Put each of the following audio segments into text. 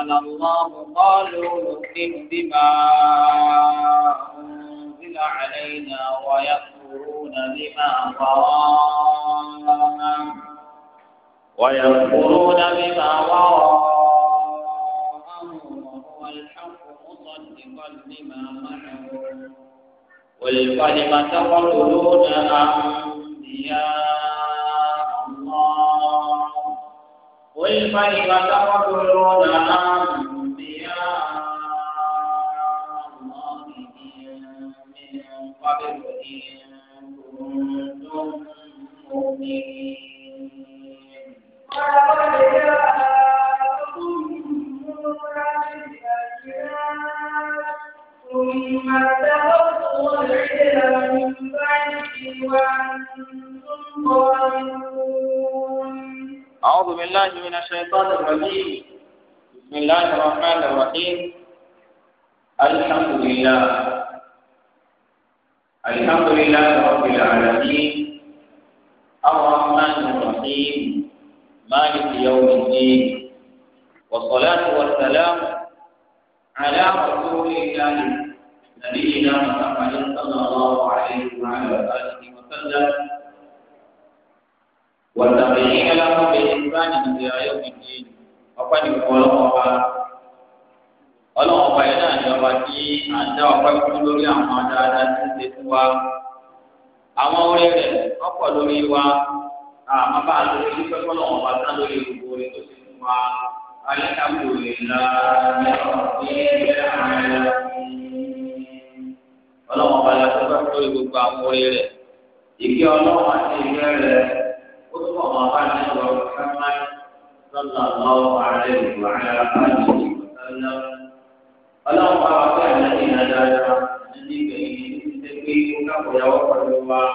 أنزل الله قالوا نؤمن بما أنزل علينا ويكفرون بما وراءه ويكفرون بما وراءه وهو الحق مصدقا لما معه قل فلم تقتلون أنبياء قل فلم تقتلون أنبياء الله من قبل إن كنتم مؤمنين ولقد جاءكم موسى بالبينات ثم اتخذتم العجل من بعده وأنتم ظالمون أعوذ بالله من الشيطان الرجيم بسم الله الرحمن الرحيم الحمد لله الحمد لله رب العالمين الرحمن الرحيم مالك يوم الدين والصلاة والسلام على رسول الله نبينا محمد صلى الله عليه وعلى آله وسلم والتابعين لهم بإحسان إلى يوم الدين ọpẹ́ ní fún ọlọ́wọ́ ọba ọlọ́wọ́ ọba yẹn náà ní ọba tí à ń dá ọpẹ́ fún lórí àwọn dáadáa tí ń ṣe fún wa àwọn orí rẹ̀ ọ̀pọ̀ lórí wa àmọ́ bá a lórí pípẹ́ fọlọ́wọ́ ọba tán lórí gbogbo orí tó ṣe fún wa ayélujáfẹ́ òye ńlá ọlọ́wọ́ ọba yẹn tó bá lórí gbogbo àwọn orí rẹ̀ ìgbé ọlọ́wọ́ àti ìgbé rẹ̀. وما بعد محمد صلى الله عليه وعلى آله وسلم اللهم أعطي الذين دعوا نجيك إليه تكفيك ويوفر الله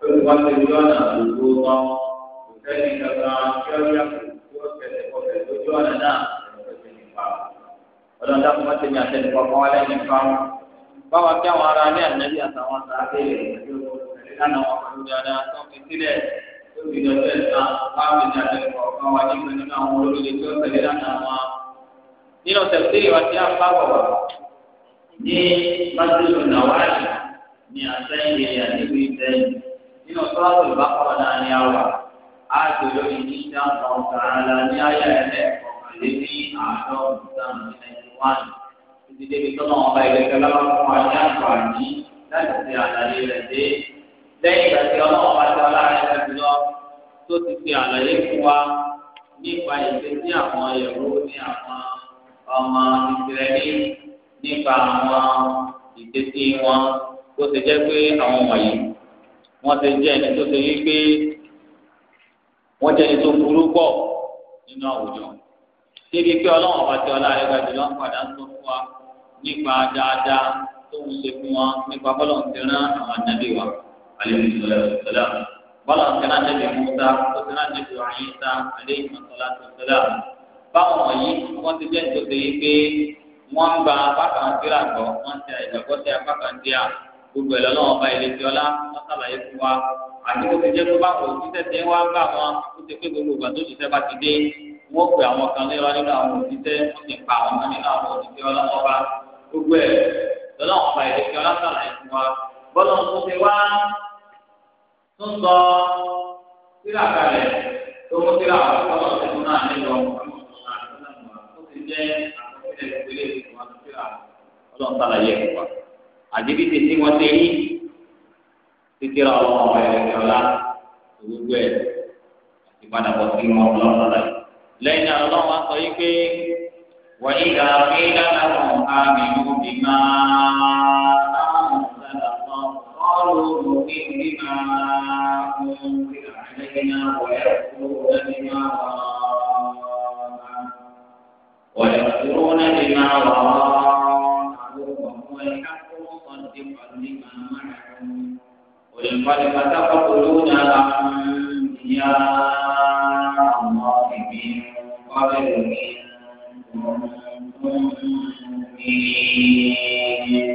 فلوكلنا بالبوطة وكذلك كان شريا وكذلك ọlọ́run dákun bá tẹ̀lé àtẹnì kọ̀ọ̀kan wálé ní ìfàmù báwa kí àwọn ará ilé ànábì àtàwọn àtàwọn abẹ́rẹ́ ìrìnàjò lánàá wọn pẹ̀lú dáadáa tó ń fi sílẹ̀ ìjọ tẹ̀sán láàbì ní àtẹ̀kọ̀ kan wá nígbà nínú àwọn olóríire tí ó tẹ̀lé lánàá wọn. nínú tẹ̀sí ìwà tí a bá wọ̀ wá ní mádùúgbò nàwáàlì ní àtẹ̀yìn ilé àdébí ìtẹ̀yìn nínú sọ́ọ̀tù ìbákọ̀ náà ní àwà á gbèrò ìdí ìdáhùn ọ̀gá ara ní ayé ẹ̀lẹ́kọ̀ọ́ àlébí àádọ́rùn-ún ìdílé ibi tó náà ọba ìlẹ̀kẹ̀ lọ́wọ́ fún wa ní àǹfààní láti ṣe àlàyé rẹ̀ lẹ́yìn ìgbà tí ọlọ́run bá ti ọlá rẹ̀ ti lọ tó ti fi àlàyé fún wa nípa ìgbé tí àwọn ẹ̀rọ ní àwọn ọmọ ìsirẹ́lì nípa àwọn ìgbésí wọn tó ti jẹ́ pé àwọn wọ̀nyí wọ́n ti jẹ́ ẹni tó ti rí pé wọ́n jẹ́ ẹni tó burú pọ̀ nínú àwùjọ. Débi pé ọlọ́run bá ti ọlá rẹ̀ gbàdúrà padà sọ fún wa nípa dáadáa tó ń ṣe fún wa nípa bọ́lọ̀ ń ti rán àwọn ànábì wa. عليه الصلاة والسلام ولا كان النبي موسى وكان النبي عيسى عليه الصلاة والسلام báwọn wọ̀nyí wọ́n ti jẹ́ nítorí yìí pé wọ́n ń ba apákan síra gbọ́ wọ́n ti àìgbàgbọ́ sí apákan díà gbogbo ẹ̀ lọ́nà ọba ilé tí ọlá wọ́n sàlàyé fún wa àti kó ti jẹ́ pé báwọn òṣìṣẹ́ ti wá ń bá wọn ti pé gbogbo ìgbà tó ṣiṣẹ́ bá ti dé wọ́n pe àwọn kan lérò nínú àwọn òṣìṣẹ́ wọ́n ti pa àwọn nínú àwọn òṣìṣẹ́ ọlọ́wọ́ ọba gbogbo ẹ̀ lọ́nà ọba ilé tí ọlá sàlàyé fún wa bọ́lá tó ń sọ síra kalẹ̀ tó mú síra ọlọ́run tó tún náà nílò ó ti jẹ́ àkọsílẹ̀ ìpínlẹ̀ ìwà tó síra ọlọ́run sàlàyé ẹ̀kọ́ àdébí tètè wọn ti rí títíra ọlọ́run ọ̀rọ̀ ẹ̀rẹ̀ ọ̀la gbogbo ẹ̀ àti padà bọ̀ sí wọn ọlọ́run sàlàyé lẹ́yìn náà ọlọ́run wá sọ yí pé wọ́n yí ga pé dáná kan á mi mú bí máa. وقالوا نؤمن بما أنزل علينا ويكفرون بما ويكفرون بما وراءه وهو الحق مصدقا لما معهم قل قد تقتلون أنبياء الله من قبل إن كنتم مؤمنين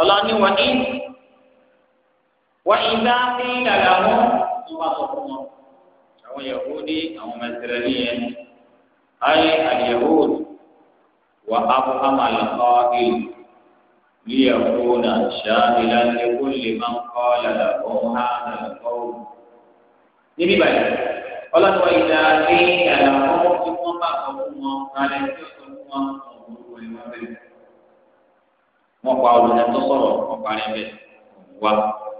ọlọ́ni wọ̀nyí wọ́n ìdá ní ìdàgbà wọn tó bá sọ fún wọn. àwọn Yahudi àwọn ọmọ ìsirẹ̀ nìyẹn ayé àyẹ̀wòdì wà ábúhámà lọ́kọ́ ìlú liyakuna ṣáàbìlán lẹ́kùnlé máa ń kọ́ lọ́dà fún hánà lọ́wọ́. níbi báyìí ọlọ́dún ìdá ní ìdàgbà wọn tí bá sọ wọn kálẹ̀ tí ó sọ fún wọn ọ̀hún ìwọ̀n bẹ̀rẹ̀ wọn pa olùyẹ tó sọ̀rọ̀ wọn parí ẹbẹ wa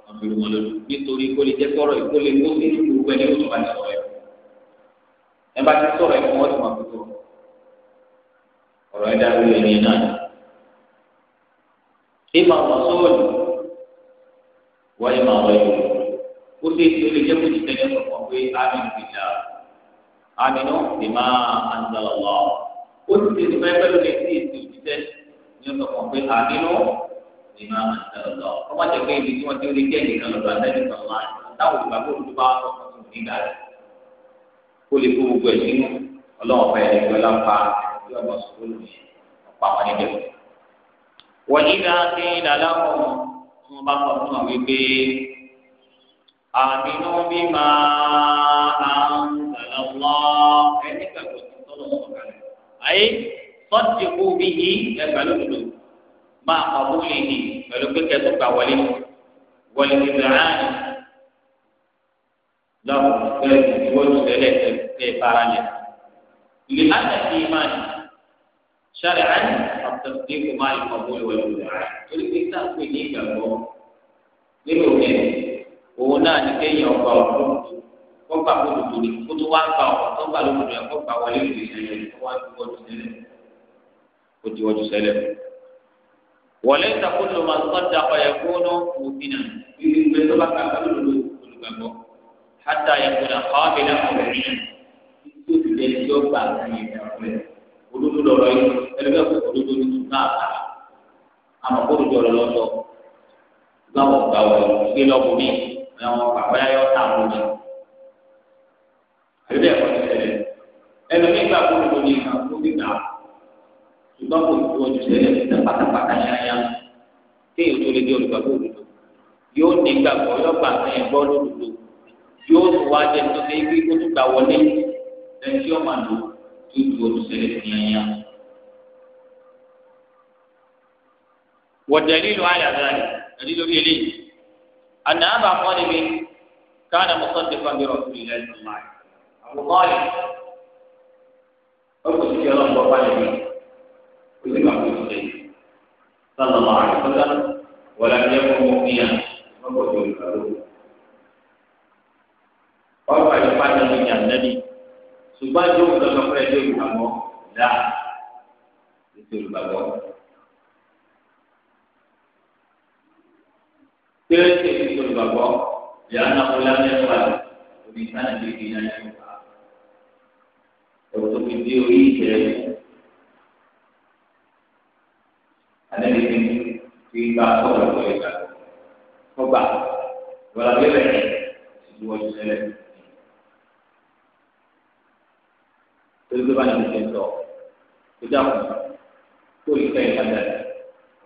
wọn fi wọn lòlù nítorí kó lè jẹ kọrọ ìkó lè kó sí gbogbo ẹni tó bá ti sọ̀rọ̀ ẹ ẹ bá ti sọ̀rọ̀ ẹ fún wọn tó máa fi tó ọ̀rọ̀ ẹ dá lórí ẹni náà ìmọ̀ àwọn sọ́ọ̀lù wọ́n ìmọ̀ àwọn ìlú ó sì ti lè jẹ́ kó ti tẹ̀lé ọ̀pọ̀ pé àmì ń gbìyà àmì náà lè máa ń dá ọ̀la ó ti ní pẹ́ẹ́pẹ́ lórí ẹni tí èsì òjì tí ó sọ fún pé àbínú ìmọ̀ àtẹ̀lẹ̀ lọ. ọmọ jẹ pé ibi tí wọ́n ti rí jẹ́ nìkan lọ́dọ̀ àtẹ̀lẹ̀ kan wá táwọn olùgbàgbọ́ olùdúbà wọn sọ fún mi nígbà rẹ̀ kó lè kó gbogbo ẹ̀ sínú ọlọ́wọ́n fẹ́ ẹ̀rẹ́ ìjọ lápá ìjọ ọmọ sùkúlù yẹn ọ̀pá wọn níbẹ̀. wọ́n yí dáa sọ́ọ̀tìkù bí yí ẹgbẹ́ lòdò máa ọ̀bù lè ní pẹ̀lú pé kẹ́tù gbà wọlé wọlé ti bẹ̀rẹ̀ ààyè lọ́wọ́ pẹ̀lú ìwọ́jú tẹ́lẹ̀ tẹ́ fara lẹ̀. Ilé àtàkì máa ní sáré àyè ọ̀tọ̀tẹ̀ kò máa yọ ọ̀bù lè wọlé Torí pé sáàpù ní ìgbàgbọ́ nínú òkè òun náà ní kéèyàn ọgbà ọ̀dọ́ kọ́gbà kó lòdò ní kó tó wá gbà ọ̀dọ́ gbà lòdò yẹn kọ́gbà wọlé ó ti wọ́jú sẹ́lẹ̀. wọlé ìtàkùnlò máa sọ́jà ọ̀yẹ̀ kúnú òmìnà ìgbẹ́ tó bá kàkà lóru olùgbàgbọ́ hátà ẹ̀kúnà ọ̀bìnà ọ̀bìnà tó ti lè tí ó gbà ní ìgbàgbọ́ olódó lọ́rọ̀ yìí ẹlẹ́gbẹ́ kò olódó ní tún náà àmọ́ kó olódó ọ̀rọ̀ lọ́sọ̀ gbàwọ̀ gbàwọ̀ gbé lọ́kùn mi àwọn pàpẹ́ ayọ́ tà lónìí ní ìgbà ṣùgbọ́n kò ju ọjọ́ sẹ́lẹ̀ níta pátápátá yáyá kéèyàn tó lè di olùgbàgbọ́ òdodo yóò ní gbàgbọ́ yóò gbà sẹ́yìn gbọ́ lódodo yóò tó wá jẹ tó lé kí kótó gbà wọlé lẹ́yìn tí ó máa lò tó ju ọjọ́ sẹ́lẹ̀ yáyá. wọ̀dẹ̀lí ló ayà dáadáa ẹ̀dí lórí eléyìí àná àbá mọ́ni mi káàdà mọ́tọ́dé fábíọ̀ fún ilẹ̀ ìlú láì àbùkọ́ ọ̀lẹ̀ ọkùnrin صلى الله عليه وسلم ولم يكن مؤمنا وقتل الفاروق ọ̀rọ̀ àyípadà ló ní ànábì ṣùgbọ́n tí òun lọ́sọ fún ẹjọ́ ìgbàgbọ́ dá ètò ìgbàgbọ́. Tẹ́lẹ̀tẹ̀ ètò ìgbàgbọ́ lè anáwó lámẹ́fà òbí sánàbí kìí náà yẹn wà. Ẹ̀wọ̀n tó fi dé orí ìtẹ̀rẹ̀ anabi ni fi gba kọlọ lọ ìgbà kọgbà lọlá bí bẹ́ẹ̀ ti wọ ju lẹlẹ torí pé báyìí ti sọ tó dáhùn tó ìfẹ́ ìpadà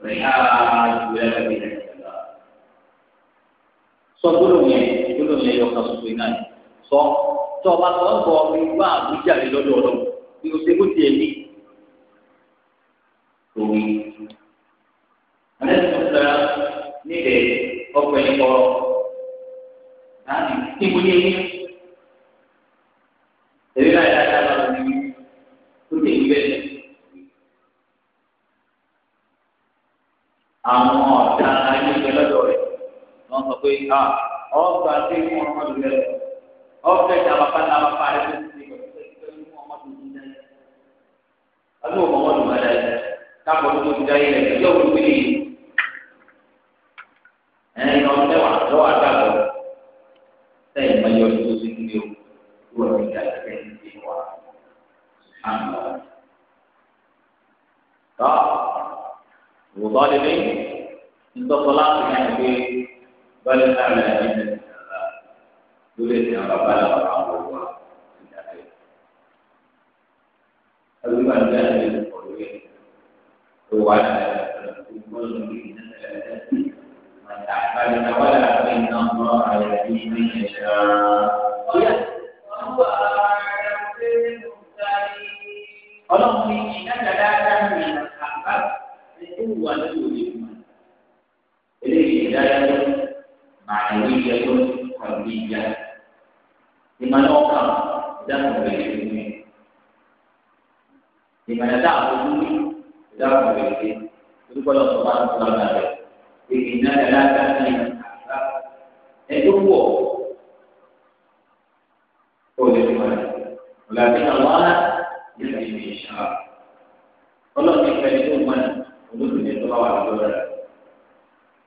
rẹ yá ju lẹlẹ bí rẹ sọ gbólóhùn yẹn gbólóhùn yẹn yọ ọkàn sọsọ iná yẹn sọ tó ọba tó ń bọ ọmọ ìgbà àbújá rẹ lọ́dọ̀ ọlọ́run bí o ṣe kó tiẹ̀ ní. Thank you alẹ́sọ̀tà nílẹ̀ ọ̀pẹ̀ ìkọ̀rọ̀ láti kíkú ní ẹ̀yìn. náà yára yára ní bẹ́ẹ̀. Àwọn ọ̀tá ayé ìgbẹ́ lọ́dọ̀ rẹ̀ wọ́n sọ pé a ọgbà tí mú ọmọ ìlú rẹ̀ ọgbà tí àwọn apá náà pa rẹ̀ tó ti ṣe pẹ̀lú mú ọmọ ẹ̀yìn ọmọ mẹ́wàá lọ́wọ́ àgbàgbọ́ sẹ́yìn mẹ́yọ tó ti ń gbé o wọ́n ti ga ẹgbẹ́ ti ń wà àná. tọ́ òwúrọ̀ nílé ntọ́kọ láti ní àgbé bọ́lá sáré àti ìdílé ìjọba lórí ètò àwọn bàbá àwọn àwọn ọmọ wa ti dàgbé. ẹgbẹ́ bá ń gbé àgbé ìkọ̀wé tó wà ní ẹ̀rọ ìgbọ́n lórí. ذلك ولكن الله يهدي من يشاء وهو أعلم بالمهتدين ọlọ́run ní ìdájà dáadáa ní àbá ẹni wà lórí òye mọ́. eléyìí ìdájà tó màá ìwé yẹ rẹ̀ ìgbìnà ẹ̀láta ní àgbà ẹjọ́ pọ̀ kó lè mọ̀ ẹ́. Ọ̀làbí àwọn ará ní ìdílé ìṣàlá. Ọlọ́run ní ìfẹ́ tó mọ̀ ẹ́ olóòtú ní ìtọ́wà lọ́wọ́ rẹ̀.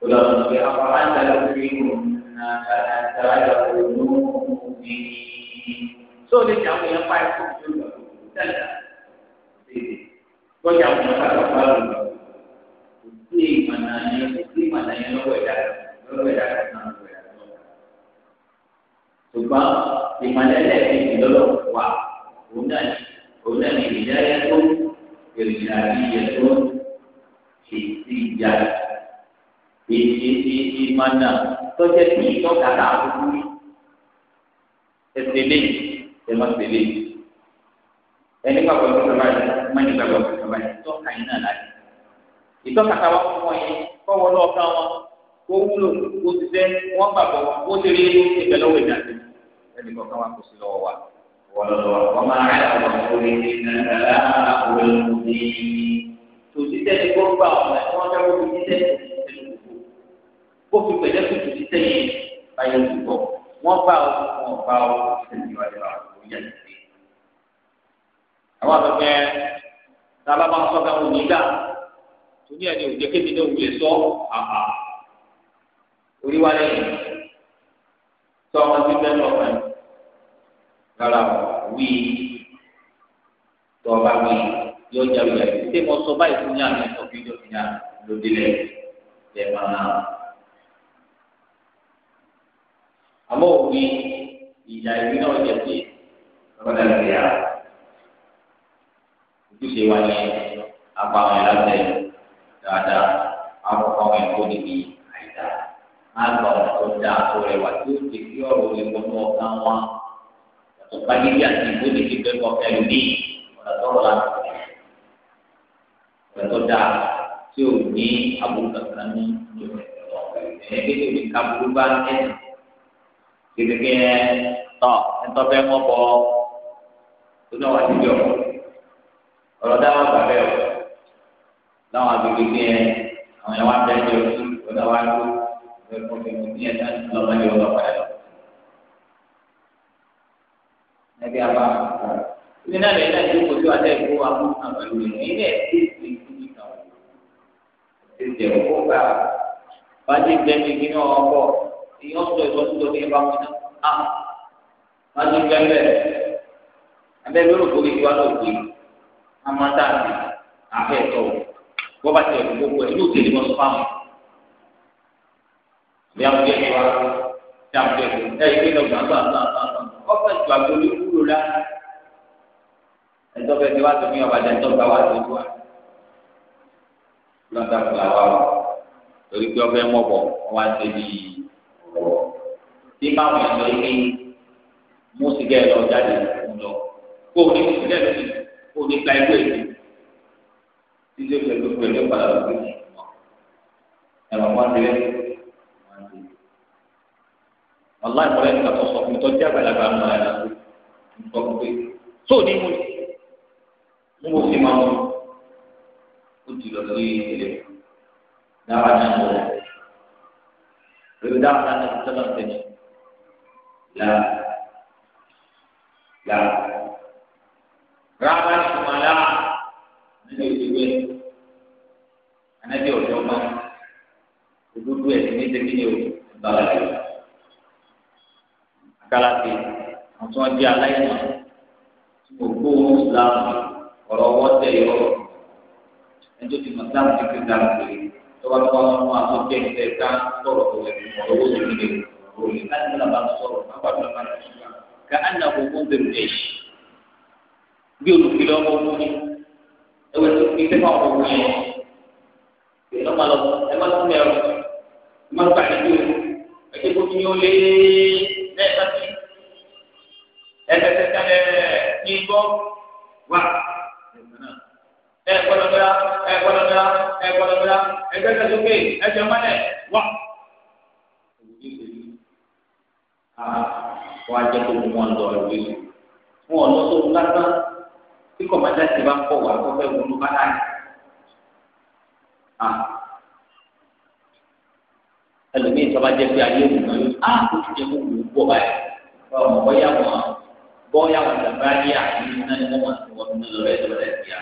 Ọlọ́run ní àpárá ń darí orí ìmọ̀ náà dáadáa yàgò lóòmí. Sọ lè jẹ́ àwọn èèyàn pa ẹ̀kọ́ tó lọ sẹ́lẹ̀ tètè. Wọ́n jẹ́ àwọn èèyàn pa ẹ̀kọ́ tó lọ sí ìmọ̀ náà ní ẹ̀kọ́ ìmọ̀lá yẹn lọ́wọ́ ẹ̀dá lọ́wọ́ ẹ̀dá kan lọ́wọ́ ẹ̀dá kan. ṣùgbọ́n ìmọ̀lá ẹ̀dá kejì lọ́wọ́ wa òun náà òun náà ní ìdá yẹn tó èrìnà yíyẹ tó èsì ìjà èsì ìmọ̀nà tọ́jẹ́ tí ìtọ́ka kà á fún mi. ẹsẹ̀ lé ẹ̀ma ṣe lé ẹni gbàgbọ́ ìtọ́ka báyìí mọ́ni gbàgbọ́ ìtọ́ka báyìí ìtọ́ka yìí náà láti ìtọ́ka táwa fún yẹn kọ́wọ́ lọ ká wọn kó wúlò kó ti tẹ́ wọ́n gbàgbọ́ wọn kó ti rí ìbẹ̀ lọ́wọ́ ìdá sí ẹni kọ̀ọ̀kan wa kò sí lọ́wọ́ wa wọ́lọ́lọ́ wọ́n máa rẹ̀ àwọn ọmọdé ní nàlá àwọn ọmọdé tòtítẹ́ ni kó gbà wọn ẹ̀ wọ́n fẹ́ kó fi títẹ́ kó fi pẹ̀lẹ́ kó fi títẹ́ yìí báyìí olùkọ́ wọ́n bá ọ wọ́n bá ọ ìṣẹ̀lẹ̀ wà lọ́wọ́ àwọn àgbẹ̀fẹ́ tábà máa ń sọ torí ẹni òjò kébi náà wulẹ̀ sọ àbá orí wa lẹ́yìn tọ́ ọmọ tí bẹ́ẹ̀ lọ fún ẹ rárá wí tọ́ ọba wí yọ ọjà wí àti tí mo sọ báyìí fún yàrá mi sọ fún yọ fún yàrá lóde lẹ lẹ máa àmọ́ òwe ìyá ìwé náà jẹ sí ọgbọdọ ìgbéyàwó ojúṣe wa ni apá àwọn ìlànà yìí dáadáa apa wọn kó níbi àìdá àgbà ọ̀nà tó dáa tó rẹwà tí ó ti fi ọ̀rọ̀ lè wọnú ọ̀gá wọn yàtọ̀ pàgídí àti ìgbóni ti fẹ́ kọ́ fẹ́ lómi ọ̀nà tó rọ̀ láti fẹ́ ọ̀nà tó dáa tí ò ní àbúrò kankan ní ìjọba ẹni pé tó ní kaburú láwọn agbègbè yẹn àwọn yẹn wá bẹ́ẹ̀ jọ sí ọ̀dọ̀ wa tó ẹ̀kọ́ fi mọ̀ níyẹn náà lọ bá yọ ọ̀dọ̀ padà lọ. ẹgbẹ́ àbá ìdí náà lè dájú kó tí wàá tẹ̀ kó wa mú àwọn ìlú yẹn ilé ẹ̀ ti ti jẹ òkú gbà bàjẹ́ ìgbẹ́ni kí ní ọkọ ìyẹn ọ̀sọ̀ ìsọ̀tún ní ìbá wọn náà bàjẹ́ ìgbẹ́lẹ̀ abẹ́rẹ́ olùkọ́ ìjọba lọ́ọ̀gbìn amátàbí afẹ́tọ̀ọ́ wọ́n bá tẹ̀ ẹ̀kú gbogbo ẹ̀ yóò tẹ̀lé wọn sọ́fà mọ́. Ìyá ń bẹ̀rẹ̀ wa ṣe àbẹ̀rẹ̀ ẹ̀ ẹ̀ ìpínlẹ̀ ọ̀gbà gbà gbà gbà gbà ọ̀pẹ̀ ìtù àgbọ̀lẹ̀ kúrò la. Ẹ̀tọ́ bẹ́ẹ̀ ti wá tó ní ọ̀bàdà ẹ̀tọ́ gbà wá tó wà. Lọ́dà fúlà wa wọ̀ torí pé ọbẹ̀ mọ̀ bọ̀ wá ṣe bí ọ̀rọ̀. Tí báwọn mú sìgá ẹ̀ jáde lọ kó o ní kó o ní gba ẹgbẹ́ ìlú títí ìfẹ́ gbogbo ẹni padà lọ sí ìmọ̀ ẹ̀rọ wọn ti rẹ̀ wọn ti. ọláì mọ̀lẹ́ nígbà tó sọ fún mi tó jẹ́ àgbàlagbà ń bára ẹ̀rọ sọ fún pé tó ní mo ní mo fi máa ń ó ti lọ sí ilé dára náà lọ rẹ̀ dára náà lọ sọ́dọ̀ tẹ̀lé la la rárá ìtumọ̀ la irú ẹ̀ anabi ọ̀dọ́ ma òdodo ẹ̀ ní ẹsẹ̀ kíni o ẹ̀bá rẹ̀ lọ. akálàfi àwọn tí wọ́n di aláìmọ̀ tí mo gbó wọn islam ọ̀rọ̀ ọwọ́ tẹ̀ yọ ẹni tó ti mọ̀ sáà ti fi dàrú pé tọ́wọ́ tó wọn mú àwọn tó ń tẹ̀ ká sọ̀rọ̀ tó wẹ̀ fún ọ̀rọ̀ owó tó kíni o òní láti mú làbá sọ̀rọ̀ àgbàdo àgbàdo ká ànà òkú ń bẹ̀rù ẹ̀ṣ bí olùkílọ̀ ọmọ òkú ni ẹwẹ tó fi pé káwọn ọmọ yẹn ẹ má lọ ẹ má tún ẹrọ ẹ má gbà ní bíi o ẹjẹ kó tún yóò lé bẹ́ẹ̀ sáfì ẹtẹtẹtẹ ẹ ní gbọ́ wà ẹ gbọ́dọ̀ bẹ̀rẹ̀ ẹ gbọ́dọ̀ bẹ̀rẹ̀ ẹ gbọ́dọ̀ bẹ̀rẹ̀ ẹgbẹ tẹsókè ẹjẹ mọlẹ wà. Ah, wọ́n á jẹ́ kó mú wọn lọ ìwé wọn ò lọ sóhun lásán tí kọ̀mọ̀dá ti bá ń pọ̀ wá kó fẹ́ wọnú bá láàyè. Ah. ẹlòmíì tó bá jẹ́ pé ayé òun náà yóò á kó ah, ti jẹ́ kó wù ú bọ̀ báyìí ọmọ bọ́yá wọn bọ́yá wọn dàgbà ní àyè náà ni wọ́n máa ti wọ́n nínú rẹ̀ lọ́rẹ́ sí à.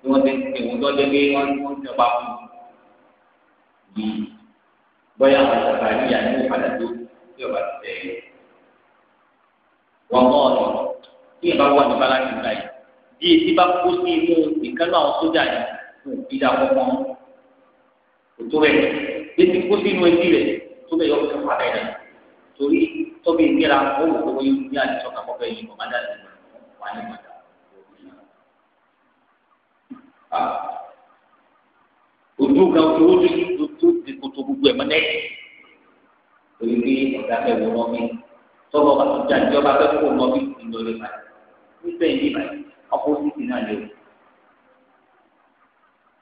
bí wọ́n ti ti wọ́n tọ́jú pé wọ́n ti jọba fún un. bọ́yá wọn dàgbà ní àyè wọn padà wọ́n mọ́ ọ̀nà tí ìbá wà ní bá láti gbà yìí bí etí bá kó sí inú ìkànnì àwọn sójà yẹn fún ìdá kọ̀ọ̀kan òtó rẹ̀ etí kó sí inú etí rẹ̀ tó bẹ̀ yọ fún ìfọ̀ abẹ́ rẹ̀ torí tọ́bi ìgbéra ó wò ó wọ́n ní àdìsọ́ kakọ́ bẹ́ẹ̀ yìí bàbá dàdí wà ní ìmọ̀ta. ojú kan ojú ojú tó ti koto gbogbo ẹ̀ mọ́lẹ́ torí pé ọ̀gá fẹ́ wọ́n lọ́mí tọ́lọ́ bàtújà ìjọba fẹ́ kó lọ́mí ìlọrin báyìí nígbà yìí ọpọsìtì náà lè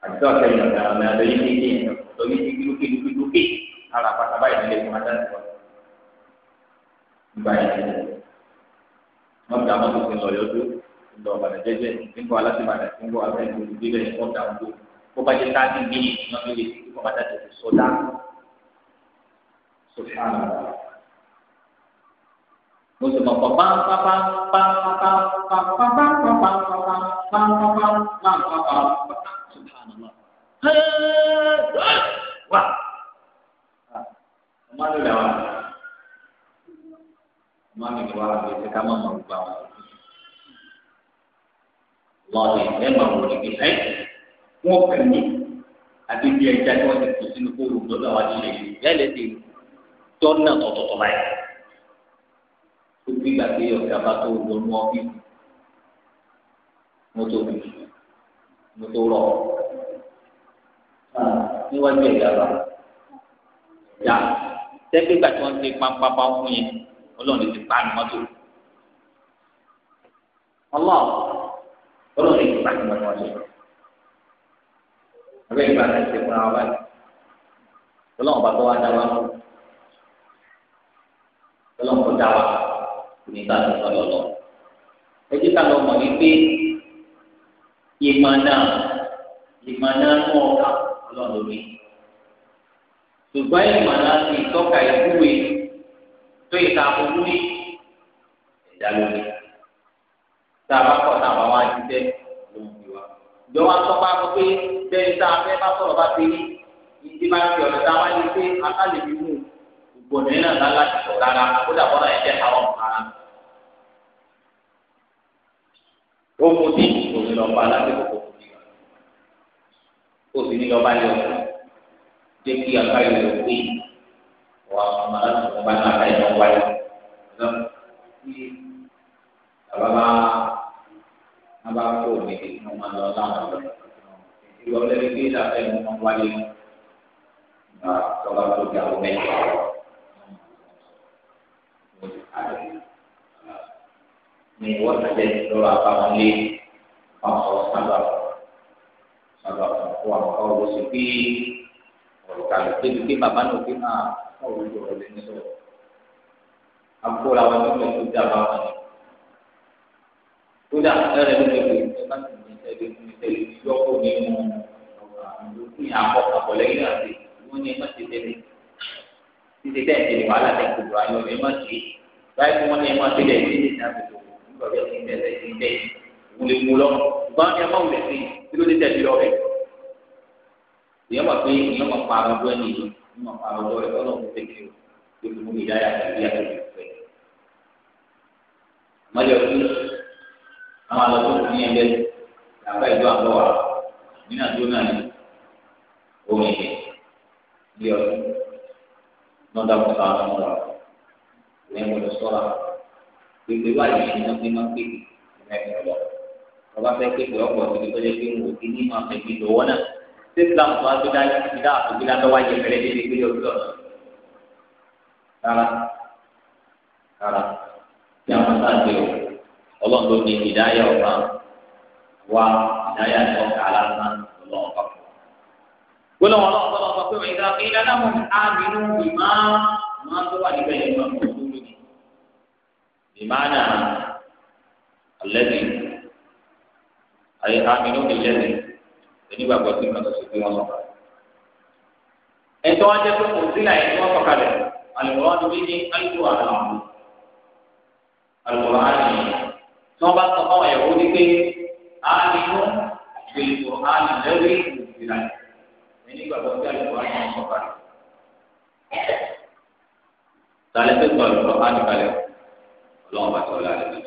àti ọ̀sẹ̀ yìí ọ̀dà ọ̀nà àlọ́ yìí kéèké ọ̀dọ̀ yìí ti dúkè dúkè dúkè ara pátá báyìí nílé fún adá nìkan nígbà yìí mọ̀tà mọ́tò ti lọ yọjú lọ bàtà jẹjẹ nígbà alásìbàdà nígbà alásìbàdà nígbà mọ̀tà mọ́tò kó bá jẹ táàbì gbìyànjú náà lè fi kó bàtà tètè sọ́dá sọ́dá mo sì mọ̀ pọ̀ wá ọmọ nílẹ̀ wa ọmọ nílẹ̀ wa lè ṣe ká má mọ̀ gbà wọn lọ́ọ̀dì lẹ́nu àwọn òdìdí ẹ̀ wọ́n kàn ní àti bí ẹja tí wọ́n ti kù sínú kóòrò lọ́dọ̀ àwọn àti ilẹ̀ yìí yálẹ̀ ti tọ́ náà tọ̀tọ̀tọ̀ báyìí tó bí gbàgbé ọ̀gá bá tó lónú ọbí mo tó bí mo tó rọ ah, níwájú ẹ̀yà rà yá tẹ́gbẹ́ gbà tí wọ́n ti pampampa fún yẹn ọlọ́run ti pa ní mọ́tò ọlọ́run ọlọ́run ti pa ní mọ́tò abẹ́ ìgbà náà ti fún àwọn báyìí ọlọ́run bá tó wá dá wa lọ ọlọ́run kò dá wa lọ ní sáàtì sọlọ lọ ẹjẹ ká lọ mọ wípé ìmọ̀nà ìmọ̀nà ń ọ̀ka ọlọ́run mi ṣùgbọ́n ìmọ̀nà ti tọ́ka ìwúwe tó ìta àbúrú ní ẹ̀dá lórí tá a bá kọ́ tá a bá wá jíjẹ́ ló ń fi wá ìjọ wa sọ fún akọ pé bẹ́ẹ̀ tá a fẹ́ bá sọ̀rọ̀ bá ti rí ìdí máa ń ọ̀dọ̀ tá a wá pé a ká lè náà láti sọ̀ rárá kó dà ẹ̀jẹ̀ àwọn ọ̀ràn. ogun tí kò ní lọ́ba lásìkò kò kò nígbà kò sí ní lọ́ba yọ jẹ́ kí akáyọ̀ lọ pé wà á máa láti fún bá náà akáyọ̀ lọ wáyé lọ sí àbábá àbá kó omi tí wọ́n máa lọ láwọn lọ ìwọ́n lẹ́yìn pé ìdáfẹ́ wọn wáyé nígbà tó bá tó di àwọn mẹ́jọ. ni wọ́n tẹ̀lé lọ́rọ̀ àbáwọn lé ọ̀sọ̀ sábà sábà fún àwọn ọ̀rọ̀ sí pé ọ̀rọ̀ kàlù débi pé bàbá náà pé máa ọ̀rọ̀ ìjọba lè ní sọ̀rọ̀. Akóra wọn ní ìlú dá bá wọn ni. Kódà ẹ̀rẹ̀ ló lè pè é bá ti ní ìtẹ̀lé ní ìtẹ̀lé ní yọ́kọ̀ nínú ìlúkùn àkọ́ àkọ́ lẹ́yìn àti wọ́n ní ẹ̀má tẹ̀lé. Títí tẹ̀ ń wàhálà tẹ̀ kò lọ́bẹ̀ ní ìbẹ̀lẹ̀ ní ilé wulẹ̀ wù lọ ṣùgbọ́n ní ọmọ wulẹ̀ sí kí ló dé tẹ̀lé lọ rẹ̀ ìyẹn mọ̀ pé ìyẹn mọ̀ pa ara ọjọ́ ẹni yìí mọ̀ pa ara ọjọ́ rẹ̀ tọ́lọ̀ fún fẹ́kẹ́ o tó fi mú mi yára tàbí yàtọ̀ tó fẹ́ mọ́jọ́ fún àwọn àlọ́tò ní ẹgbẹ́ làbá ìlú àbọ̀ wa nínú àdó náà ni orin yẹn bí ọdún lọ́dà fún àwọn ọmọ wa ìyẹn gbọ́dọ̀ sọ́ra pèpè wà ní ni wọn fi máa pèpè ẹni lọ ọba fẹ́ pèpè ọkọ síbi tó yẹ kí wọn òbí ní máa pèpè lọ́wọ́ náà ṣé islam tó wá tó dá yìí dá àtúntò dá lọ́wọ́ ayé fẹlẹ dédé pé yọ lọ rárá rárá tí a máa sáà dé o ọlọ́run ló ní ìdáyà ọba wa ìdáyà ní ọkà aláǹtà ọlọ́run bá gbọ́dọ̀ wọn lọ́wọ́ sọ́dọ̀ sọ pé ìdáná mọ̀ ní àmì inú ìmáà máa tó wà níbẹ̀ yẹn máa بمعنى الذي أي آمنوا بالذي onígbà gbọ́ sí ìkàtọ̀ sí pé wọ́n sọ kalẹ̀. ẹ̀tọ́ ajẹ́ pé kò sí láyé tí wọ́n sọ kalẹ̀ alùpùpù wọn bí ní alùpùpù àlọ́ alùpùpù àlọ́ tí wọ́n bá sọ fún àwọn ẹ̀wọ́ wípé àánú ìgbèlùkù àánú lẹ́wọ́ ìgbèlùkù ìlànà onígbà gbọ́ sí alùpùpù àlọ́ sọ kalẹ̀. tàlẹ́ tó sọ alùpùpù àlọ́ kalẹ̀ o ọlọ́run bá tọ́lá rẹ̀ lọ.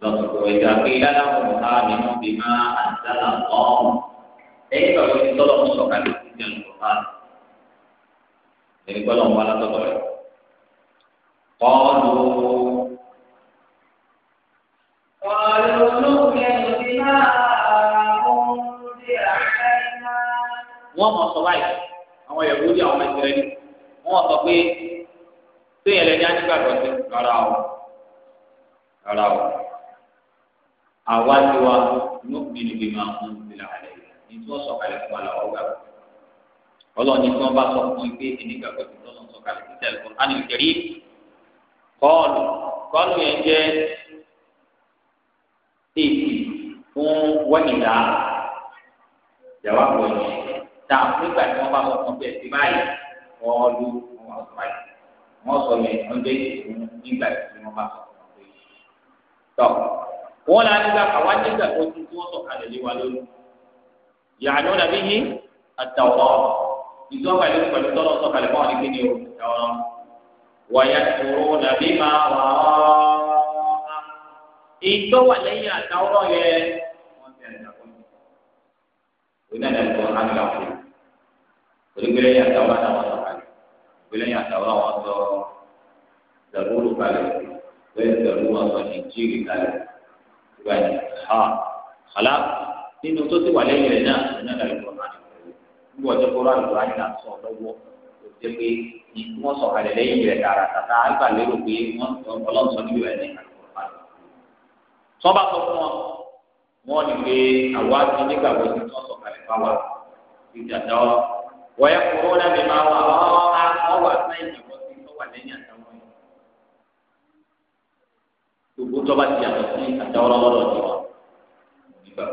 lọ́sọ̀rọ̀ ìgbà pé yálàwọ̀ àmì náà bí máa àdàlà ọ̀hún lẹ́yìn tó lọ́sọ̀rọ̀ tọ́lọ̀ ń sọ̀kà lè ti jẹun tó bá lẹ́yìn tó lọ́wọ́ alátọ́tọ̀ rẹ̀. kọ́ọ̀lù kọ́ọ̀lù lókè bí máa àkóńdé àkàìná. wọ́n mọ̀ sọ báyìí àwọn yẹ̀wò téèyàn lè ní anígbàgbọ́ sí rárá o rárá o àwa ti wa inú bínú bí máa ń mú ìlà rẹ ní tí wọ́n sọ̀kalẹ̀ fún wa làwọn gbà ọlọ́run ní tí wọ́n bá sọ fún un pé ẹni gbàgbọ́ sí tọ́lọ́ sọ̀kalẹ̀ sí tẹ̀lifọ̀n á nìyí kẹrí kọ́ọ̀lù kọ́ọ̀lù yẹn jẹ́ èsì fún wọ́nyìnlá ìjàwá pọ̀ yìí tá a fún tí wọ́n bá sọ fún un pé ẹ̀sìn báyìí kọ́ọ̀lù wọn wà sọ báyìí wọn sọ yẹn wọn bẹ yìí fún nígbà tí wọn bá sọ wọn pé tọ wọn là nígbà àwa nígbà tó ti tí wọn sọ kalẹ̀ lé wa lórí yàrá wọn àbí yìí àtàwọn ìjọba ìlú pẹ̀lú tọrọ sọ kalẹ̀ fún àwọn ìgbé o àwọn wàyà tòrò nàbí máa wà ọ ìtọ́wà lẹ́yìn àtàwọn yẹn wọn ti àjàkọ́ yìí wọn náà lè gbọ́ àgbà fún un torí pé lẹ́yìn àtàwọn àtàwọn gbẹlẹyìn àtàwọn àwọn sọ zàbúrò kalẹ̀ bẹ́ẹ̀ zàbúrò wọn sọ nìjírí kalẹ̀ ìgbà yẹn ha kàlá nínú tó ti wà lẹ́yìn rẹ̀ náà ní nàlẹ ni ní wọn tó kọlá lọ́wọ́ àyìn náà sọ lọ́wọ́ tó ti pé wọn sọ kalẹ̀ lẹ́yìn rẹ̀ dára tàtà àgbà lérò pé wọn Ọlọ́run sọ níbi rẹ̀ ní sọba sọ fún wọn wọn ní wọn wọ́n wà sáyé ìgbàgbọ́ sí tó wà lẹ́yìn àtàwọn yìí gbogbo tó bá ti yàtọ̀ sí àtàwọn ti wà nígbà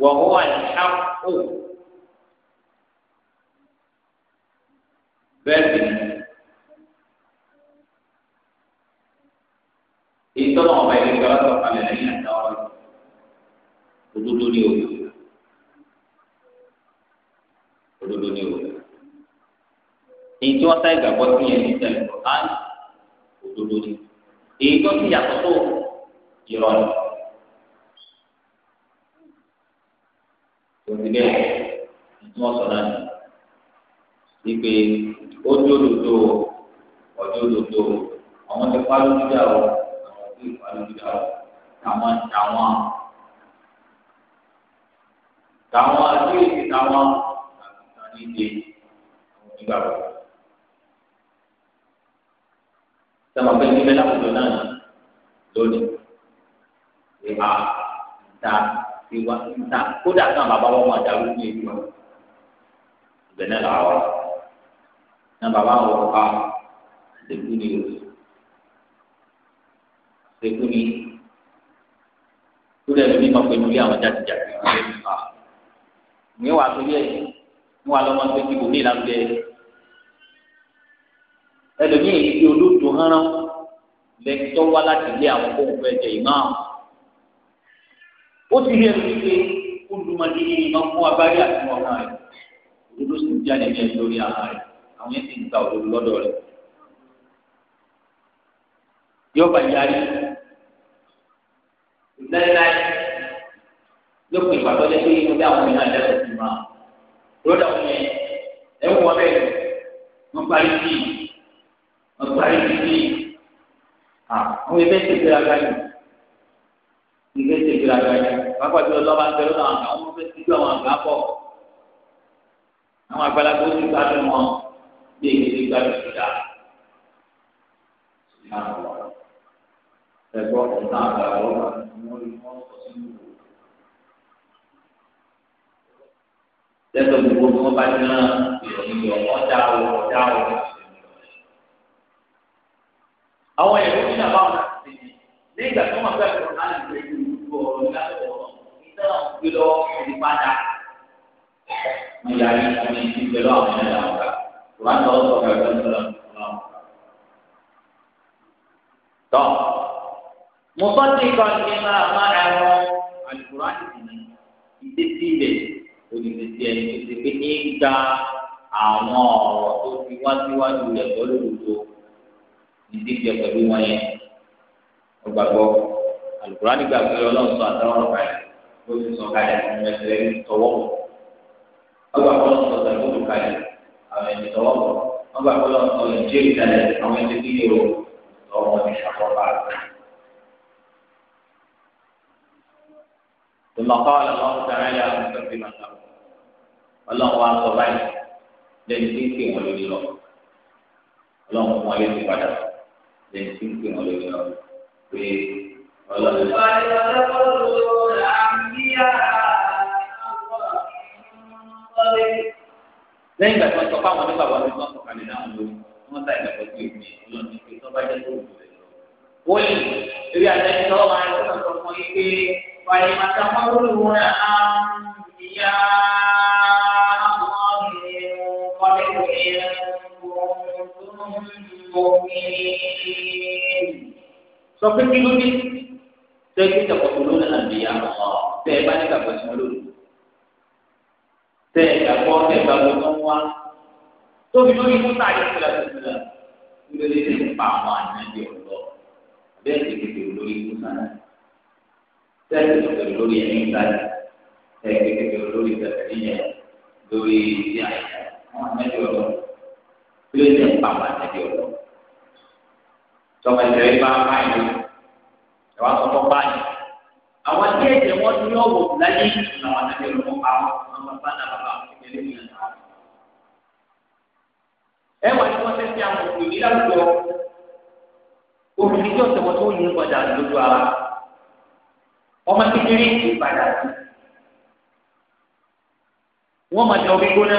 wọ́n wọ́n àyíká ó bẹ́ẹ̀ sì ni. èyí tọ́lọ́ ọba ìlú ìjọba sọ̀kalẹ̀ lẹ́yìn àtàwọn òdodo ni òkú. òdodo ní òwò èyí tí wọ́n sá ìgbàgbọ́ sí yẹn ní ìtẹ̀lẹ̀ kọ̀ọ̀kan òdodo ní èyí tó ti yàtọ̀ tó irọ́ ni. òsì bẹ́ẹ̀ tí wọ́n sọ náà ni wípé ó dé òdodo ọjọ́ òdodo àwọn ti pa lójú dà o àwọn ti pa lójú dà o tàwọn tàwọn tàwọn àti èsì tàwọn ìdè ìgbàgbọ́. sọmọ pé ní bẹ́ẹ̀ láwùjọ náà lónìí ní a ta ìwà ta kódà náà bàbá wọn máa dàrú ní ìlú ìbẹ̀ náà làwọn wà náà bàbá wọn kọ́ ṣèkú ni o ṣèkú ni kódà ìlú mímọ́ pé nílé àwọn jáde jáde ìwé mi wà torí ẹ̀yìn ní wàá lọ́mọ tó dìbò ní ìlànà bẹ́ẹ̀ ẹlòmíì ibi olóòtú hánà lẹ́tọ́ wá láti lé àwọn kó fẹ́ jẹ ìmáàmù ó ti rí ẹnu pé olùmọdé ní ìmọ̀ fún abárí àti ọ̀nà rẹ̀ olódó sì ń jáde ní ẹni lórí ara rẹ̀ àwọn yẹn sì ń gba òdodo lọ́dọ̀ rẹ̀ yọba yarí láéláé lópin ìgbà tó bí àwọn ènìyàn lẹ́sẹ̀ sí máa broda wọn yẹn ẹ wọ bẹ́ẹ̀ wọn parí sí i wọn parí sí i à wọn yẹ bẹ́ẹ̀ tẹsí ra gáyì ní bẹ́ẹ̀ tẹsí ra gáyì pápá tí ọlọ́ba ń tẹ̀lé àwọn àgbà wọn bẹ́ẹ̀ tẹsí àwọn àgbà pọ̀ àwọn àgbàlagbà ó ti gbádùn wọn bí èyí ti gbádùn sí dáa ẹgbọ́ ọ̀tá àgbàlagbà wọn ni wọ́n sọ sínú ìwọ. lẹ́tọ̀ gbogbo tí wọ́n bá ti rán ìròyìn yọ̀ wọ́n dá o wọ́n dá o. àwọn ẹ̀rọ ní nàbà wọn ti ní ní ìgbà tí wọ́n fẹ́ kọ́ láti lè ju ìlú ọ̀rọ̀ ìdájọ́ ìtàn òkú lọ òní padà. mo yà ní ìsinmi ti pẹ̀lú àwọn ẹ̀rọ àwọn ọ̀gá wọn lọ sọ fẹ́ fẹ́ sọ̀rọ̀ tọ́ mo sọ́ ti kọ́ ní máa máa ra ẹ̀rọ àlùkò láti ìdí sí ibẹ̀ olùdíje ẹni tó ti pé ní gba àwọn ọ̀rọ̀ tó ti wá síwájú rẹ̀ lọ́lọ́dọ̀dọ̀ ìdíje pẹ̀lú wọn yẹn ọgbàgbọ́ alukurani gbàgbé ọlọ́run sọ àtàwọn ọ̀rọ̀ kalẹ̀ ló ti sọ kalẹ̀ àwọn ẹ̀sẹ̀ tọwọ́ ọgbàgbọ́ lọ́sọ̀ ọ̀sẹ̀ tó tó kalẹ̀ àwọn ẹ̀sẹ̀ tọwọ́ ọgbàgbọ́ lọ́sọ̀ ìjẹ́ ìdálẹ̀ àwọn ẹ̀sẹ̀ tó yẹ ثم قال الله تعالى مكذبا له ọlọ́run wa sọ báyìí lẹ́yìn tí ń pè wọ́n lórí lọ ọlọ́run fún wọn létí padà lẹ́yìn tí ń pè wọ́n lórí lọ pé ọlọ́run. lẹ́yìn ìgbà tí wọ́n sọ fáwọn onígbàgbọ́ tí wọ́n sọ kalẹ̀ láwọn lórí wọ́n sá ìgbàgbọ́ sí èmi ọlọ́run ní pé tọ́ba jẹ́ tó wù wọ́n yìí eré àtẹ̀yìn tọ́wọ́ máa ń sọ fún yín pé wàyí màtàmọ́lù wọn á ń yá. إن كنتم مؤمنين صفر كيلو tẹ́lẹ̀ tẹ̀kọ̀tún àbí àmọ́ tẹ́ ẹ bá ní gbàgbọ́ sí wọn lónìí tẹ́ ẹ gbàgbọ́ tẹ́ ẹ gbàgbọ́ tó ń wá tóbi lórí fún táyé sílẹ̀ sílẹ̀ lórí lè ti pa àwọn ànájẹ ọ̀dọ́ bẹ́ẹ̀ ti kékeré lórí fún sáná tẹ́ẹ̀ ti kékeré lórí ẹ̀yìn sáná tẹ́ẹ̀ ti kékeré lórí tẹ̀síyẹ lórí ti àyà ànábì ọlọ tí ó lè pa àwọn ànábì ọlọ tọmọ ìṣẹ̀lẹ̀ bá báyìí ẹ wá sọ fún báyìí àwọn tí ẹ̀jẹ̀ wọn ní ọwọ́ láyé làwọn ànábì ọlọ pa wọn bàbá náà bàbá ìgbẹlẹ ìyẹn náà ẹ wà ní wọn fẹẹ fi àwọn òbí láwùjọ obìnrin tí ọ̀sẹ̀ wọn tó yẹ padà lójú ara ọmọ kékeré ìpadà wọn máa jẹ ọbí gbóná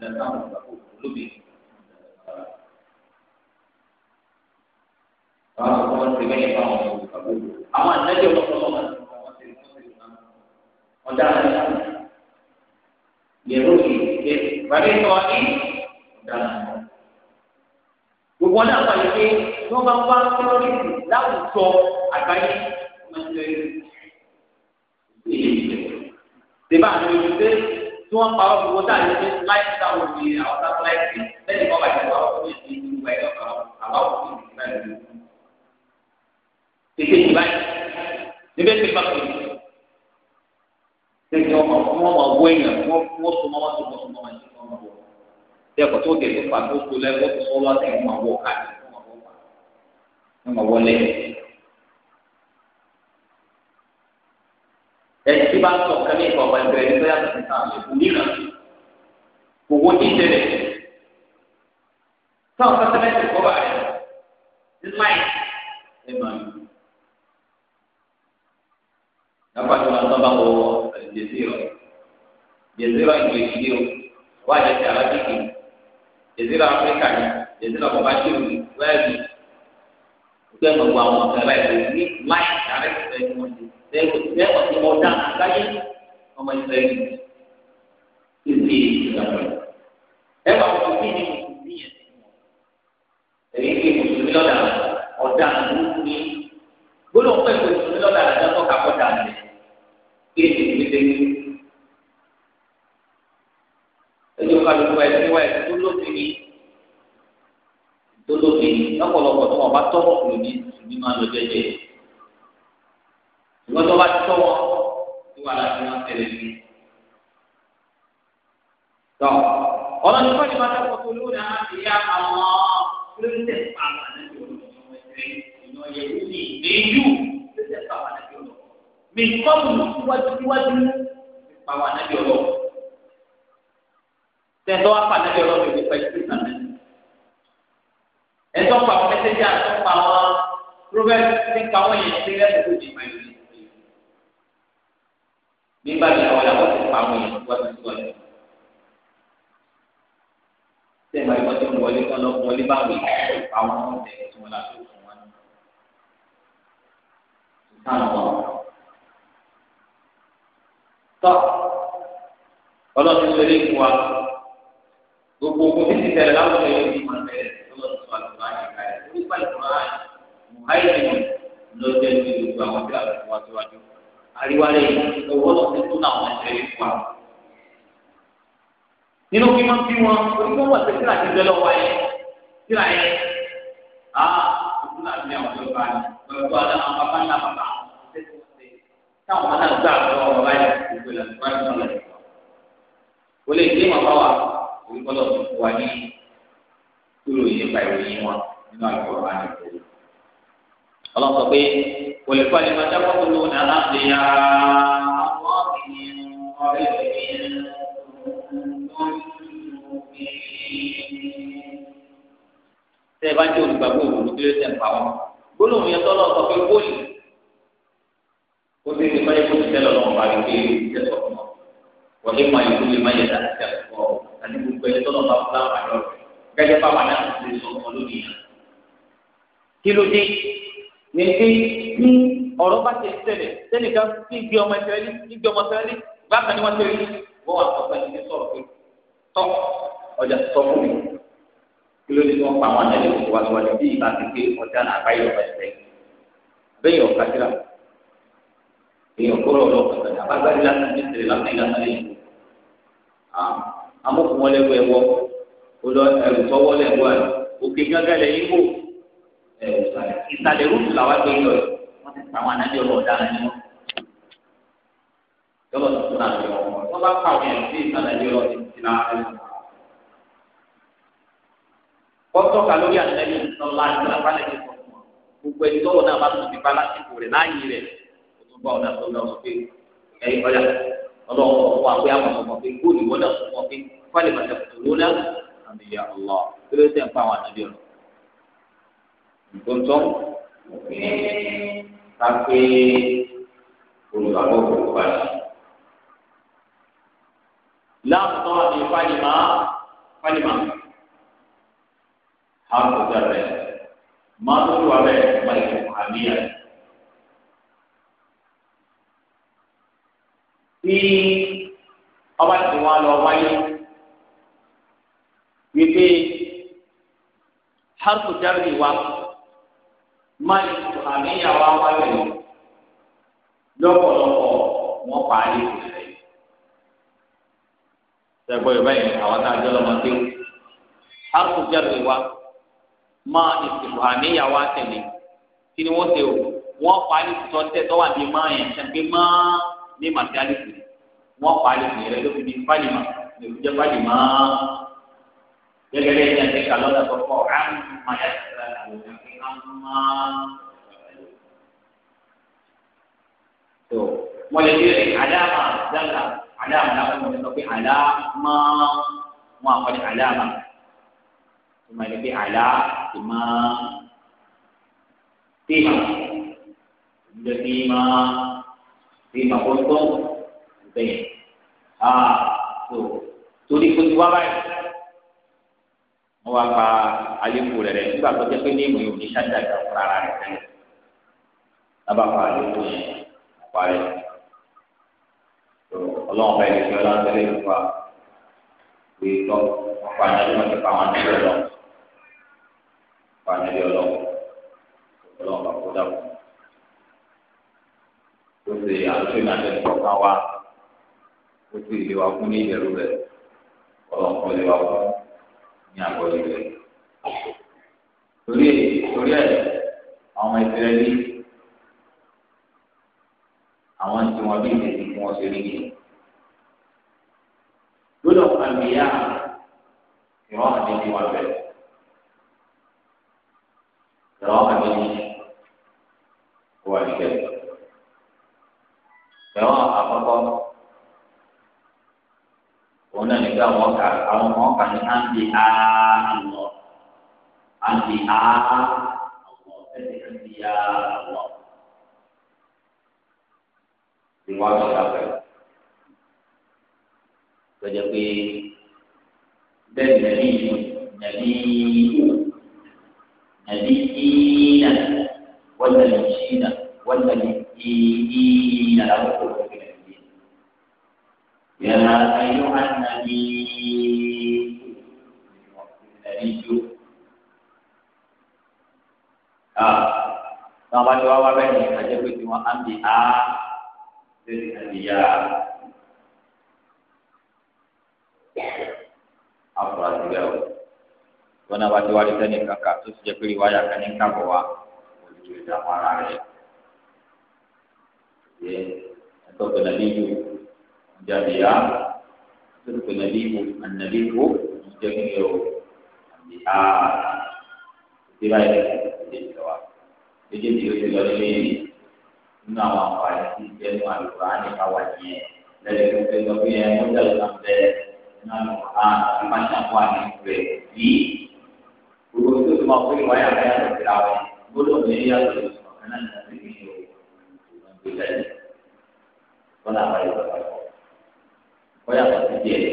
dan tahu aku lebih. Kalau kawan sebagai kamu aku, aman saja untuk kawan. Undang ya rugi, ya bagi kawan ini undang. Bukan apa itu, cuma orang teroris, lalu so agaknya menjadi. Sebab itu tí wọ́n pa ọ́dún wọ́n dàbí ní láì sáwọn ní àwọn sáwọn láì sí lẹ́yìn bọ́ bàjẹ́ wà wọ́n ní ìlú ìwà ẹ̀yọ́ kan àbáwọ̀ sí ìlú náà lórí. Tètè yìí báyìí níbẹ̀ tí bá pè é. ọmọ fún ọmọ owó èèyàn fún wọ́n sọ mọ́wọ́ tó mọ́sọ mọ́wọ́ tó mọ́wọ́ wọ̀. Dẹ́kọ̀ tó gẹ̀ tó tó lẹ́wọ́ tó sọ́wọ́ àtẹ̀wọ́n ẹni tí bá ń sọ kẹ́mí ìkọ̀ ọ̀gbà ìbẹ̀rẹ̀ ní sọ́yà tuntun náà lè fún nílò owó jíjẹ rẹ̀. sọ́ọ̀ sọ́sẹ́mẹ́tì kọ́ bá rẹ̀ níláì ẹ̀ máa yọ. Nàpá tí wọ́n sábà wọ jẹ̀sírọ̀ jẹ̀sírọ̀ ìgbèjì ni o wọ́n á jẹ́ ti Áfíríkà ni jẹ̀sírọ̀ tí o wẹ́ẹ̀lì pé ẹnu gba àwọn ọ̀gá ẹ̀ lè ní láì sáré ìfẹ́ wọn ṣe ṣe wọ́n ti wọ́n dá àgbáyé ọmọ ìfẹ́ yìí ti di ìgbàgbọ́. ẹ wà wọ́n fi ní mùsùlùmí yẹn èyí ní mùsùlùmí lọ́dà ọ̀dà mùsùlùmí gbọ́dọ̀ pẹ́ mùsùlùmí lọ́dà àdá tó kà kọ́dà rẹ̀ kí èsì ìgbésẹ̀ yìí. ẹjọ́ kálukú ẹ̀ ti wá ẹ̀ tó lóbi yìí tolóbi lọ́pọ̀lọpọ̀ tó wọn bá tọ́wọ́ kúrò ní ìsúnmí máa lọ jẹ́jẹ́ ìwọ́n tó bá tọ́wọ́ tó wà láti wọn tẹ̀lé ní. tọ́ ọlọ́ni kọ́ni máa tẹ́wọ́ tó lóun náà ti yá àwọn kírísítẹ̀ pàmò àti olùdókòwò ẹ̀sẹ̀ ìnáwó yẹn ní ìgbéyù kírísítẹ̀ pàmò àti olùdókòwò. mi kọ́mù síwájú síwájú pàmò àti olùdókòwò. tẹ̀tọ́ wá pàmò àti olùdókòwò ẹtọ pa àwọn mẹsẹgì àtọ pa àwọn rúbẹt nípa àwọn yẹn ti rẹ lóko di ma yìí nígbà tí àwọn yàgò ti pa àwọn yẹn wọ́n ti wọlé tẹ ma yọ ti wọlé kọ́ lọ wọlé bá wọlé pa àwọn ọmọ tẹ tí wọn là tó fún wọn sàn wọn tọ ọlọ́run sọ eléyìí fún wa gbogbo ogun títí tẹ̀lé láwùjọ yóò di ìmọ̀ tẹ̀lé lọ́wọ́ tó àlùfáà yẹn kalẹ̀ nípa ìfọ̀hán mùháìlì lọ́jọ́ ìlú gbogbo àwọn bí àlùfáà wá síwájú. àríwá rẹ̀ lọ́wọ́ lọ sí tún àwọn ẹ̀ṣẹ̀ yìí pa. nínú kí wọ́n fi wọn onígbọ́n wà sí sílà tìjọ lọ́wọ́ yẹn sílà yẹn á òkúta àti àwọn ọ̀dọ́gba pẹ̀lú àwọn bàbá ńlá bàbá táwọn náà gbà lọ́wọ́ báyìí gbogbo ìlànà ìwádìí wọn lọ. olè ìdí wọn bá wà orúkọ lọ sí wa ní kúrò nípa ìròyìn wọn nínú àgbọ̀rọ̀ àti ìròyìn. ọlọ́run sọ pé olùkọ́ ni wọ́n dábọ̀ tó lóun náà láti ya àwọn ènìyàn ọ̀rẹ́ ìròyìn tẹ ẹ bá jẹ olùgbàgbọ́ òwúrò kí ló tẹ ń pa wọn gbólóhùn yẹn tọ́lọ̀ sọ pé wọ́ọ̀lì ó ti di báyìí kó ti tẹ́lọ̀ lọ́wọ́ bá rí pé ìjẹ́ sọ fún ọ wọ́n lé mọ ìlú lè má yẹ dáadáa kọ́ ọ àti gbogbo ẹni tọ́lọ̀ bá fúláwà lọ́rùn gẹ́gẹ́ bá wà láti ṣe sọ ọmọ lórí yẹn. kí ló dé ní pé ní ọ̀rọ̀ bá ti ṣẹlẹ̀ sẹ́nìkan kí n gbé ọmọ ìṣẹ́lẹ̀ kí n gbé ọmọ ìṣẹ́lẹ̀ bákan ni wọ́n ṣe rí wọ́n wà sọ̀tọ̀ ní sọ̀rọ̀ pé tọ́ ọjà sọ fún mi kí ló dé tí wọ́n pa àwọn àjẹlẹ̀ òkú wa lọ́wọ́ bí ìbá ti gbé ọjà náà báyìí ọ̀rọ̀ ẹ̀sẹ̀ bẹ́ẹ̀ ọ̀ka síra èèyàn kúrò ọ̀rọ̀ ọ̀ka olọ ẹrù tọwọlẹ wà ní òkè gángan lẹ yín kó ẹrù sàlẹ̀ ìsàlẹ̀ rúùtù làwọn gbé yọ yìí wọn ti sàwọn anájọ lọ ọ̀daràn ni wọn yọlọ tuntun náà lọ wọn bá pàwọn ẹrù sí ìsàlẹ̀ yọlọ ti náà ẹrù kọ́tọ́ ka lórí àtẹ́lẹ́ ìsọ̀lá àti àbálẹ̀ ti sọ̀rọ̀ gbogbo ẹni tọ́wọ́ náà bá tún ti bala sípò rẹ̀ láàyè rẹ̀ o tún bá ọ̀nà tó lọ sọ pé ẹ̀yin ọ̀yà ọlọ́wọ́ wà pé àwọn ọmọ pé góòlù wọn náà sọ pé fọ́lẹ̀ bàtà kòtò lónà wọn ni ya ọlọ kí ló dé ń pa àwọn ànábì ọlọ tuntun ní káfí olùgbàgbọ́ òkú báyìí. láàtọ̀ ni fáyìmá fáyìmá àkójọ rẹ̀ máa tó wà bẹ́ẹ̀ máa yẹ kó àbíyá. tí ọba tí wọn lọ wáyé wípé harfu jarri wa máa ní àmìyà wa wáyé lọ́pọ̀lọpọ̀ wọ́n pa ayé rẹ̀. sẹ́gbọ́ yorùbá yìí àwọn tá a jọ lọ́mọ tó harfu jarri wa máa ní àmìyà wa tẹ̀lé kí ni wọ́n ṣe o wọ́n pa ayé tọ́tẹ́ tọ́wà ní máa yẹn ṣẹ́gbẹ́ máa ní màtí ayé rẹ̀ wọ́n pa ayé rẹ̀ lóbi ní fálìmà lóbi jẹ́ fálìmà. Jadi nanti kalau ada lọ́dà mayat, kọ́ àmì máa ṣẹlẹ̀ àwọn ẹ̀kí àmà. tó wọ́n lè béèrè àdáàmà dáńgà àdáàmà láwọn ọmọdé sọ pé àdáàmà wọn àkọ́ni àdáàmà tó máa lè pé àdá ti máa tèèmà ìjọ tèèmà tèèmà kó tó bẹ́ẹ̀ wọn wá pa àlékún rẹ rẹ nígbà tó jẹ pé ní ìwé òní ṣáṣá ìjà fún ara rẹ tẹ́lẹ̀ lábàá pa àlékún yẹn parí Ọlọ́run ọba ìdíje Ọlọ́run tẹ́lẹ̀ ìlú wa pé tọ wọn pa àyànjú wọn ti pa àwọn àyànjú Ọlọ́run pa àyànjú Ọlọ́run Ọlọ́run ọba kó dà wọn ó ṣe àlùfẹ́ náà lẹ́nu kọ̀ọ̀kan wa ó sì lè fún ní ìbẹ̀rù rẹ Ọlọ́run kọ́ lè wa fún ní àkọlé rẹ̀. torí ẹ̀ torí ẹ̀ àwọn ìsirẹ́lì àwọn tí wọ́n bí ìdẹ̀sí fún wọn ṣe rí nìyẹn. lọ́dọ̀ àmìyá ìrọ̀ àdéhùn wọn bẹ̀rẹ̀. ìrọ̀ àdéhùn wọn bẹ̀rẹ̀. ìrọ̀ àkọ́kọ́ òun náà nígbà wọn kà àwọn ọmọ kà ní àǹtí àlọ àǹtí àlọ ẹsẹ àǹtí àlọ ìwà ọ̀gá pẹ̀lú tọ́jà pé bẹ́ẹ̀ nàbí nàbí nàbí ìyínà wọ́n nàbí ìyínà wọ́n nàbí ìyínà lákòókò. يا أيها النبي النبي آه طبعا جواب بني أجابت وأنبياء للأنبياء أفراد اليوم wanawake walitani kaka tusije kuliwaya kanika kwa ulituita mara yake je ndio nabii jabiya sirku nabiku annabiku jabiyo jabiya ìdíra ẹ̀ ìdíje ìjọba ìdíje ìdíje ti lọ nílé yìí nínú àwọn àǹfààní tí ìgbẹ́nu àlùkò á ní káwá nìyẹn lẹ́yìn tó fẹ́ lọ di ẹ mọ́jà ló náà bẹ nínú àlùkò á àti má ṣàkó àmì rẹ̀ yìí gbogbo tó tó máa fún ìwà yà bá yàtọ̀ síra wọn gbọ́dọ̀ ní yàtọ̀ ìṣòro náà ní àti ìṣòro ìgbàgbé lẹ́yìn kọ́nà àbáyọ̀ bàbá yọ̀ bóyá kò sí díẹ̀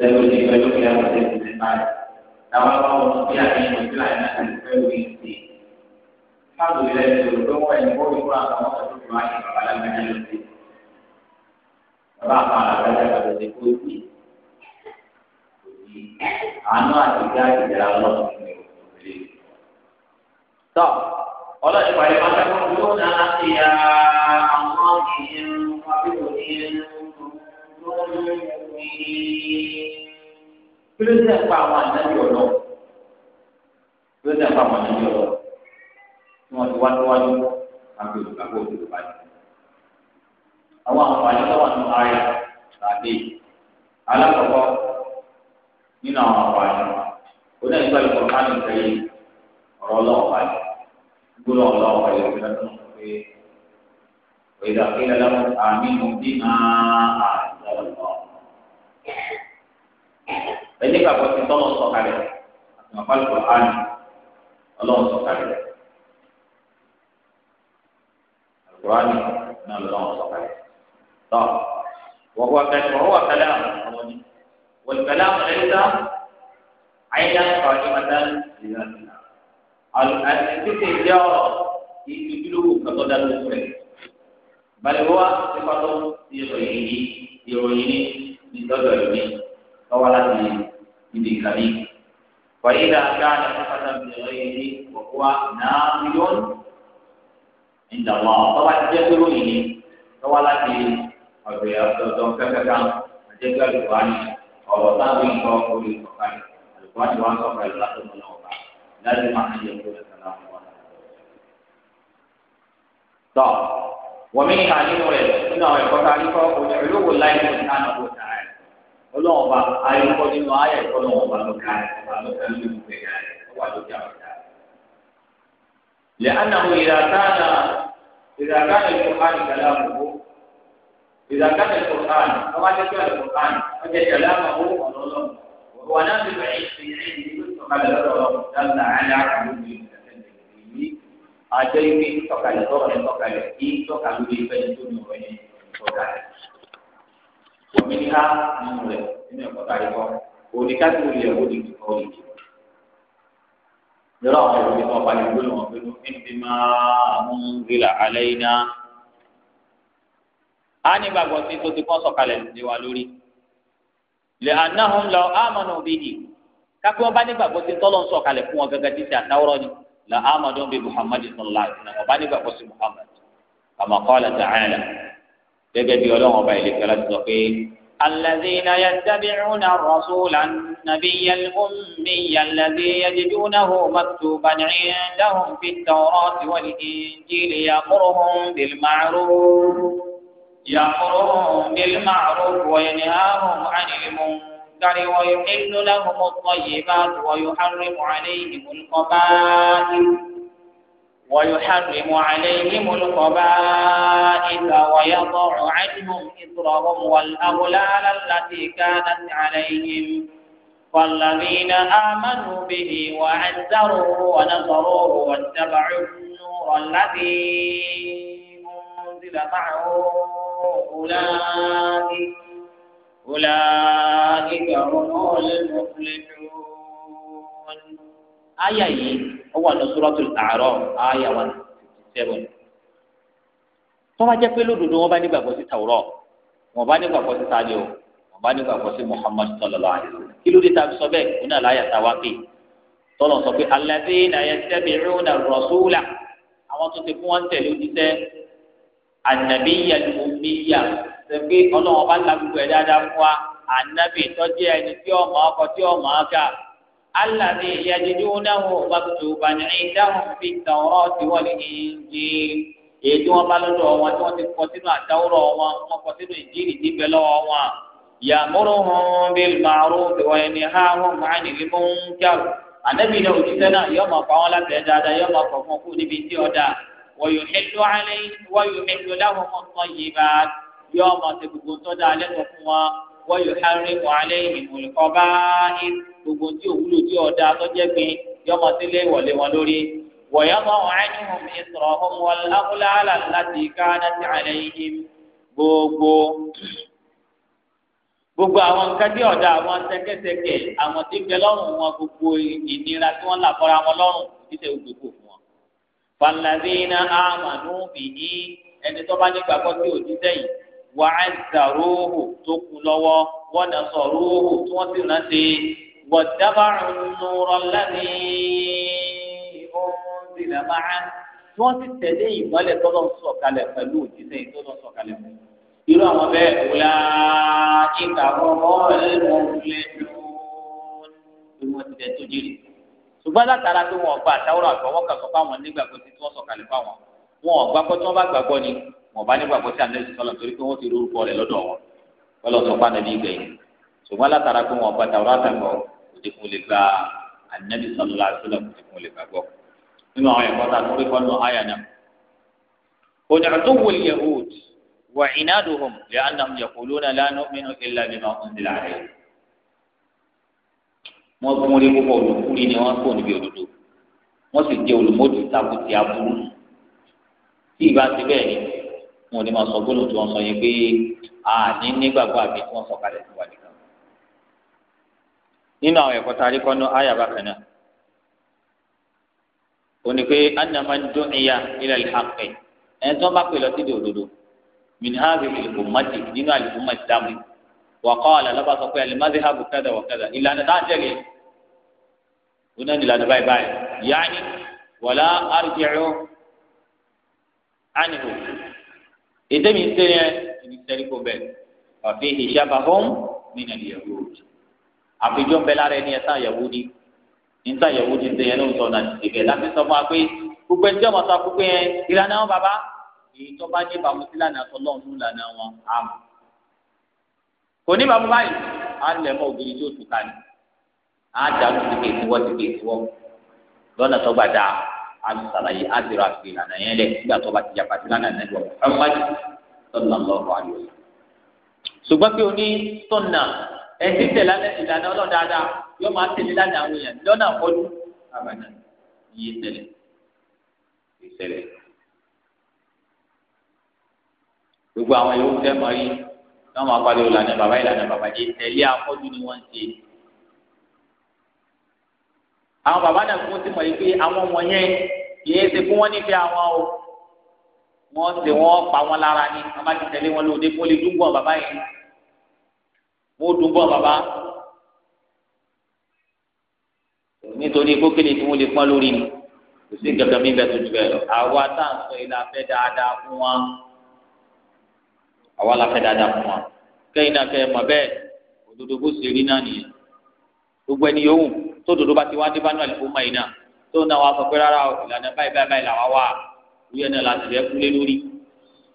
lẹ́nu ní pẹ̀lú kí àwọn ọ̀sẹ̀ ti báyìí làwọn ọmọ ọmọ bí àmì ìlú àyè náà ti fẹ́ wí sí i káàdù ilẹ̀ ìṣòro tó wọ̀ ẹ̀yìn bóyá kó àwọn ọmọ tó tó wáyé bàbá lágbájá ló ti bàbá àpá àgbájá bàbá ti kó sí àánú àti gáàdì ìdára lọ́wọ́ ní òkèlè tọ́ ọlọ́ọ̀dẹ́gbàdé máa kí ló dé pa àwọn ànábì ọ̀lọ́ kí ló dé pa àwọn ànábì ọ̀lọ́ tí wọ́n ti wá níwájú àgbè àgbè òdòdó báyìí. àwọn àǹfààní lọ́wọ́ nínú ayé tàbí alákọ̀ọ́kọ́ nínú àwọn àǹfààní onígbà ìfọ̀rọ̀mánì kẹ́yìn ọ̀rọ̀ ọlọ́ọ̀pá yìí gbólọ̀ ọlọ́ọ̀pá yìí ọ̀gbìn lọ́dún pé. وإذا قيل لهم آمنوا بما أنزل الله Jadi kalau kita tolong sokari, ngapal Quran, tolong sokari. Al-Quran, nah tolong sokari. Tahu? Wahwa kan, wahwa kalam, kamunya. Wal kalam ada ayat kalimatan di dalamnya. Al-Quran itu sejarah, itu dulu kata dalam Quran. بل هو صفة يرويه يرويني لتدعوني فولد بذكري فإذا كان صفة بغيره وهو ناقل عند الله طبعا يرويني فولد ọ̀dọ̀ ọ̀dọ̀ kẹ́kẹ́kẹ́ àjẹgbẹ́ àlùkùránì ọ̀rọ̀ táwọn ìgbà orí ìsọ̀kalẹ̀ àlùkùránì wa ń sọ̀kalẹ̀ látọ̀mọ̀ náà wà láti máa ń yẹ kó lè sọ̀rọ̀ àwọn ọ̀dọ̀. ومنها نمرة إنه يقتل علو الله سبحانه وتعالى ọlọ́run ọba ayọ́kọ́ nínú ayé ẹ̀kọ́ lọ́wọ́ ọba ló ká ọba ló ká ló ń gbé ká ọba ló ká ọ̀tá. لأنه إذا كان إذا كان القرآن كلامه إذا كان القرآن كما ذكر القرآن قد كلامه الله وهو نازل في عينه يدل على على علوم المتكلم به àjọ ìwé tọ̀kalẹ̀ tọ̀kalẹ̀ tọ̀kalẹ̀ kí tọ̀kalẹ̀ lórí ìfẹ́ ní tó ní ọ̀rọ̀ yẹn tọ̀kalẹ̀. òmìnira nínú rẹ̀ nínú ẹ̀kọ́ tàbí kọ́ oníkàtí olè ẹ̀wọ́ ní kíkọ́ ìdí. lọ́rọ̀ àwọn ìwé tó wà lẹ́gbẹ́ ló fi ń fi máa mú rírà alẹ́ iná. a ní gbàgbọ́ sí tó ti kọ́ sọ̀kalẹ̀ lé wa lórí. lè anáhùn lọ ámọ̀nà òbí la amadu bi muhammad sallallahu alaihi wa sallam ọba nígbà kó sí muhammad kama qala ta'ala gẹ́gẹ́ bí ọlọ́run ọba ìlẹ̀ kẹlẹ́ sọ pé الذين يتبعون الرسول النبي الأمي الذي يجدونه مكتوبا عندهم في التوراة والإنجيل يأمرهم بالمعروف يأمرهم بالمعروف وينهاهم عن المنكر dari wa yuhillu lahum at-tayyibat wa yuharrimu alayhim al-qaba'ith wa yuharrimu alayhim al-qaba'ith wa yadh'u 'anhum ithrahum wal aghlal allati kanat 'alayhim والذين آمنوا به وعزروه ونصروه واتبعوا النور الذي أنزل معه أولئك أولئك هم المفلحون آية هو سورة الأعراف آية 157 tó bá jẹ́ pé lódodo wọn bá nígbàgbọ́ sí tàwùrọ̀ wọn bá nígbàgbọ́ sí tani o wọn bá nígbàgbọ́ sí Muhammad sallallahu alayhi wa kí ló dé ta sọ bẹ́ẹ̀ kó náà láyà tá a wá pè tọ́lọ̀ sọ pé alladhina yattabi'una ṣebí Ọlọ́run ọba ńlá gbogbo ẹ dáadáa fún wa ànábì tọjú ẹni tí ọmọ ọkọ tí ọmọ ọkà alàbí yajidunahu maktuban indahum fi tawrati wal injil èyí tí wọn bá lọ́dọ̀ wọn tí wọn ti kọ sínú àtàwọrọ wọn wọn kọ sínú ìjírí níbẹ̀ lọ́wọ́ wọn ya'muruhum bil ma'rufi wa yanhahum 'anil munkar ànábì náà òjíṣẹ́ náà yóò máa pa wọn láti dáadáa yóò máa kọ fún kú níbi tí ọdà wa yuhillu 'alayhim yọ ọmọ ti gbogbo tó dáa lẹ́tọ̀ fún wọn wọ́n yóò hárí wọn alẹ́ ìmùlẹ̀kọ́ bá gbogbo tí òwúlò tí ọ̀dà tó jẹ́ gbin yọ ọmọ ti lé ìwọ̀lé wọn lórí wọ̀yọ́mọ ànihùn ìsọ̀rọ̀hún wọn lákúláàlà láti káná ti àlẹ́ yìí gbogbo gbogbo àwọn nǹkan tí ọ̀dà àwọn sẹ́kẹ́sẹ́kẹ́ àwọn tí ń bẹ lọ́rùn wọn gbogbo ìnira tí wọ́n là fọ́ra wọn lọ́rùn títẹ̀ gbogbo fún wọn. faladina amanu bihi ẹni tó bá nígbàgbọ́ tí òjíṣẹ́ yìí wà á zàróhù tó kù lọ́wọ́ wọ́n dà sọ̀róhù tí wọ́n sì rántí wọ̀dábàrún nùrọ̀ lánìí ohun ìlà máa tí wọ́n sì tẹ̀lé ìmọ́lẹ̀ tọ́lọ́ sọ̀kalẹ̀ pẹ̀lú òjíṣẹ́ ìtọ́lọ́ sọ̀kalẹ̀ pẹ̀lú irú àwọn bẹ́ẹ̀ wúlá ìkà ọmọ ẹlẹ́mọ̀ wúlé lóun ni wọ́n ti tẹ̀ tó jírí. ṣùgbọ́n látara pé wọn ọgbà àtàwọn àgbà wọn kà sọ fáwọn nígbàgbọ́ tí wọ́n sọ̀kalẹ̀ fáwọn wọn ọgbà pé tí wọ́n bá gbàgbọ́ ni wọn bá nígbàgbọ́ sí àmì ẹ̀sìn sọ́lá torí pé wọ́n ti rí orúkọ rẹ̀ lọ́dọ̀ wọn bọ́lá ọ̀sán fún anabi gbẹ̀yìn ṣùgbọ́n látara pé wọn bàtà ọ̀rọ̀ àtàkọ́ òdekun lè gba anabi sọlá sọlá òdekun lè gbàgbọ́ nínú àwọn ẹ̀kọ́ tá torí kọ́ nù àyà náà. onídàtò wòl yahood wà ìnádùhùn lè anam yakulu náà lánà mínú ilà mímọ ọ̀nzìlá rẹ̀. wọ́n fún orí púpọ̀ olùkúri ni wọ́n kó níbi òdodo wọ́n sì jẹ́ olùmọ́tò takuti aburú tí ì wọn ò ní máa sọ gbólóhùn tí wọ́n sọ yẹn pé àní nígbàgbọ́ àbí tí wọ́n sọ kalẹ̀ sí wa nìkan. nínú àwọn ẹ̀kọ́ tá a rí kọ́nú àyà bákan náà ó ní pé anamá dún ìyá ilẹ̀ ìhàpẹ̀ ẹ̀ tó bá pè lọ sí òdodo minhazi ìlùmọ́tì nínú àlùmọ́tì dáàmú wàkọ́ọ̀lá lọ́ba sọ pé àlùmọ́tì hàbù kẹ́dà wọ̀kẹ́dà ìlànà tá a tẹ̀lé ó náà nílànà báyìí báyìí yáni wàlá àrùjẹ̀rọ̀ ánìhò ètè mi ṣe yẹn èmi sẹ́rí kó bẹ́ẹ̀ ọ̀fin ìṣàbà fún mi nà lè yẹ̀wò òdì àfijọ́ bẹ́ẹ̀ lára ẹni ẹ̀sán yẹ̀wò òdì níta yẹ̀wò òdì ṣe yẹn ló ń sọ ọ̀nà ti bẹ̀ láti sọ fún wa pé gbogbo ẹni tí ọmọ sọ fún pé yẹn ìlànà wọn bàbá èyí tó bá ní bàmú sí lànà tọlọ́ọ̀nù lànà wọn àmọ́ kò ní bàmú báyìí á lẹ̀ mọ́ ògiri tí tù ká ní á dàrú sí kéèké wọ́ sí kéèké wọ́ lọ́nà tó gbàdá àtàlàyé àdìrò àti ìlànà yẹn lẹ nígbà tó bá ti yàpá sí lánàá nẹgbọ Muhammad sallallahu alayhi wa sallam. ṣùgbọ́n pé o ní tọ́nà ẹ ti tẹ̀lé ìlànà ọlọ́run dáadáa yóò máa tẹ̀lé lánàá àwọn èèyàn lọ́nà àkọ́jú àbànà yìí tẹ̀lé ìṣẹ̀lẹ̀. gbogbo àwọn yòókù tẹ́ mọ́ yìí wọ́n máa pariwo bàbá ìlànà bàbá yìí tẹ̀lé àkọ́jú ni wọ́n ń ṣe àwọn bàbá náà kún sí mọ̀ yìí pé àwọn ọmọ yẹn yìí ṣe fún wọn nífẹ̀ẹ́ àwọn o wọ́n ṣe wọ́n pa wọn lára ni wọ́n bá ti tẹ̀lé wọn lóde kó lè dúgbọ̀n bàbá yẹn wọ́n dúgbọ̀n bàbá nítorí kókèlè tí wọ́n lè pọ́n lórí ni kò sí gàgà mi bẹ́ẹ̀ tó ju bẹ́ẹ̀ lọ àwa tá à ń sọ ilé afẹ́ dáadáa fún wa àwa la fẹ́ dáadáa fún wa kẹ́yìn náà kẹ́ mọ̀ bẹ́ẹ̀ òdodo bó ṣe rí náà nìyẹn gbogbo ẹni yòówù tó dodo bá ti wá dé bánú àlùkò máa iná tó náà wá sọ rárá o ìlànà báyìí báyìí báyìí làwa wà wíyẹn náà láti rẹ kúlé lórí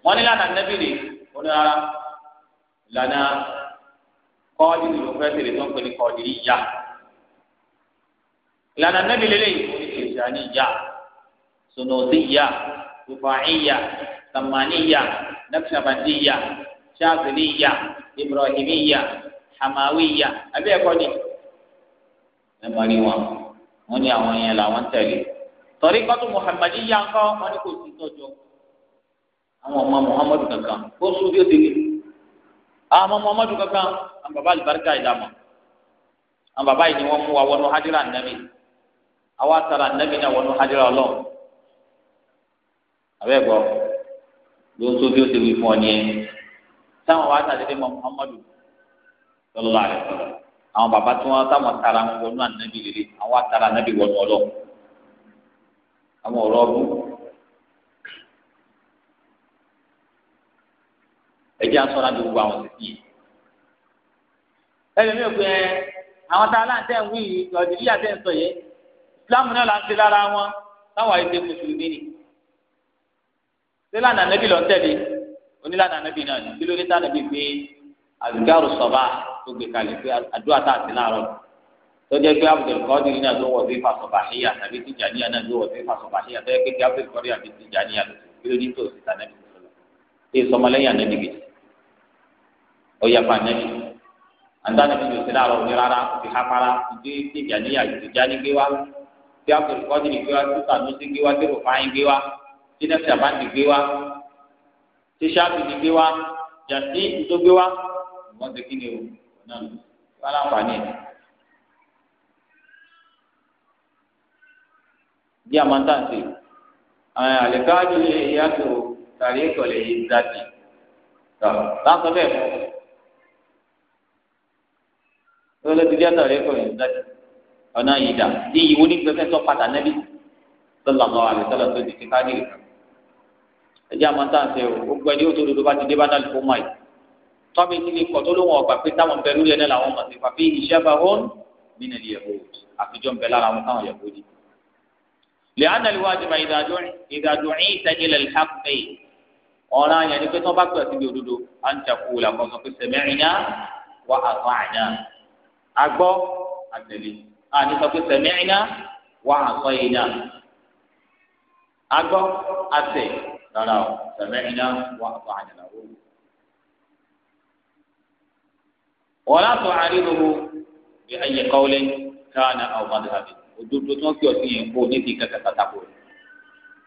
wọn ní lànà nẹbìrì wọn rárá ìlànà kọ́ọ̀dì ni mo fẹ́ tèrè tó ń pè ní kọ́ọ̀dì ìyá ìlànà nẹbìrì lélẹ́yìn mo ní kèjà ní ìyá sọnọ́ọ̀sì ìyá rufa'iyya samaniyya naqshbandiyya shaziliyya ibrahimiyya hamawiyya abẹ́ẹ̀kọ́ ni ẹmọrí wọn wọn ní àwọn yẹn làwọn tẹ̀lé torí kọtù muhammadu yá ń kọ wọn ní kò sí tọjọ àwọn ọmọ muhammadu kankan kó sùn bí ó ti rí àwọn ọmọ muhammadu kankan àwọn baba alibarika ìlànà àwọn baba yìí ni wọn mú wa wọnú hadira nàmi àwọn atara nàmi náà wọnú hadira Ọlọ́run abẹ gbọ ló ń sùn bí ó ti rí fún ọ nìyẹn sáwọn wa sàdédé mọ muhammadu sallallahu alaihi wasallam àwọn bàbá tí wọn táwọn tara wọn wọnú ànábì rere àwọn atara ànábì wọnú ọlọ àwọn ọ̀rọ̀ ọdún ẹjẹ asọra ju gbogbo àwọn títí yìí ẹlẹmi òkú ẹ àwọn tá a lá ń tẹ̀ ń wí ọ̀dìrí àtẹ̀ ń sọ yẹ ìsìlámù náà là ń ṣe lára wọn táwọn àyè ṣe mùsùlùmí ni ṣé lánàá nẹ́bí lọ ń tẹ̀lé onílànà nẹ́bí náà ní kí ló dé tá nẹ́bí gbé àlùkárù sọ̀bà tó gbé kalẹ̀ pé àdúrà tá à ti láàárọ̀ tọ́jà pé abdulkadir náà ló wọ̀ sí fasọ̀bàhíyà tàbí tìjàníyà náà ló wọ̀ sí fasọ̀bàhíyà tọ́jà pé kí abdulkadir àti tìjàníyà ló ti lórí tó sì tà nẹ́bí sọ̀rọ̀ ṣé sọmọlẹ́yìn ànẹ́bí gidi ọ̀yà pa nẹ́bí àtànẹ́bí yóò ti láàárọ̀ ní rárá òfi hapara ìdí tìjàníyà tìjàní gbé wa kí abdulkadir gbé wa tìta ló ti gbé wa tí rufáyín gbé wa tí kí ni aláǹfààní ẹ̀. bí a máa ń tàǹtì àlèkáàdì lè yàtọ̀ tàrí ìkọ̀lẹ̀ yìí dájì láǹsọ bẹ́ẹ̀ fún ló ti jẹ́ tàrí ìkọ̀lẹ̀ yìí dájì ọ̀nà yìí dà ní ìwú ní pẹ́fẹ́ tó padà nẹ́bí sọlá lọ àlè tó di kíkáàdì rẹ̀ ẹ̀jẹ̀ a máa ń tàǹtì o gbogbo ẹni ó tó dodo bá ti dé bá náà lè fún mọ́ yìí tọ́bi ti lè kọ́ tó ló wọn ọgbà pé táwọn bẹ lórí ẹni làwọn mọ̀ sí fàfi iṣẹ́ bá wọn nínú ilé ẹ̀kọ́ àfijọ́ ń bẹ lára wọn táwọn yẹ̀kọ́ di. lẹ́yìn àlùwà àjùmọ̀ ìdàdùnrin ìtẹ̀jẹ̀lẹ̀ lẹ́hàpẹ́ ọ̀rọ̀ àyàn ni pé tí wọ́n bá pẹ̀ síbi òdodo à ń takò làkọ́ sọ pé sẹ̀mẹ́rìnà wà àtọ̀ àyàn agbọ́ àtẹ̀lé àní sọ pé sẹ̀mẹ́rìnà wà àtọ̀ àyàn agbọ́ àtẹ̀ rárá o sẹ̀mẹ́rìnà wà àtọ̀ àyàn làwọn wọ́lá tó àríwó bí ayé kọ́lé káàna àwọn madhabi òdodo tí wọ́n fi ọtí yẹn kó níbi kẹta kàtàkó rẹ̀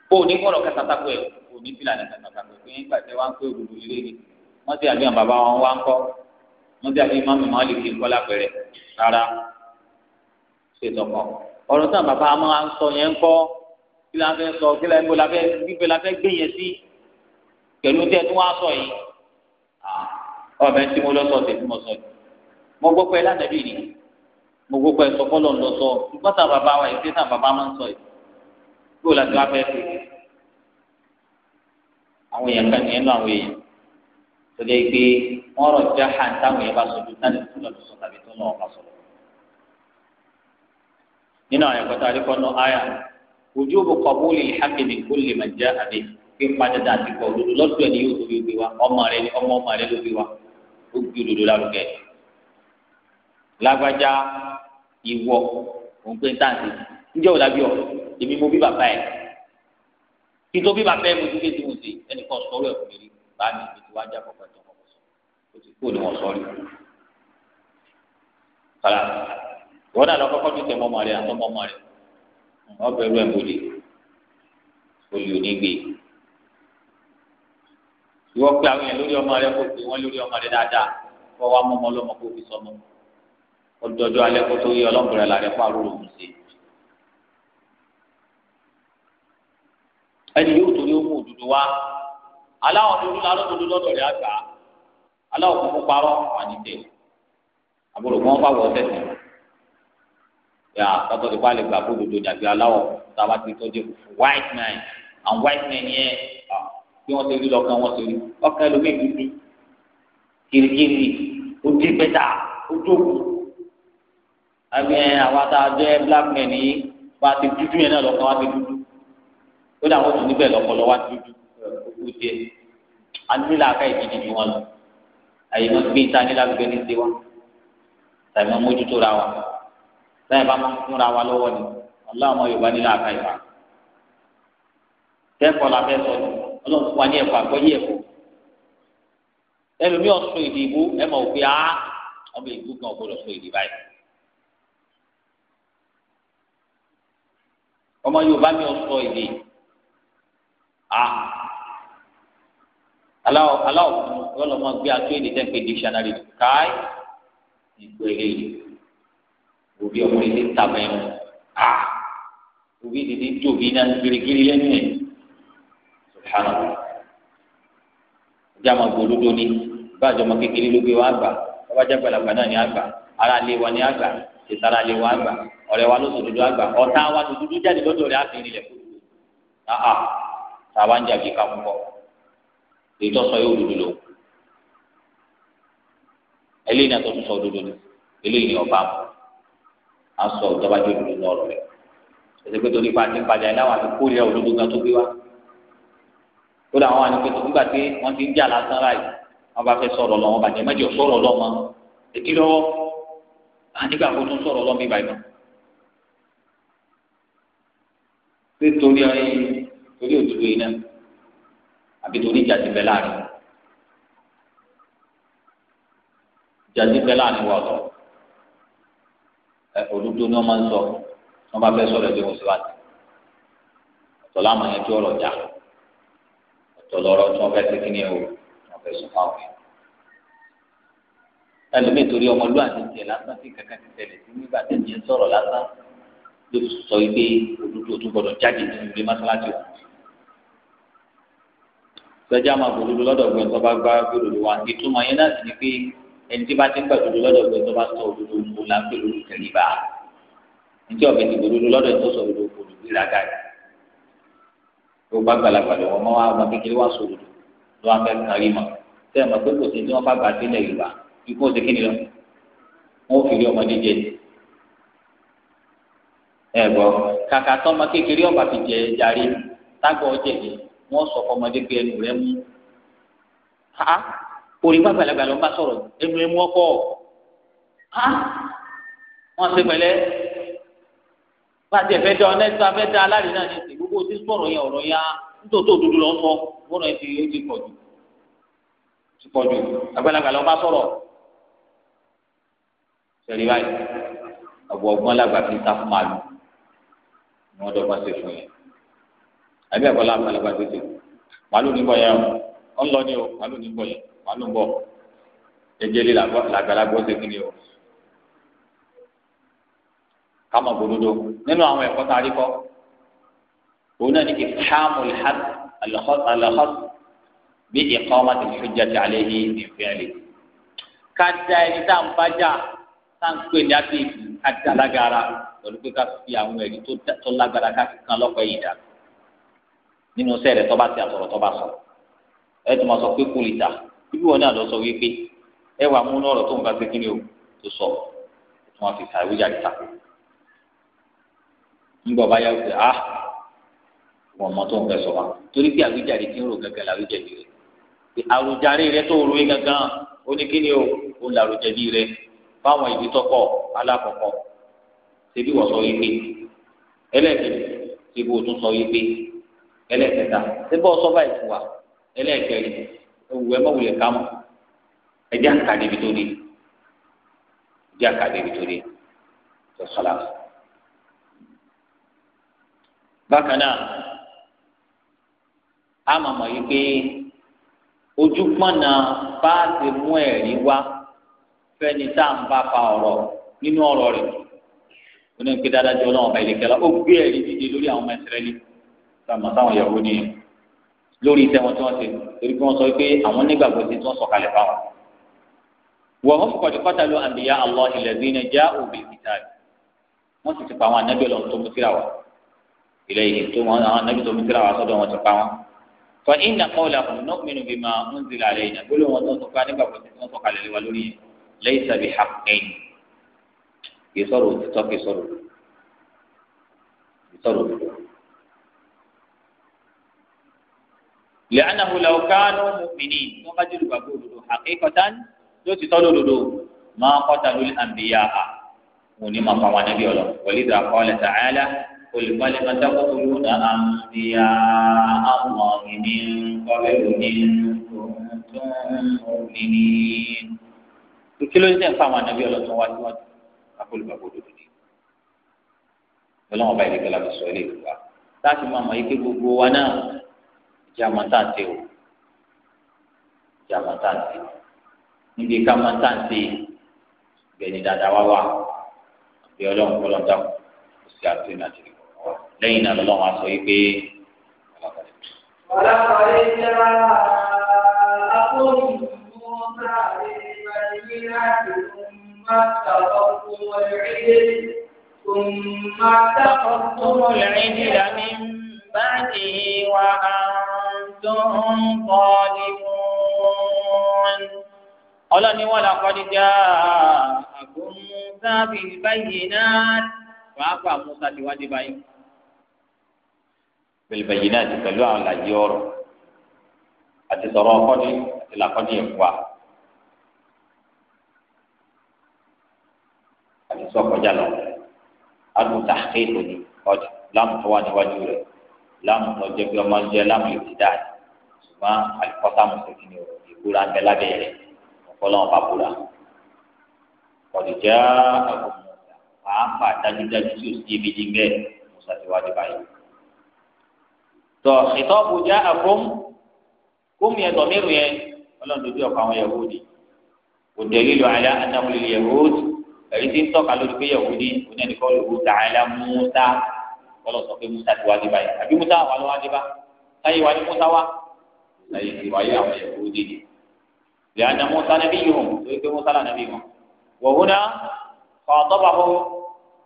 kó ní kọ́rọ̀ kẹta kàtàkó rẹ̀ kó ní fìlànà kẹta kàtàkó rẹ̀ fún ìgbà tí wọ́n á pé òdodo ilé ni wọ́n ti àbí àwọn bàbá wọn wá ń kọ́ wọ́n ti àbí mọ́mí máa lè fi ń kọ́ lápẹ̀rẹ̀ rárá ṣe tọkọ ọ̀rọ̀ tí àwọn bàbá máa ń sọ yẹn ń kọ́ kí la fẹ́ sọ kí la ń bọ̀ la fẹ́ gbígbé la fẹ́ gbé yẹn sí pẹ̀lú tẹ́ tí wọ́n á sọ yìí ọ̀bẹ tí mo lọ sọ tẹ̀ tí mo sọ yìí. mo gbọ́ pé lánàbí ni mo gbọ́ pé sọfọ́lọ́ ń lọ sọ ṣùgbọ́n tá bàbá wa yìí ṣé tá bàbá máa ń sọ yìí kí o láti wá fẹ́ pè é àwọn èèyàn kan nìyẹn lọ àwọn èèyàn wọn rọ táwọn èèyàn bá sọ ju tó lọ sọ tàbí tó lọ ọ̀pá wa ọmọ rẹ ọmọ ọmọ lágbájá ìwọ òun pé táǹtì ǹjẹ́ ò dàbí ọ èmi mo bí bàbá ẹ̀ kí tó bí bàbá ẹ̀ mo tún kéde mo dé ẹnìkan sọ̀rọ̀ ẹ̀ fún mi rí bá mi ètò wájà kọ̀ọ̀kan tó kọ̀ọ̀kan sọ ó ti kó ni wọ́n sọ rí. kọ́lá ìwọ́n náà lọ kọ́kọ́ tún tẹ mọ́mọ́ rẹ̀ àtọ́ mọ́mọ́ rẹ̀ wọ́n bẹ̀rù ẹ̀ mọ́lẹ̀ olè onígbè ìwọ́n pe àwọn yẹn lórí ọmọ rẹ̀ kó pe wọ́n lórí ọmọ rẹ̀ dáadáa kọ́ wa mọ́mọ́ lọ́mọ kó fi sọmọ́ ọdọdọ alẹ kó tó yẹ ọlọmọbìnrin la rẹ kó arúgbó òun sí ẹni yóò torí ó mú òdodo wá aláwọ dúdú la lọdọdọ lọdọ rẹ àgbà aláwọ kúkú parọ àníjẹ àbúrò kí wọn bá wọ tẹsán yà tọtọ tó bá lè gbà kó òdodo dàbí aláwọ tába ti tọjú white man and white man yẹn bí wọn ti rí lọkàn wọn ti rí ọkàn ẹlòmíì dúdú kirikiri ó bẹta ó dókun àbí àwọn àtàjọ black men yìí wà á ti dúdú yẹn náà lọ́kàn wá ti dúdú ó dà wọ́n tún níbẹ̀ lọ́pọ̀lọ́ wá dúdú ó dé anílà aka ìdíje ni wọn lọ àyè wọn gbé ìta nílà gbé ní tiwa tàbí wọn mójútó ra wa táyà bá máa ń fúnra wa lọ́wọ́ ni aláwọ̀ ọmọ yorùbá nílà aka ìfà kẹ́kọ̀ọ́ la fẹ́ sọ ni ọlọ́run fún wa ní ẹ̀kọ́ àgbọ́yé ẹ̀kọ́ ẹlòmíọ̀ sọ èdè ìbò ẹ̀ mọ̀ òfin á ọmọ ìbò kan ò gbọdọ̀ sọ èdè báyìí. ọmọ yorùbá mi ò sọ èdè a aláwọ aláwọ yóò lọ mọ gbé ató èdè tẹ́ ń pè dictionary káì ìgbò èlé yìí òbí ọkùnrin ti ń tàbẹ̀ ẹ̀mú a òbí dídí ń jòbí náà gírígírí lẹ́nu ẹ̀ subhanahu ìjà máa gbòòlódó ni ìbáàjọ́ ọmọ kékeré ló gbé wa àgbà ọbàjẹ́ gbàlagbà náà ni àgbà ara lé wa ni àgbà ìsara lè wá gbà ọ̀rẹ́ wa ló sọ dúdú àgbà ọ̀tá wa ló dúdú jáde lọ́dọ̀ rẹ̀ àfihàn ilẹ̀ kúrò àhà tàwa ń jàbí ká púpọ̀ ètò sọ yóò dúdú lò eléyìí náà tó tún sọ dúdú eléyìí ni ọba mọ à ń sọ ìjọba jẹ dúdú náà rẹ ẹsẹ pé torí pàtí padà ẹ láwọn àti kórìíra òdodo gan tó gbé wa ó dà wọn àti pé nígbà tí wọn ti ń jà lásán láì wọn bá fẹ́ sọ̀rọ̀ lọ wọn bàjẹ́ mẹjọ sọ̀rọ̀ lọ mọ ètí lọ́wọ́ ànígbà kó tún sọ̀rọ̀ lọ́mọ ibà ìmọ̀. ṣé torí ayé torí òtútù yìí náà àbí torí ìjà ti bẹ láàrin ìjà ti bẹ láàrin wà ọ̀tọ̀ ẹ òdodo ni wọ́n máa ń sọ wọ́n bá fẹ́ sọ̀rọ̀ ẹgbẹ́ wọn síwájú ọ̀tọ̀ láwọn ẹjọ́ ọ̀rọ̀ jà ọ̀tọ̀ lọ́rọ̀ tí wọ́n fẹ́ ṣe kí ni o wọ́n fẹ́ sọ fáwọn yẹn ẹlòmíì torí ọmọlúwàbí tiẹ̀ lásán tí kankan ti tẹ̀lé sí nígbà tẹ̀lé ń sọ̀rọ̀ lásán ló sọ pé olùdó tó gbọdọ̀ jáde nínú ilé mọ́sálásí o. sọ́jà máa bò lódò lọ́dọ̀ gbé tó bá gbá gbòdòdó wa ìtumọ̀ yẹn náà sì ni pé ẹni tí bá ti ń gbàgbọ́dọ̀ lọ́dọ̀ gbé tó bá sọ òdòdó ńkò láńpẹ́ lórí tẹ̀lé bá a. níjọ́ ọ̀bẹ ti gbòdòdó lọ́dọ̀ tó sọ òdòdó kò lù gbéra ga rẹ̀. ó bá gbàlagbà lọ́wọ́ ọmọ wa ọmọ kékeré wa sọ òdòdó ló wá fẹ́ ikú ọsẹ kìíní lọ wọn ò fi rí ọmọdé jẹ ẹ gbọ́ kàkà tó ọmọ kékeré ọba fi jẹ jàre tágbọ ọjẹ ni wọn sọ fọmọdé pé ẹnu rẹ mú ha orí gbàgbàlagbà ló ń bá sọ̀rọ̀ ẹnu rẹ mú ọkọ ha wọn ṣe pẹ̀lẹ́ bàtẹ fẹ dán ọlẹsọ abẹ dán aláàrí náà ní ìsìn gbogbo tí sọ̀rọ̀ yẹn ọ̀rọ̀ yá nítorí òdodo lọ sọ wọn náà ti ti pọ̀jù ti pọ̀jù àgbàlagbà lọ bá sọ̀rọ̀ sẹ́rí báyìí ọ̀bọ̀ ọgbọ́n làgbà fi ta fún màlúù ni wọ́n dọ́gba ṣe fún yẹn àbí ẹ̀kọ́ làgbà làgbà fi ṣe màlúù níbọ̀ yẹn o ń lọ ní o màlúù níbọ̀ yẹn màlúù bọ̀ jẹjẹrẹ làgbàlagbọ́ ṣe kí ni o kama gbódòdó nínú àwọn ẹ̀kọ́ tá a rí kọ́ òun náà ní kí hàmùl hàd alahọ́s bí ìkọ́ ọmọdé fi jẹ́ ti àlẹ́ yìí ní fẹ́ẹ́lì ká da ẹni tá à ń bá jà táǹpé ní àti àti alágara pẹ̀lú pé ká fi àwọn ẹ̀rí tó lágbára ká fi kan lọ́pọ̀ yìí dà nínú sẹ́ẹ̀rẹ̀ tọ́ba ti àtọ̀rọ̀ tọ́ba sọ ẹ tó máa sọ pé kò lè ta wọn náà lọ sọ wípé ẹ wà múnú ọ̀rọ̀ tó ń bá ṣe kí ni o tó sọ tó wọn fi sàrẹ́wé jáde ta nígbà bá yà wípé a ah, wọn mọ tó ń fẹ́ sọ wa torí pé àwíjàre ti ń rò gẹ́gẹ́ làwíjàre rẹ àròjàre rẹ tó rò é gangan ó ní kí ni o ó làròjàre rẹ fáwọn ìdí tọkọ alákọ̀ọ́kọ́ ṣebí wọ́n sọ yìí pé ẹlẹ́ẹ̀kejì ṣebí wọ́n tún sọ yìí pé ẹlẹ́ẹ̀kẹta ṣebí wọ́n sọ báyìí fún wa ẹlẹ́ẹ̀kẹrin ewu ẹ mọ̀wulẹ̀ kámú ẹdí àkàdé bi tó dé ẹdí àkàdé bi tó dé tó sọlá. bákan náà a màmá yìí pé ojú pọ́nà bá ti mú ẹ̀rí wá fẹ́ni tá à ń bá fa ọ̀rọ̀ nínú ọ̀rọ̀ rẹ̀ wọn ní pé dáadáa jọ ọlọ́run ọba ìlẹ̀kẹ́lá ó gbé ẹ̀rí dìde lórí àwọn ọmọ ìsirẹ́lì sàmọ́ sáwọn yahoo ní lórí iṣẹ́ wọn tí wọ́n ṣe torí pé wọ́n sọ pé àwọn nígbàgbọ́ sí tí wọ́n sọ kalẹ̀ fáwọn. wọ́n mú fukọ̀dé kọ́tàlú àbíyá allah ìlẹ̀dí ní já òbí ìta wọ́n sì ti pa àwọn anábì ọlọ́run tó mú síra wa ilẹ̀ yìí tó wọn àwọn anábì tó mú síra wa sọ́dọ̀ wọn ti pa wọn. fọ ìnà kọ́ọ̀lá fún nọ́ọ̀mìnú bíi máa ń zìlà rẹ̀ ìnà lẹ́yìn tàbí hàpẹ́yìn kì í sọ̀rọ̀ òtítọ́ kì í sọ̀rọ̀ kì í sọ̀rọ̀ òtítọ́. lẹ́yìnàhùn làwùkánú mùmìnì tó bá jẹ́ olùgbàgbọ́ òdodo àkékọ̀tán yóò ti tọ́lọ́ òdodo máa kọ́ta lórí àǹbíyá a wọn ni máa pa wọn níbi ọ̀lọ́ wọlé ìdá kọ́lẹ̀ tààlà olùkọ́lẹ̀ máa dákọ́ tó lóun náà àǹbíyá àwọn ìní kọ́lẹ̀ tó ń tó ń mùmìnì kí ló ń sẹ́ ń fa àwọn ànábì ọlọ́tún wá síwájú akólúbàbò òdodo ni ọlọ́wọ́n bá ilé gbọ́dọ̀ sọ ilé ìlú wa láti máa mọ̀ yí pé gbogbo wa náà ìjà máa tà ń tẹ o ìjà máa tà ń tẹ níbi ká máa tà ń tẹ bẹ́ẹ̀ni dáadáa wá wà àbí ọlọ́run kọ́ lọ́dà kò sí àtúnyìn àti ìgbọ̀n wa lẹ́yìn náà lọ́wọ́n á sọ yí pé ọlọ́kọ̀ọ́lẹ́. ọ̀la kọ̀ọ̀lẹ́ ìjọba àkóyè. البينات ثم اتخذتم العجل ثم اتخذتم العجل من بعده وأنتم ظالمون ọlọ́ni wọn làkọ́ni já àgùn sábì báyìí náà pàápàá musa ti wájú báyìí. pẹ̀lú báyìí náà ti pẹ̀lú àwọn làjẹ́ ọ̀rọ̀ àti sọ̀rọ̀ ọkọ́ni àti làkọ́ni ẹ̀kọ́ à. àti sọkọjá lọ adùn tàkì lónìí ọjọ láàmù tó wà níwájú rẹ láàmù tó jẹ pé ọmọ jẹ láàmù yóò ti dáa ṣùgbọ́n àlùkọ́tà mùsùlùmí ni ìbúra ń bẹ lábẹ́ rẹ ọ̀pọ̀lọpọ̀ bá búra ọ̀dìjà àgùnmọ̀ pàápàá dájúdájú tí o sì yé méjì bẹ́ẹ̀ musa ti wá dé báyìí. tọ́ ìtọ́bù já àgùn kómi ẹ̀ tọ́mírù yẹn ọlọ́run lójú ọ̀pọ̀ àwọn yahudi òdè lílo àlá anáwó lílo yahudi ẹ̀rí tí ń tọ́ka lórí pé yẹ̀wò ní onínàdìkọ́ lòwú tààlà Musa kọ́lọ̀ sọ pé Musa ti wá dé báyìí àbí Musa wà lọ́wọ́ dé bá sáyé wà ní Musa wá sáyé ti wáyé àwọn yẹ̀wò ní ni lẹ́yìn Musa nàbí yìí hàn lórí pé Musa là nàbí wọn. wọ̀hún náà kọ́ tọ́ba hó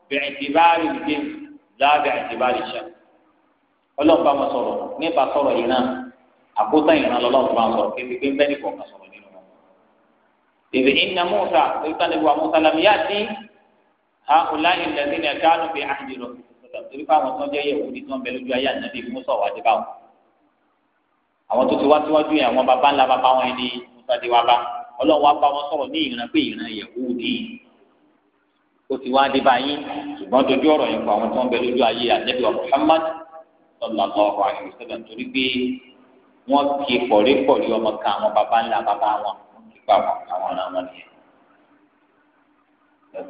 bẹ̀rẹ̀ ti bá rí ìdí lábẹ̀rẹ̀ ti bá rí ṣá ọlọ́ọ̀bá wọn sọ̀rọ̀ nípa sọ̀rọ̀ yìí náà إذ إن موسى قلت وموسى لم يأتي هؤلاء الذين كانوا في عهد الرسول torí pé àwọn tó ń jẹ́ yẹ̀wòdì tó ń bẹ lójú ayé ànábì musa wà dé báwọn àwọn tó ti wá síwájú yẹn àwọn bàbá ńlá bàbá wọn ni musa dé wá bá ọlọ́run wá bá wọn sọ̀rọ̀ ní ìran pé ìran yẹ̀wòdì ó ti wá dé báyìí ṣùgbọ́n dojú ọ̀rọ̀ yẹn kọ àwọn tó ń bẹ lójú ayé ànábì wa muhammad sallallahu alaihi wasallam torí pé wọ́n ti pọ̀rẹ́pọ̀rẹ́ ọmọ kan àwọn bàbá ńlá bàbá wọn pa wọn àwọn ará wọn nìyẹn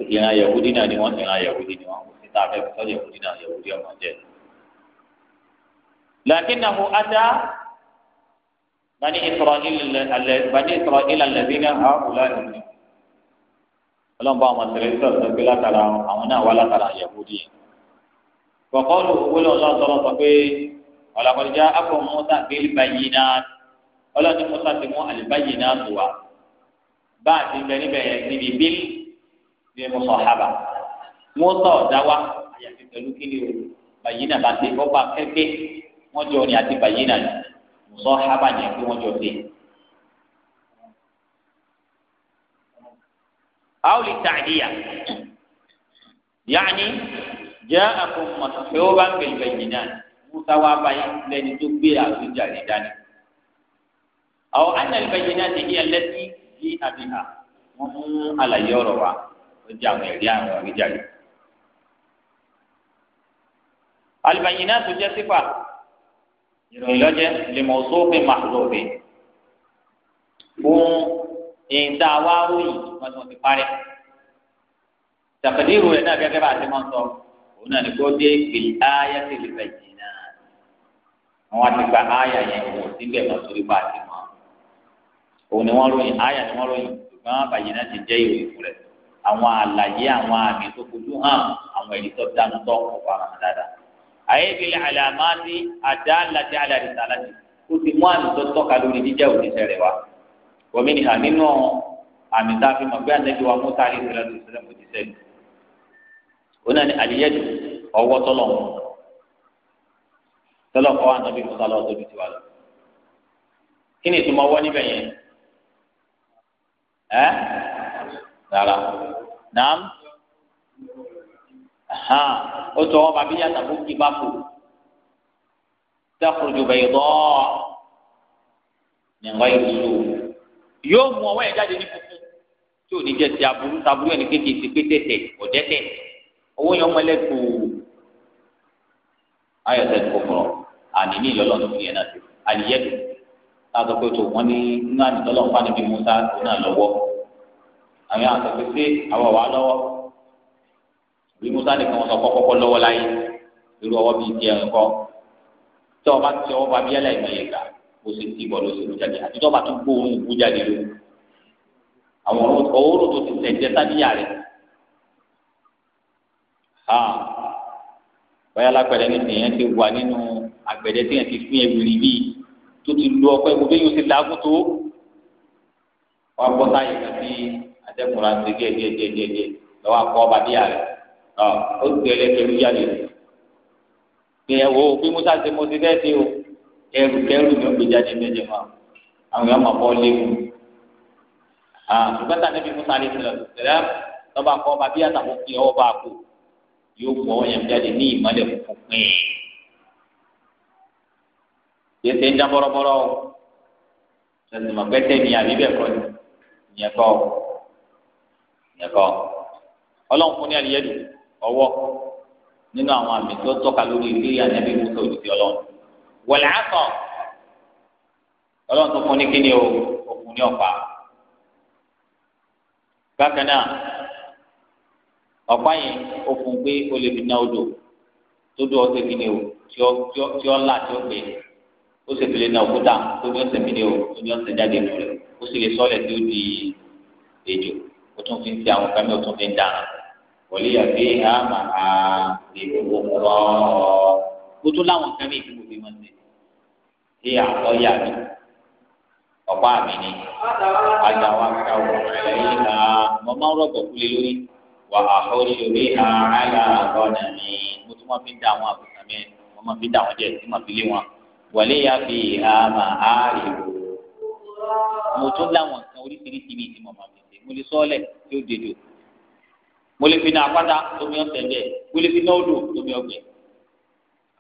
ìran yahudi náà ni wọn ìran yahudi ni wọn kò sí tá a fẹ́ sọ yahudi náà yahudi ọmọ jẹ lakinahu ada bani israeli alẹ bani israeli alẹ bi na ha wula ẹni ọlọ́nba ọmọ tẹ̀lé sọ̀rọ̀ sọ pé látara àwọn náà wà látara yahudi yẹn kọ̀kọ́lù wọlé ọlọ́sọ̀rọ̀ sọ pé ọ̀làkọ̀dìjà akọ̀ mọ́tà bíi bàyìí náà ọlọ́ni mọ́tà ti mú àlìbáyìí náà tó wa bá a ti bẹ níbẹ̀ yẹn níbi bíl ní mo sọ haba wọn sọ ọdá wa àyàfi pẹ̀lú kí ni o bàyínà bá ti bọ́ bá kẹ́kẹ́ wọn jọ ní àti bàyínà ni mo sọ haba yẹn kí wọn jọ dé. أو للتعدية يعني جاءكم مسحوبا بالبينات موسى وابي لن تبيع في جاردان أو أن البينات هي التي sí àbíhà wọ́n mú àlàyé ọ̀rọ̀ wa ó jẹ́ àwọn ẹ̀rí àwọn àwíjàre. alìbàyìn náà tó jẹ́ sífà ìròyìn lọ́jẹ́ lèmọ̀ọ́sọ́fẹ́ màlúùbẹ́ fún ìdá wa ròyìn wọ́n ti wọ́n ti parẹ́ tàkàdírù rẹ̀ náà gẹ́gẹ́ bá a ti máa sọ òun náà ní kó dé ìpìlẹ̀ ayé tìlẹ̀ bẹ̀jì náà ti gba ayé yẹn wò síbẹ̀ lọ́sọ̀rọ̀ bá a ti máa ń òun ni wọ́n ròyìn àyà ni wọ́n ròyìn ṣùgbọ́n bàyìí náà ti jẹ́ ìròyìn fún rẹ̀ àwọn àlàyé àwọn àmì tó kojú hàn àwọn ẹ̀rí tó dánú tó ọ̀pọ̀ àwọn dáadáa. àyè ìbílẹ̀ àlàmáàdì àdáàlàdì àdàrìsàlàdì ó ti mú àmì tó tọ́ka lórí jíjẹ́ òṣìṣẹ́ rẹ̀ wá. wọ́n ní nínú àmì tá a fi mọ̀ pé àtẹ́jú wa mú sáré ìṣẹ̀lẹ̀ tó ṣẹlẹ̀ mọ̀ jíṣẹ́ ni. ó náà ní àlìyẹ́dù ọwọ́ tọ́lọ̀ tọ́lọ̀ kọ́ ẹ rárá nam hàn ó tọ ọ bàbí yàtọ̀ fún kíbáfò tẹkùrùjù bẹ̀yẹ̀ bọ́ nígbà ìlú yóò mú ọwọ́ ẹ̀ jáde ní funfun tí ò ní jẹ́ ti aburú taburú ẹni kékeré ti pé tẹ̀tẹ̀ ọ̀dẹ́tẹ̀ owó yẹn ọmọ ẹlẹ́gbẹ̀ẹ́ ayọ̀ tẹ̀ kọ̀ọ̀rọ̀ àní ní ìlọ́lọ́dún yẹn náà ti àníyẹ́dùn sáàtọ̀ pé tó wọ́n ní inú àdìsọ́lọ̀ fani bí musa tó náà lọ́wọ́ àwọn yàrá sọ pé ṣé àwọn wà lọ́wọ́ bí musa nìkan wọn sọ kọ́kọ́kọ́ lọ́wọ́ láyé irú ọwọ́ bíi tiẹ̀ ńkọ́ tí ọba ti ọwọ́ bá bí ẹlẹ́ ìmọ̀ye gbà kó sì ti bọ̀ lóṣèlú jáde àti tọ́ba tó gbóòórùn ìbú jáde ló àwọn òórùn tó ti tẹ̀jẹ́ sábíyà rẹ̀ báyà lápẹ̀rẹ̀ ní tìyẹn ti wà nínú àgbẹ̀dẹ tí ti fún ẹ̀wìrì bíi tó ti lu ọpẹ́ gbogbo yóò ti làágùn tó wà bọ́ táyé kan bí atẹ́kùnrin àti díẹ̀ díẹ̀ díẹ̀ díẹ̀ díẹ̀ lọ́wọ́ akọ ọba díyà rẹ̀ ọ ó gbé ẹlẹ́kẹ̀rú jáde ìyẹn wo bí musa ti mo ti fẹ́ ṣe o ẹrù kẹrù ni ó gbé jáde méje fún àwọn èèyàn máa bọ́ léwu ṣùgbọ́n tà níbi musa ní ìlọ tẹ̀lé lọ́wọ́ akọ ọba díyà tàbí ó fi ọwọ́ bá a kú jáde ní ìmọ̀lẹ̀ fúnfún pín yé ṣe ń dá bọ́rọ́bọ́rọ́ o ṣèṣin mọ̀ pẹ́tẹ́ ni àbí bẹ́ẹ̀ kọ́ ni ìyẹn kọ́ ìyẹn kọ́ ọlọ́run fún ní àlìyẹ́dù ọwọ́ nínú àwọn àmì tó tọ́ka lórí ilé ànábì musa òdìdí ọlọ́run wọ̀lẹ́ àtọ̀ ọlọ́run tó fún ní kíni o òfun ní ọ̀pá bákan náà ọ̀pá fún pé o odò tó dùn ọ́ sí o tí ó là tí ó gbé ó sì fi lè na òkúta tó bí ọ̀sẹ̀ mi ní o tó bí ọ̀sẹ̀ jáde nù rẹ̀ ó sì lè sọ́ọ̀lẹ̀ tó di ejò ó tún fi ń ti àwọn kámi ó tún fi ń dáná wọlé àbí àmà á lè gbogbo rọ ó tún láwọn kámi ìdíwọ́ bí wọ́n ti ṣe àtọ́ yà mí ọ̀pá mi ni àjàwá ká wọ̀ ẹ̀yìn ha mo máa ń rọ̀gbọ̀ kú lé lórí wà á ó ṣe orí ha ara ọ̀nà mi mo tún máa fi ń da àwọn àbùkà mi mo máa fi ń da àwọn jẹ́ mo fi lé wọn wàlẹ́ yà fi àmà àárè o mo tún láwọn nǹkan oríṣiríṣi mi ti mọ̀ máa fi ṣe mo lè sọ́ọ́lẹ̀ tí ó dédò mo lè fi náà apáta tómi ọ̀sẹ̀ bẹ́ẹ̀ mo lè fi náà odò tómi ọ̀gbẹ́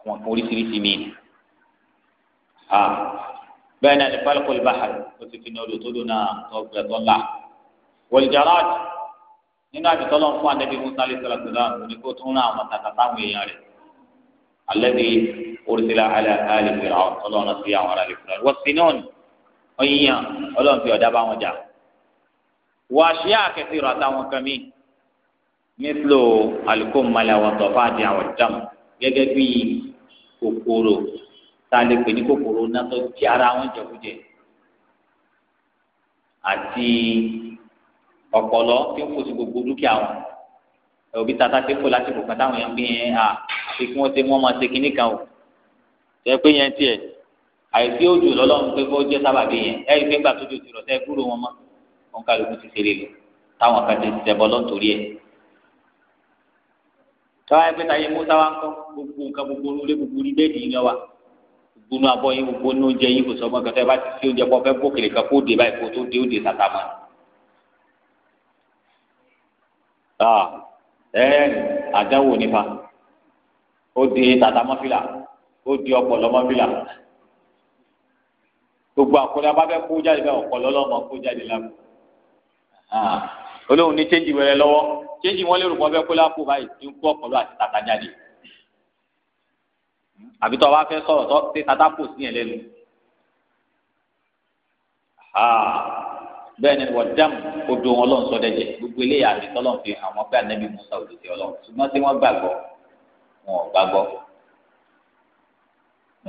àwọn nǹkan oríṣiríṣi mi ni bẹ́ẹ̀ náà ní pálíkò ìbáhàr ó ti fi náà odò tó dò náà ọgbẹ́ tó ńlá wọ̀lìjàràt nínú àbítọ́lọ́ fún anábì musa alayhi salatu wa salam ní kó tún rán àwọn tàkàtà àwọn èèyàn rẹ̀ alẹ́ bíi orísìlá alẹ́ alẹ́ fèrè àwọn ọlọ́run sí àwọn ará lẹ́kùnrin rẹ̀ wọ́n sì náà ní ọ̀yìnyàn ọlọ́run fi ọ̀dà bá wọn jà wọ́n aṣẹ́ àkẹ́sì rọ̀ àtàwọn kan mí nílò àlùkò mmalẹ̀ àwọn tọ́fà àti àwọn jam gẹ́gẹ́ bí kòkòrò tá a lè pè ní kòkòrò náà tó ti ara wọn jẹkújẹ àti ọ̀pọ̀lọ́ tí ń fòsì gbogbo dúkìá wọn òbí tata ti fò lásìkò kan táwọn yẹn ń gbé yẹn à àfikún ọtí wọn máa ṣe kinní kan o tẹ́pẹ́ yẹn tiẹ̀ àìsí òjò lọ́lọ́run pé kó jẹ́ sábàbí yẹn ẹ̀rí pé ńgbà tó jò ti rọ̀ tẹ́ kúrò wọn mọ́ wọn kálukú ti ṣeré lọ táwọn kan ti ṣẹbọ lọ́tòrí ẹ̀. tọ́wá ẹgbẹ́ ta yẹn mọ́tà wa ń kọ́ gbogbo nǹkan gbogbo olólè gbogbo orí bẹ́ẹ̀dì yín wa gbogbo inú abọ́ yín gbogbo inú oúnjẹ yín kò sọ ọmọ kẹtẹ́ bá ti sí oúnjẹ pọ̀ fẹ́ bókèlè kan kó dé báyìí kó tó dé ó dé sàtà mọ́. Ah, ẹ àdáwò nípa ó dé sàtà mọ́fìlà ó di ọpọlọ mọ́ bílà gbogbo àkọlẹ abáfẹ kó jáde bẹ ọpọlọ lọmọ kó jáde lápò ah, olóhùn ní chéjì wẹrẹ lọ́wọ́ chéjì wọn lérò wọn fẹ kó lápò báyìí ní kó ọpọlọ àti tata jáde àbí tó o bá fẹ́ sọ̀rọ̀ tata pò sí yẹn lẹ́nu ah, bẹ́ẹ̀ ni wọ́n dẹ́m odò wọn lọ́n sọdẹ́jẹ gbogbo eléyà àti tọ́lọ́n fi àwọn pé ànábì Musa òdòdó ọlọ́run ṣùgbọ́n tí wọ́n gbàgbọ́ wọn ò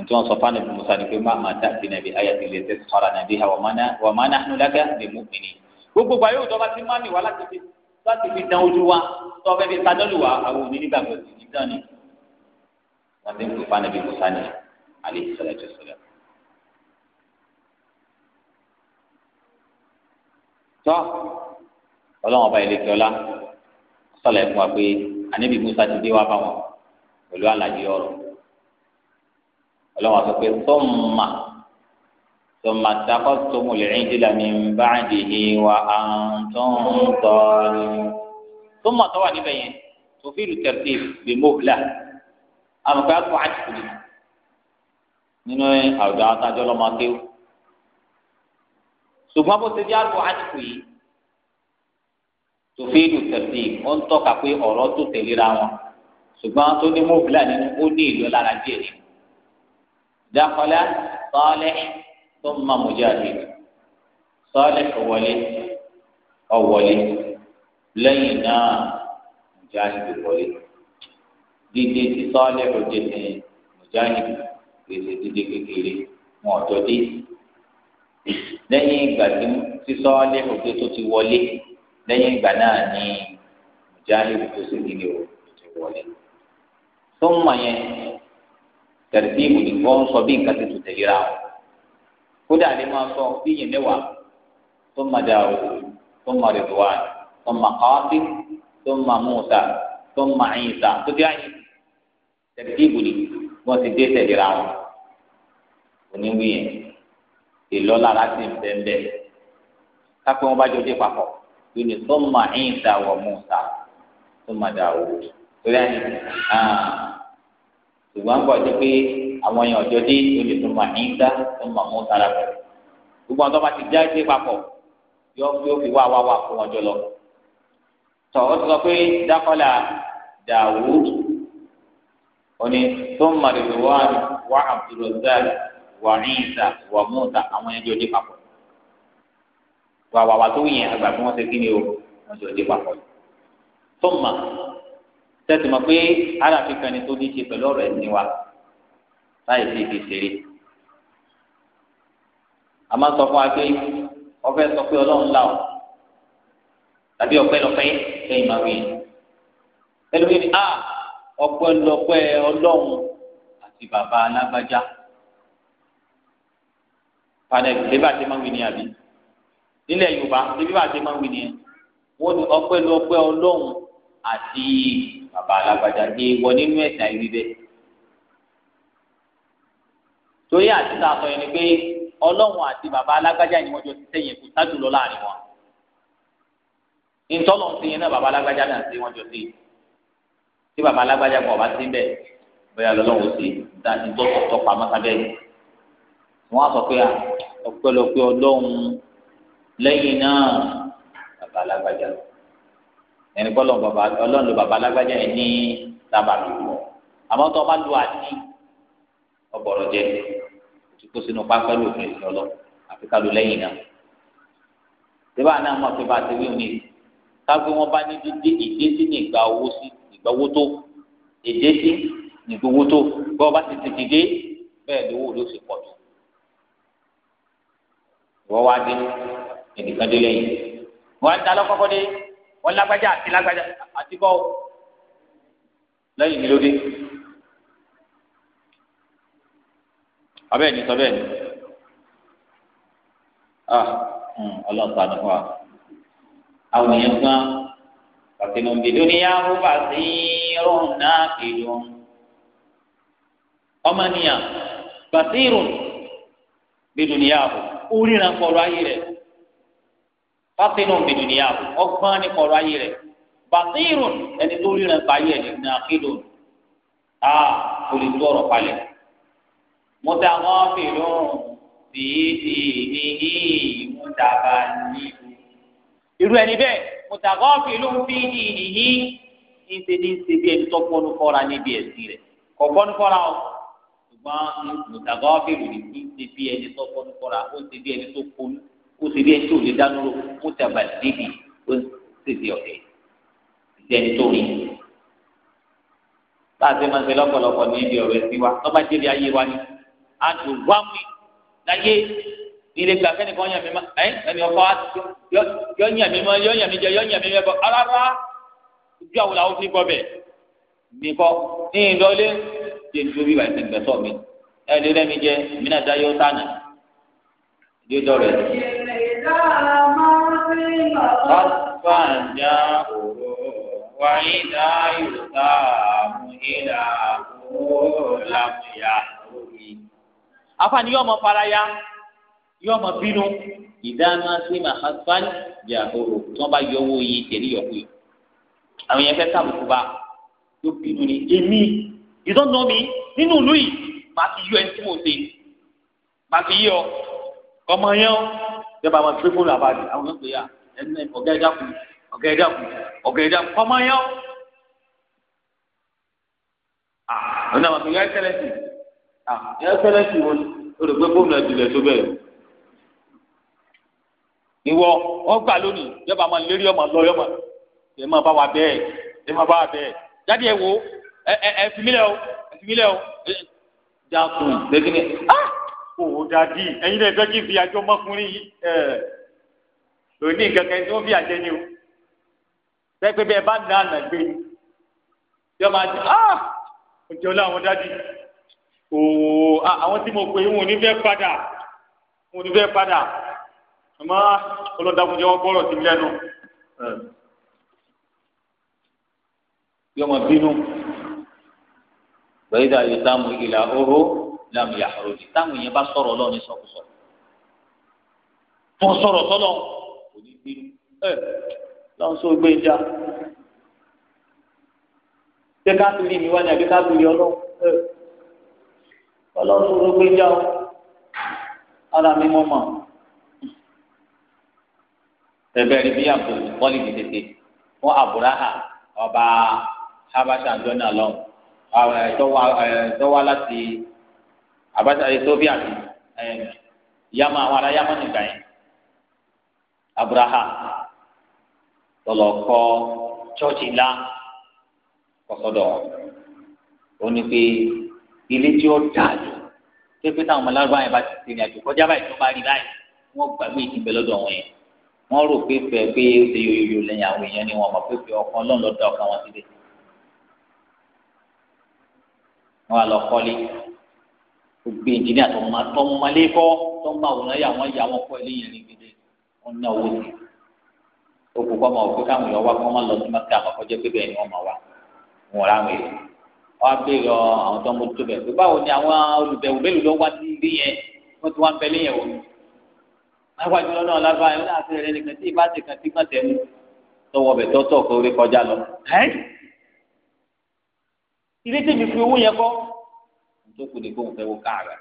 nítorí wọn sọ fún anabi musa ni pé má má dá sí nàbí ayàtí lè tẹ sọ̀rọ̀ nàbí ha wà má nàánú lága lè mú mi ni. gbogbo gba yóò dọ́ba sí mami wa láti fi láti fi dán ojú wa tó fẹ́ fi sadọ́lù wa àwọn òní nígbà gbọ́ sí dán ni. wọ́n ti ń pè fún anabi musa ni alayhi salatu wassalam. tọ́ ọlọ́run ọba ìlẹ̀kẹ́ ọlá sọ̀lẹ̀ fún wa pé anabi musa ti dé wá bá pẹ̀lú àlàyé ọ̀rọ̀ ọlọ́wọ́n sọ pé tọ́mà tọ́mà takọ́ tó mo lè rìn dídà ní báńdì ní wa àǹtọ́ ń tọ́ ni. tọ́mà tọ́wà níbẹ̀ yẹn tòfin ìlú tẹ̀sí bí mọ́bìlà àmọ̀pẹ́ àtúwò àtìkù ni nínú àwùjọ àtàjọ lọ́mọ akéwò. ṣùgbọ́n bó ṣe jẹ́ àtúwò àtìkù yìí tẹ̀sí ó ń tọ́ka pé ọ̀rọ̀ tó tẹ̀léra wọn ṣùgbọ́n tó ní mọ́bìlà nínú ó ní ìlú lára díẹ̀ nínú. دخل صالح ثم مجاهد صالح ولي أو ولي لينا مجاهد ولي دي دي صالح وجد مجاهد gbèsè dídé kékeré wọn ọjọ dé lẹ́yìn ìgbà tí sísọ lé òde tó ti wọlé lẹ́yìn ìgbà náà ni mujahid tó ṣe kíni o ti wọlé tó ń mọ yẹn tẹ̀lifí ìbò ní wọ́n ń sọ bí nǹkan ti tù tẹ̀lé ra wọn. kódà ní máa sọ bí yìí mẹ́wàá tó máa dà o tó máa rẹ̀ wá tó máa kọ́ọ́sì tó máa Mùsá tó máa Ìsá tó dé àyè tẹ̀lifí ìbò ní wọ́n ti dé tẹ̀lé ra wọn. oníwì ìlọ́lára sì ń bẹ́ẹ̀ bẹ́ẹ̀ kápẹ́ wọn bá jọ dé papọ̀ yìí tó máa Ìsá wọ Mùsá tó máa dà o tó dé àyè ṣùgbọ́n ń bọ̀ jẹ́ pé àwọn èèyàn ọjọ́ dé olè tó mà ní dá tó mà mú tara pẹ̀ gbogbo àwọn tó bá ti já dé papọ̀ yọ yóò fi wá wá wá fún wọn lọ tọ́ ó ti sọ pé dákọ́lá Dawud oni tó mà lèlò wá wá Abdulrazak wà ní ìsà wà mú ta àwọn ẹjọ́ dé papọ̀ wà wà wà tó yẹn àgbà fún wọn ṣe kí ni o wọn jọ dé papọ̀ tó mà sẹ́tì mọ̀ pé aláàfin kan ni tó ní ṣe pẹ̀lú ọ̀rọ̀ ẹ̀sìn wa láì sí ibi ìṣeré a máa sọ fún wa pé ọfẹ́ sọ pé ọlọ́run là ọ́ tàbí ọpẹ́ lọ́pẹ́ lẹ́yìn máa wí ẹlòmíì ni a ọpẹ́ lọ́pẹ́ ọlọ́run àti bàbá alágbájá padà ìdílé bá ti máa wí ni àbí nílẹ̀ yorùbá ìdílé bá ti máa wí ni wọ́n ní ọpẹ́ lọ́pẹ́ ọlọ́run àti bàbá alágbájá èèwọ̀ nínú ẹ̀sìn àìrí bẹ́ẹ̀. torí àti tá a sọ yẹn ni pé ọlọ́run àti bàbá alágbájá ni wọ́n jọ ti sẹ́yìn kù sájú lọ láàrin wọn. ìtọ́lọ̀ ń sẹ́yìn náà bàbá alágbájá náà sí wọ́n jọ sí i. tí bàbá alágbájá kan ọba sí bẹ́ẹ̀ bóyá lọ́lọ́run sí i dáàbí tọ́tọ̀ pamọ́ sábẹ́ yìí. wọ́n á sọ pé ọpẹ́lọpẹ́ ọlọ́run lẹ́yìn náà bàbá alágbájá lọ ẹni kọ́ lọ́n bàbá ọlọ́run ló bàbá alágbájá yẹn ní sábàbí wọ̀ àmọ́ tó o bá lu àti ọ̀bọ̀rọ̀ jẹ tí kò sínú pápá ló fẹ́ sí ọlọ́ àfi ká lu lẹ́yìn náà síbà náà mọ̀ pé bá a ti wí òní kágbé wọn bá ní dídé ìdésí ní ìgbà owó sí ìgbà owó tó ìdésí ní ìgbà owó tó bọ́ ọ bá ti tètè dé bẹ́ẹ̀ lówó ló sì pọ̀ tó wọ́n wá dé ẹnìkan dé lẹ́yìn wọ́n á dá lọ́kọ́kọ́ dé wọ́n lágbájá àti lágbájá àti kọ́ lẹ́yìn nílódé. abẹ́ẹ̀ ni sọ bẹ́ẹ̀ ni ah, hmm, ọlọ́ọ̀ta ni wà àwọn èèyàn gan pàtẹ́nu bìdó ni yá wọ́n bá sí irun náà kìlọ̀ ọmọnìyàn bàtírùn bìdó ni yá wọ́n ó ríran pọ̀rọ̀ ayé rẹ̀ fásitì ń dunia, níyà ọgbọ́n nípa ọ̀rọ̀ ayé rẹ̀ bàtírù ẹni tó rí rẹ̀ báyé ẹ̀ ní akédò a kò lè tó ọ̀rọ̀ palẹ̀ mọ́tà wọn fèrè bìí bìí ní yìí mọ́tà bá ní. irú ẹni bẹ́ẹ̀ mọ́tà wọn fèrè bìí ní yìí ní ṣe ní ṣe bí ẹni tó pọ́nú kọ́ra níbi ẹ̀sìn rẹ̀ kọ́ pọ́nú kọ́ra o ṣùgbọ́n mọ́tà wọn fèrè ní ṣe bí ẹni tó pọ́nú kọ́ra ó ṣe bí ẹni tó pọ́nú kó sì rí ẹni tó lè dánú ló mú tàbá débi ó ń tètè ọ̀tẹ̀ ìdí ẹni tó rìn. bá a ti máa ń ṣe lọ́pọ̀lọpọ̀ ní ibi ọ̀rọ̀ ẹ̀sìn wa tọ́ba débi ayé wa ni a dùn wá mú i láyé ilé gba kẹ́nìkan yàn mí ma ẹ́ ẹ̀mí ọkọ yọ yàn mí ma yọ yàn mí jẹ yọ yàn mí mẹ́bọ alára ojú àwọn làwọn fi gbọ́ bẹ̀ nìkọ́ ní ìdọ́lé jẹ́ nítorí wà ẹ̀sìn gbẹ̀sọ̀ mi ẹ̀ lé lẹ́mi jẹ mí náà dá yọ tánà yóò dọ̀rọ̀ ẹ̀sìn waida خطفا جاءوا وإذا يسام إلى لم يحوي أفن يوم فرايا يوم بينو إذا ما سمع خطفا جاءوا ثم يوم يتري يقوي àwọn yẹn fẹ́ sábùkù bá yóò bínú ni èmi ìdánná mi nínú ìlú yìí màá ti yọ ẹni tí mo ṣe màá ti yọ ọmọ yẹn yọba àwọn pé fóònù àbájá àwọn yóò pè ya ẹni ọ̀gá ẹ̀dá kù ọ̀gá ẹ̀dá kù ọ̀gá ẹ̀dá kù kọ́mọ yọ. àwọn àwọn àgbẹ̀ yọ ẹsẹlẹsì yọ ẹsẹlẹsì wọn olùgbé fóònù ẹ̀dùnlẹ̀ tó bẹ̀rẹ̀ ìwọ wọn gbà lónìí yọba àwọn lérí ọmọ lọ yọmọ ẹ máa bá wa bẹ́ẹ̀ ẹ máa bá wa bẹ́ẹ̀ jáde ẹ wo ẹ ẹ fi mí lẹ o ẹ fi mí lẹ o dákun lẹ́gbẹ̀ẹ́ dàdí ẹ̀yin lè fẹ́ kí fi àjọ mọ́kùnrin ẹ̀ òní kankan tó fi àjẹ ni o pẹ́pẹ́ bẹ́ẹ̀ bá nà ànà gbé ni yọ máa jẹ ah ọjọ́ làwọn dàdí ooo àwọn tí mo pè é wọn ò ní fẹ́ padà wọn ò ní fẹ́ padà àmọ́ ọlọ́dàkùnjẹ́ wọn bọ́rọ̀ sí lẹ́nu yọmọ bínú gbẹ̀yìdà yìí sáà mú ìlà oró làmì àrò yìí táwọn èèyàn bá sọ̀rọ̀ Ọlọ́run ní sọ̀kúsọ̀ wọn sọ̀rọ̀ sọ́lọ̀ kò ní bínú ẹ lọ́n sọ gbé já ṣé ká tó rí mi wá ní àbí ká tó rí Ọlọ́run ẹ Ọlọ́run sọ gbé já ọ ara mi mọ́ mọ́ ẹ̀bẹ̀ rí bí Abdul wọ́n lè tètè fún Aburaha ọba habasha jọ́nà lọ́wọ́ tọ́wọ́ láti abata ethiopia ni eh, yama àwọn yama nìgbà yẹn abraha tọlọ kọ́ chọọchì ńlá kọsọdọ ó ní pé ilé tí ó dáa jù pépé táwọn ọmọ lárúbáwá yẹn bá ti ṣe ní àjò kọjá báyìí tó bá rí báyìí wọn gbàgbé ìdìbẹ lọ́dọ̀ wọn yẹn wọn rò pé fẹ pé ṣe yoyoyo lẹ́yìn àwọn èèyàn ni wọn mọ pé fẹ ọkàn lọnà lọ́dọ̀ ọkàn wọn ti dé wọn lọ kọ́lé gbogbo ìjìnlẹ̀ àti ọmọ àtọ ọmọlé kọ tó ń bá òun ayé àwọn ìyá wọn kọ eléyìí rìn gidi wọn ná owó sí o kò kọ́ ọmọ òkú káwọn èèyàn wá kó wọn lọ sí mọ́tò àkọ́kọ́ jẹ́ pé bẹ́ẹ̀ ni wọ́n máa wá wọn rà wọn èèyàn wọn á béèrè àwọn tó ń mójútó bẹ̀ pé báwo ni àwọn olùbẹ̀wò mélòó ló wá sí ilé yẹn wọ́n ti wá ń bẹ léyìn o lágbàdo lọ́nà lágbàdo yóò láti rẹ̀ nìkan tí ìbá ti kàn tí kàn tẹ̀ mú tọwọ́ bẹ̀ tọ́tọ̀ kó rí kọjá lọ. ilé tèmi fi owó yẹn kọ́ tó kù ní kóhùn fẹ́ wọ káàrà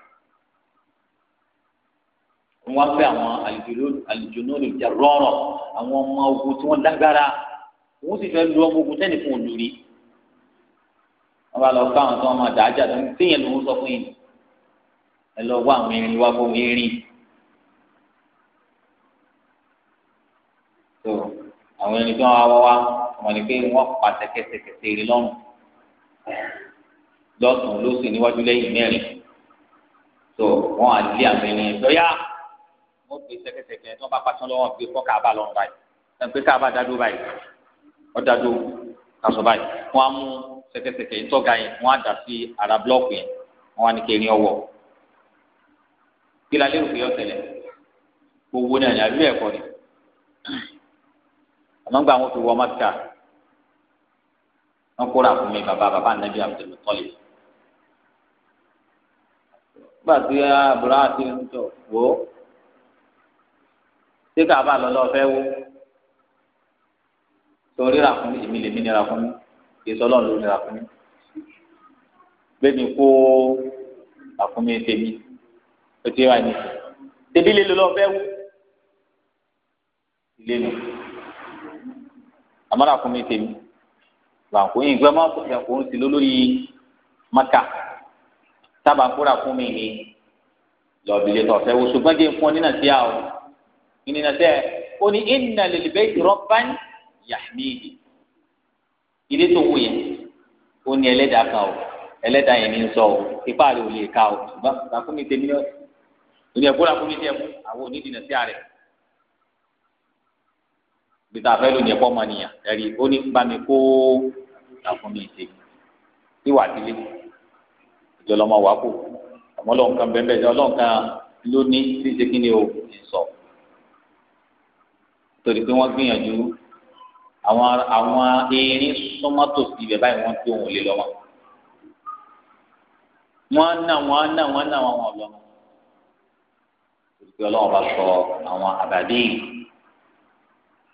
wọ́n fẹ́ àwọn àlùjọ́nù ìjà rọrùn àwọn ọmọ ogun tí wọ́n lágbára wọ́n sì fẹ́ lu ọmọ ogun tẹ́nì fún olórí wọ́n bá lọ ká àwọn tó wọ́n máa dájà tó ń téèyàn ló ń sọ fún yìí ẹ lọ wá àwọn irin wá fún irin tó àwọn irin tó wọ́n wá wá wọ́n ní pé wọ́n pa tẹ́kẹ́tẹ́kẹ́ sí irin lọ́rùn lọ́sùn lóṣù níwájú lẹ́yìn mẹ́rin tó wọ́n á lé àwọn ènìyàn lọ́yà wọ́n gbé sẹ́kẹ̀sẹ̀kẹ̀ tí wọ́n bá pàṣẹ lọ́wọ́ gbé kọ́ káàbà lọ́rùn báyìí ẹ̀ pé káàbà dádó báyìí ọ́ dádó kásọ̀ báyìí wọ́n á mú sẹ́kẹ̀sẹ̀kẹ̀ ìtọ́ga yẹn wọ́n á dà sí ara blọ́ọ̀kì yẹn wọ́n á ní kérin ọwọ́ kila lérò pé ọtẹlẹ gbogbo náà ní àbí ẹkọ ni àmọ́ gba àwọn tó wọ mọ́tíkà wọn kóra fún mi Abdul Muttalib gbàtí àbúrò àti ìtọ̀ wò ó ṣé káàbà lọ́lọ́ fẹ́ wó torí ra fún mi èmi lèmi nira fún mi kì í sọ ọlọ́run ló nira fún mi bẹ́ẹ̀ni kó àfúnmi tèmi ó ti wà ní tèmi lè lọ́lọ́ fẹ́ wó ilé nu àmọ́ ra fún mi tèmi gbàǹkó yìí gbẹ́mọ́ kò sí lólórí maka sábà kóra fún mi ni lọ́ọ̀bìlẹ̀ tó ọ̀fẹ́ wo ṣùgbọ́n jẹ́ fún ọ nínà sí àwọn nínà sí ẹ ó ní inna lil bayti rabban yahmidi ilé tó wù yẹn ó ní ẹlẹ́dàá kan o ẹlẹ́dàá yẹn ní sọ o ipá rẹ̀ ò lè ka o ṣùgbọ́n kóra fún mi tẹ̀ mí fún mi tẹ̀ mú àwọn onídìí sí àrẹ̀ gbèsè àfẹ́lò ní ẹ̀kọ́ ọmọnìyàn ẹ̀rí ó ní bá mi kó àfọ̀mì ìṣe ìwà àtìlẹ́yìn yọ lọ́mọ wá kù àmọ́ lọ́n kan bẹ́ẹ̀ bẹ́ẹ̀ ọlọ́n kan ló ní tí ṣe kí ni o ti sọ torí pé wọ́n gbìyànjú àwọn àwọn erin sọ́mọ́tò sí ibẹ̀ báyìí wọ́n tó òun lé lọ́mọ wọ́n ná wọ́n ná wọ́n ná wọn wọn lọ́mọ torí pé ọlọ́run bá sọ àwọn àbàdí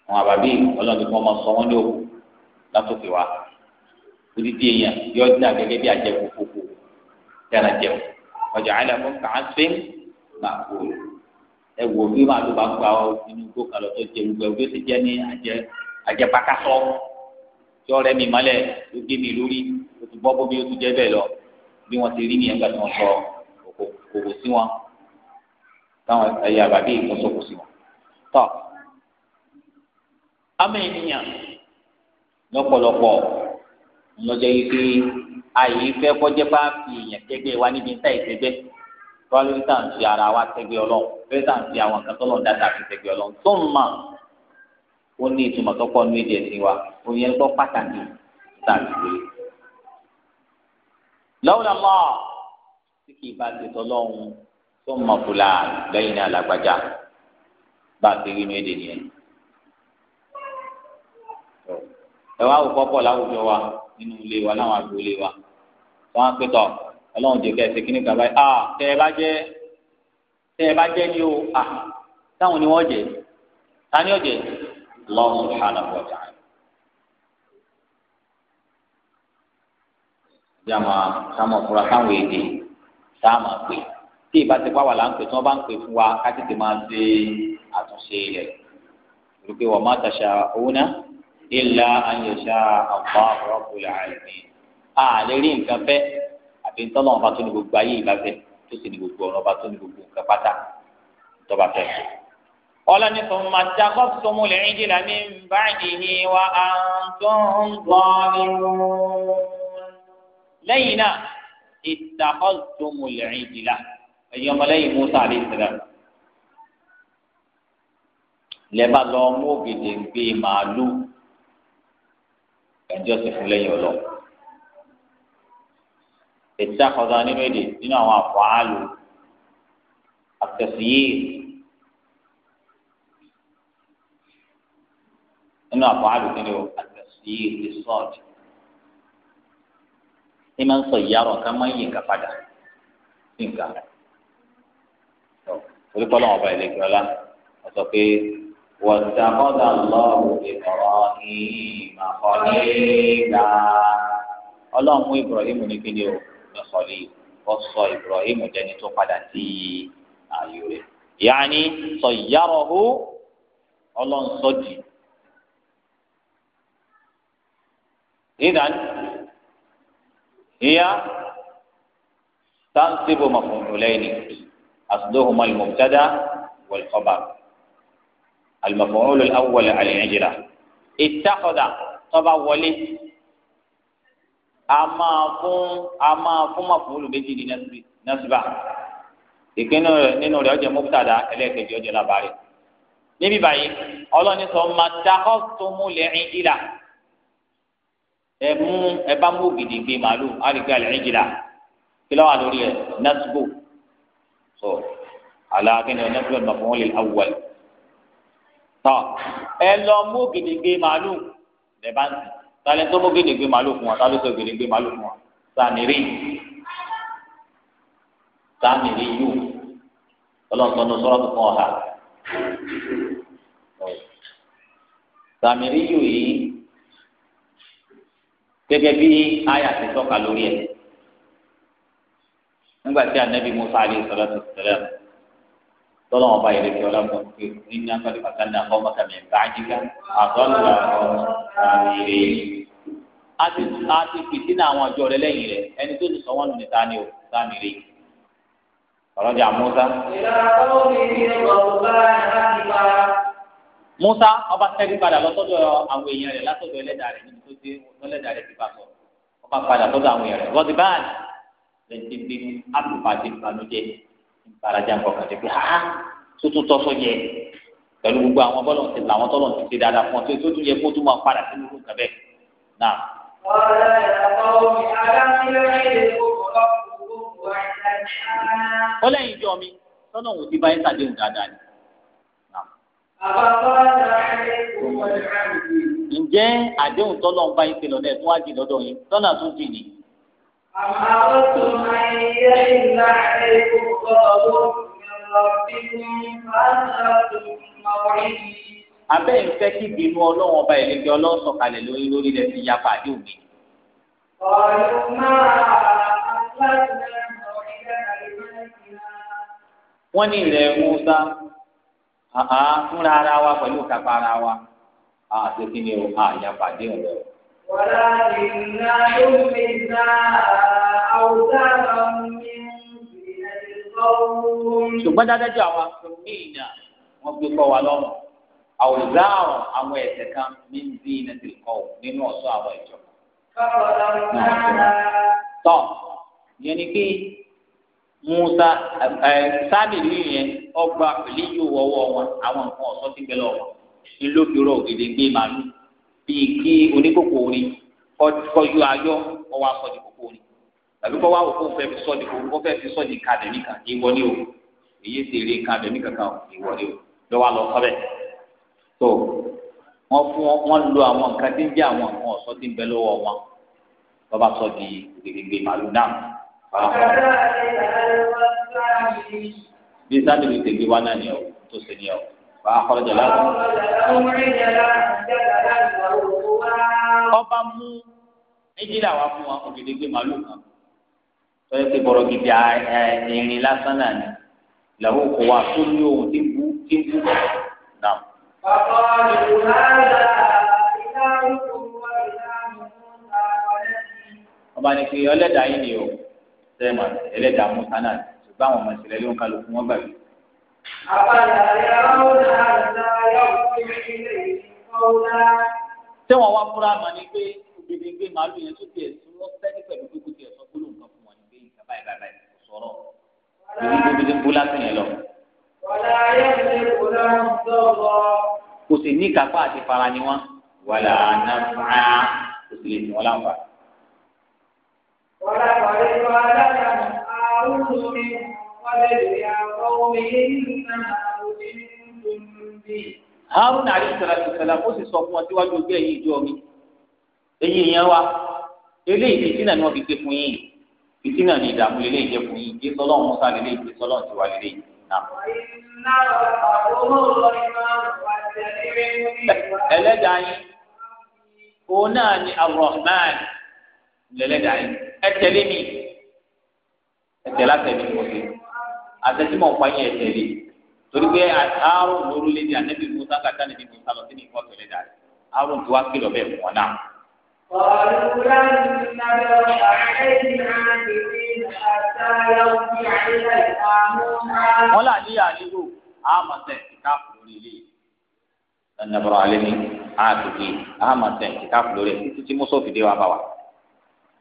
àwọn àbàbí ọlọ́run ni wọ́n máa sọ wọ́n lóko látòkè wá odidi èèyàn yọ ọdún àgẹ́gẹ́ bí àjẹkù kẹrẹ jẹun ọjà àlẹkùn kàásìn máa kú ẹ wò bí màá ló bá gba ọ inú igbó kan lọ tó jẹ gbogbo ẹgbẹ ti jẹ ní àjẹ àjẹ pákásọ tí ọ̀rẹ́ mi mọ́lẹ̀ ló gé mi lórí o ti bọ bóbi o ti jẹ bẹ́ẹ̀ lọ bí wọn ti rí nìyẹn gbà tí wọn sọ òkòkò sí wọn táwọn ẹyà bàbí ìkọsọkò sí wọn tọ àmì ènìyàn lọ́pọ̀lọpọ̀ ńlọjẹ yìí pé àyè fẹ́ kọjá bá fi èèyàn kẹgbẹ́ wa níbi níta ìtẹ́gbẹ́ wá lórí tá à ń fi ara wa tẹ́gbẹ́ ọlọ́run lórí tá à ń fi àwọn kan tó lọ dáadáa fi tẹ́gbẹ́ ọlọ́run tó ń mà ó ní ìtumọ̀ tó pọ̀ ní èdè ẹ̀sìn wa òun yẹn gbọ́ pàtàkì tá a ti gbé. lọ́wọ́n lọ́mọ́ tí ti tọ́ lọ́hùn tó ń mọ̀ fúlà lẹ́yìn náà lágbájá bá a ti rí inú èdè nìyẹn. ẹ wá wò wa nínú ilé wa láwọn àgbo ilé wa wọn á pè tọ Ọlọ́run jẹ kẹsì kí ni kaba yìí ah tẹ ẹ bá jẹ tẹ ẹ bá jẹ ni o ah táwọn ni wọn jẹ tani ó jẹ Allah subhanahu wa ta'ala. jama sáma fura sáwọn èdè sáma pè tí ìbá ti pàwọ́ là ń tí wọ́n bá ń pè fún wa ká tètè máa ṣe àtúnṣe rẹ̀ wípé wa ma tasha'una illa an yasha Allahu rabbul alamin àlè rí nǹkan fẹ́ àfi ntọ́nà ọba tó ní gbogbo ayé ìbá fẹ́ tó sì ní gbogbo ọ̀nà ọba tó ní gbogbo nǹkan pátá tọ́ba fẹ́. ọlọ́ ní sọ ma ta kọ́ sọmú lè ń jìlá mi ń bá ìdíhì wa à tó ń gbọ́ nínú. lẹ́yìn náà ìtàkọ́ sọmú lè ń jìlá ẹ̀yin ọmọlẹ́yìn Musa àlè ìsìlẹ̀ lẹ́ẹ̀bá lọ mú ògèdè gbé màálù ẹ̀jọ́ sì fún lẹ́yìn ọlọ́run ìtàkọ̀dá nínú èdè nínú àwọn àfọ̀hálù àtẹ̀síyé nínú àfọ̀hálù kí ni o àtẹ̀síyé ti sọ́ọ̀dì ní máa ń sọ ìyá ọ̀rọ̀ nǹkan máa ń yí nǹkan padà sí nǹkan torí kọ́ lọ́wọ́ ọba ìlẹ́gbẹ̀ẹ́ ọlá wọ́n sọ pé wọ́n dàkọ́dà lọ́wọ́ ìkọ̀rọ̀ ìmàkọ́lé dáa ọlọ́run Ibrahim ní o. بن خليل وصى إبراهيم جني تقلتي أيوه يعني صيره الله صدي إذا هي تنصب مفعولين أصلهما المبتدأ والخبر المفعول الأول على الهجرة اتخذ طبع ولي a máa fún a máa fún màfúlù méjì ní nasiba ìpinnu rẹ nínú rẹ ọjọ mọbútàdá ẹlẹ́ẹ̀kejì ọjọ labarẹ níbí báyìí ọlọ́ni sọ màtàkọ́sọmú lẹ́yìn ìlà ẹ mú ẹ bá mú gidi gbé màálù àríkà lẹ́yìn ìlà kí lọ́wọ́ àlórí ẹ nasibu so aláàkínní ọ nasibu màfúlù lè awọl tọ ẹ lọ mú gidi gbé lẹ́bàá nsì tani tó mú gbèdégbé màálù fún wa tani tó gbèdégbé màálù fún wa saniri saniri yù ọlọ́ntọ́nu sọ́rọ́ tó kàn ha saniri yù yìí gẹ́gẹ́ bí aya ti tọ́ka lórí ẹ̀ nígbà tí anabi musa alayhi salatu wa tọ́lọ́ wọn bá yẹlẹ kí ọlá mọ̀ pé nínú akọ́lé pàtàkì àwọn ọmọ kàmí ẹ̀ka àjíká àtọ́lọ́ àmìrè a ti fìdí náà àwọn ọjọ́ rẹ lẹ́yìn rẹ ẹni tó ti sọ wọn nù ní tani o sàmìrè ọlọ́jà Musa. Musa ọba tẹ́lẹ̀ padà lọ́sọ́dọ̀ àwọn èèyàn rẹ̀ látọ̀dọ̀ ẹlẹ́dàá rẹ̀ níbi tó ti ọlẹ́dàá rẹ̀ ti bá sọ ọba padà lọ́sọ́dọ̀ àwọn èèyàn rẹ̀ ìbàràjà nǹkan tẹ pé ha tuntun tọ́sọ yẹ pẹ̀lú gbogbo àwọn bọ́lọ̀ ti làwọn tọ́lọ̀ ti ṣe dáadáa fún ọ tó tún yẹ kó tún máa padà sínú ìlú kan bẹ́ẹ̀ náà. ọ̀rẹ́ ìyàtọ̀ omi alámílẹ̀ èdè kókó lọ́kùnkùn àìsàn ìṣáná. ó lẹ́yìn ìjọ mi tọ́nà òun ti bá ẹ́ sàdéhùn dáadáa ni. ǹjẹ́ àdéhùn tọ́lọ̀ ń bá yín ṣe lọ́dẹ̀ tó wá jì lọ́dọ̀ yín tọ́nà tún jì ní. àmọ́ àwọn tó máa ń yẹ ìlànà ìkókó abẹ́ ìfẹ́ kí ìbínú ọlọ́run ọba ìlẹ́gbẹ́ ọlọ́run sọ̀kalẹ̀ lórí lórí rẹ̀ ti yapa àdé òwe. wọ́n ní ìrẹ̀ musa fúnra ara wa pẹ̀lú kápá ara wa àti kí ni o àyapa àdé òwe o. wàlá ìrìnà yóò fi gba àwùjọ àwọn mi ṣùgbọ́n dájú àwọn asòmíìnà wọ́n gbé kọ́ wa lọ́rùn àwòzáàrùn àwọn ẹ̀sẹ̀ kan ní bí iná ti kọ́ ọ nínú ọ̀ṣọ́ àwọn ìjọ. tọ́ ìyẹn ni pé Musa sábìlì yẹn ọgbà pẹ̀lú yóò wọ́wọ́ wọn àwọn nǹkan ọ̀ṣọ́ ti bẹ̀rẹ̀ wọn ni ló fi rọ ògèdè gbé màálù bíi kí oníkókò orin kọjú ayọ́ ọwọ́ akọ́jú kókò orin tàbí kọ́ wá wò kó fẹ́ fi sọ́ọ̀dì kó kó fẹ́ fi sọ́ọ̀dì kàdémì kan ìwọ ni o èyí ti rí kàdémì kankan ìwọ ni o lọ́wọ́ lọ kọ́ bẹ̀. tó wọ́n fún wọ́n lo àwọn nǹkan tí ń jẹ́ àwọn nǹkan ọ̀ṣọ́ tí ń bẹ lọ́wọ́ wọn lọ́ba sọ di gbègbè màlúù náà. bí sáà níbi tègbè wa náà ni ọ tó ṣe ni ọ bá a kọ́ra jàlá. ọba mú méjìlá wa fún wa ògèdè gbé màlúù kan tọ́yẹ́ pé bọ̀rọ̀ gidi ẹ̀rìn lásán náà ni ìlàwó kò wá tó ní ohun tí ń bú tí ń bú náà. bàbá àlùkò láyà ìlà ìlú wa ìlà mùsà ọlẹ́sìn. ọba ní pé ọlẹ́dàá yìí ni o sẹ́mà ẹlẹ́dàá mùsà náà ṣùgbọ́n àwọn ọmọ ìṣẹ̀lẹ̀ ló ń kálukú wọn gbàgbé. àbàlà ìyàwó náà ìlà yọ̀ọ́ sí ilé ìfowópamọ́. tẹ́wọ̀n wá fúra mọ̀ ní pé obìnrin gbé màálù yẹn tó tiẹ̀ tí wọ́n fẹ́ ní pẹ̀lú gbogbo tiẹ̀ sọ báyìí báyìí kò sọ̀rọ̀ èyí tó ti kú láti yẹn lọ. kò sì ní kápá àti fara ni wọn wàlà nàfà kò sì lè tún wọn láǹfà. wàlà pàdé wà lára àrùn mi wàlẹ̀ lè àwọn omi náà òjì tuntun bí. Haruna alayhi salatu salam ó sì sọ fún ọ síwájú ọgbẹ́ yìí jọ mi èyí yẹn wa eléyìí ti sínà ni wọ́n fi gbé fún yín yìí títí náà ní ìdààmú lélẹ̀ ìjẹ́ fún yín kí sọ́lọ́ ọ̀hún sá lélẹ̀ ìjẹ́ sọ́lọ́ ti wà lélẹ̀ ẹlẹ́dàá yín òun náà ni Ar-Rahman lẹ́lẹ́dàá yín ẹ tẹ̀lé mi ẹ tẹ̀lé àtẹ̀lé mi wọlé àtẹ̀tí mọ̀ pa yín ẹ tẹ̀lé torí pé àárò lórí lédi ànẹ́bí Musa kàtà níbi Musa lọ sí ní ìfọ̀tò lẹ́dàá yín àárò tí wàá kìlọ̀ bẹ́ẹ̀ fún náà. قالوا لن نبرح عليه عاكفين حتى يرجع إلينا موسى ولا لي عليه آمة كتاب لي لن نبرح عليه عاكفين آمة كتاب لي تتي موسى في ديوان بابا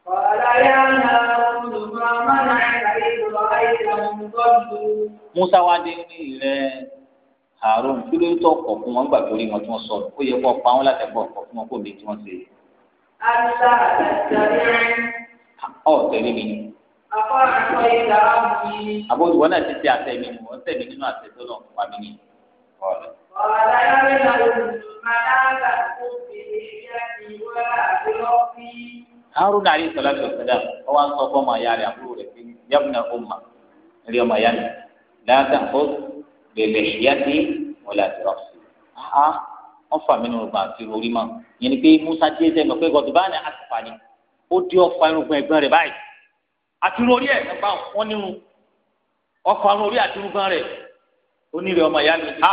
قال يا هارون ما منعك إذ رأيتهم ضلوا موسى وادي Àrùn kí ló tó ọkọ̀ fún wọn gbàgbórí wọn tí wọ́n sọ̀rọ̀ ó yẹ kó pa wọn látẹ̀kọ̀ ọkọ̀ fún wọn kó mi tí wọ́n ṣe àtà àtàlẹ́. ọ̀ tẹ̀lé mi ni. àkọ́ àtọ́ ìlà mi. àbójú wọn náà ti ṣe àtẹ mi wọ́n tẹ̀ mí nínú àtẹ tó náà fún wa mi ni. ọ̀rọ̀ láyé náà ló ń máa dá kó bèrè yá ni wọ́n á fi lọ́ọ́fì. haruna alayhi salatu wa salam ọwọ́ à sọ fọ́ọ̀mù àyà rẹ̀ àbúrò rẹ̀ yabna umma ilé ọmọ àyà rẹ̀ láàtà kó bèrè yá ni wọ́n á fi lọ́ọ́fì. wọ́n fà mí nínú ìgbà àti orí yẹn ni pé musa dé sẹ mọ pé gọdùbá ni àtùpà ni ó dé ọfà irúgbìn ẹ̀gbọ́n rẹ̀ báyìí àtúrò orí ẹ nípa wọn nínú ọfà orí àtúrúgbọn rẹ̀ onírè ọmọ ìyá mi ha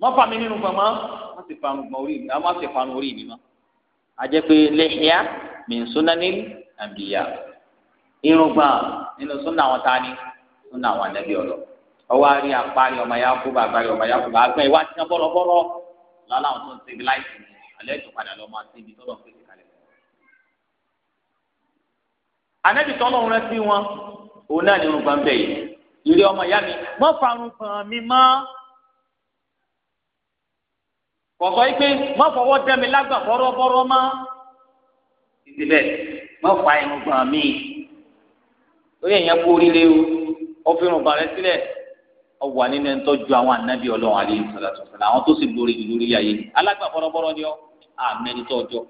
wọn fà mí nínú gbọmọ wọn sì fanu gbọn orí mi wọn sì fanu orí mi mọ àjẹ pé lẹhìá mi ń súná ní àbíyá irungba nínú súnà àwọn tani súnà àwọn ànábì ọlọ ọwọ àrí àpárí ọmọ ya kú bàbá rẹ kú bàbá rẹ wá ti ń lọ́la àwọn tó ń tẹ̀lé láìsí ni alẹ́ tó padà lọ́mọ àti ibi tó lọ́ pèsè kalẹ̀. ànẹ́bí tọ́lọ́ ń rántí wọn òun náà ní irun gbọ́n bẹ́ẹ̀ yìí ìrẹ́ ọmọ ìyá mi mọ́ farun gbọ̀n mi mọ́ kọ̀ọ̀kọ́ yìí pé mọ́ fọwọ́ dẹ́ mi lágbà bọ́rọ́bọ́rọ́ mọ́ títí bẹ́ẹ̀ mọ́ fa irun gbọ̀n mi ó yẹ ìyẹn kú oríire o ó fi irun gbọ̀n rẹ sílẹ̀ ọwà nínú ẹni tó ju àwọn ànábì Ọlọ́run àlẹ ìsọlátọ fúnra àwọn tó sì lórí ìlú lórí ayé alágbà bọrọbọrọ ni ọ àmẹni tó ọjọ́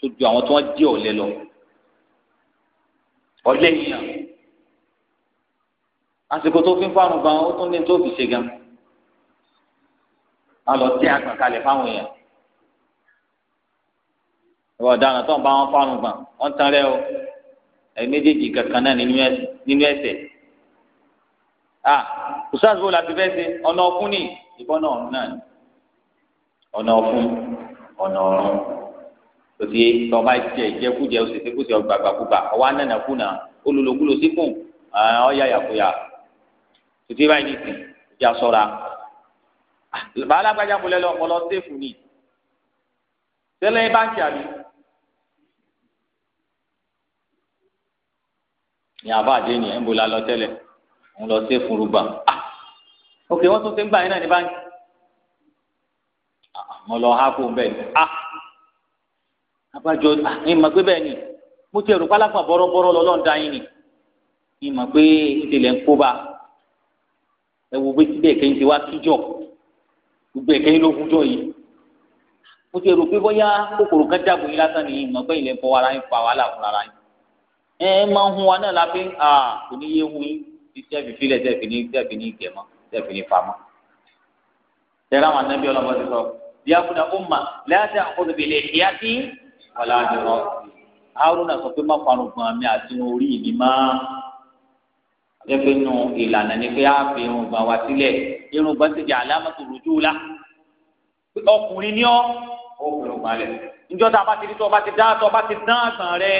tó ju àwọn tó wọn jẹ ọ̀lẹ lọ ọ̀lẹ yìnyín àsìkò tó fi ń fárun gan ó tún ní tó fi ṣe gan a lọ tẹ àgbà kalẹ̀ fáwọn èèyàn ìwọ ọ̀daràn tó ń bá wọn fárun gan wọn tán rẹ o ẹ méjèèjì kankan náà nínú ẹsẹ̀ a ustaz wo la ti fẹ́ ṣe ọ̀nà ọ̀fun ni ìbọn náà ọ̀run náà ni ọ̀nà ọ̀fun ọ̀nà ọ̀run tòtí tọ́ba jẹ ìjẹkújẹ òṣèṣekúṣe ọgbàgbàkúgbà ọwọ́ anánàkúnà olùlókúlò síkùn ọ̀yàyàkúyà tòtí báyìí ní ìsìn ìjà sọ́ra bàálàgbàjà mọ̀lẹ́ lọ ọpọlọ séèfù ni tẹ́lẹ̀ báńkì àbí ní àbá àdéhùn ẹ̀ ń bọ̀ lálọ́ tẹ́lẹ̀ ń lọ séèfù rúgbà òkè wọn tún ti ń gbà yín náà ní báńkì ah, mo lọ ha kó bẹ́ẹ̀ ni a ah, abájọ ah, ẹ mọ̀ pé bẹ́ẹ̀ ni mo ti ẹrù pálápà bọ́rọ́bọ́rọ́ lọ́lọ́ ń yín ni ẹ mọ̀ pé ìdílé ń kó bá ẹ wo bí bẹ́ẹ̀ kẹ́yìn ti wá kíjọ gbogbo ẹ̀kẹ́yìn ló kú jọ yìí mo ti rò pé bóyá kòkòrò kan jágun yín lásán ni mọ̀ pé ilẹ̀ ń bọ́ ara yín fa wàhálà fúnra ara yín ẹ máa ń hun wa náà la kò ní yé hun yín tí sẹ́ẹ̀fì fílẹ̀ sẹ́ẹ̀fì ní sẹ́ẹ̀fì ní ìgẹ̀ tẹ̀fì ní fama. tẹ̀lé àwọn anábì ọlọ́mọ ti sọ bí akuna umma láti àkóso bèlè ìyá sí wàlá àdìrọ haruna sọ pé má parun gbọ̀n mi àti orí mi má gẹ́gẹ́ nu ìlànà ni pé a fi irun gbọ̀n wá irun gbọ̀n ti rojú la ọkùnrin ni ọ́ ọkùnrin gbọ̀n rẹ̀ níjọ́ tá a ti rí tó ọba ti dá tó ọba ti dán àgbọ̀n rẹ̀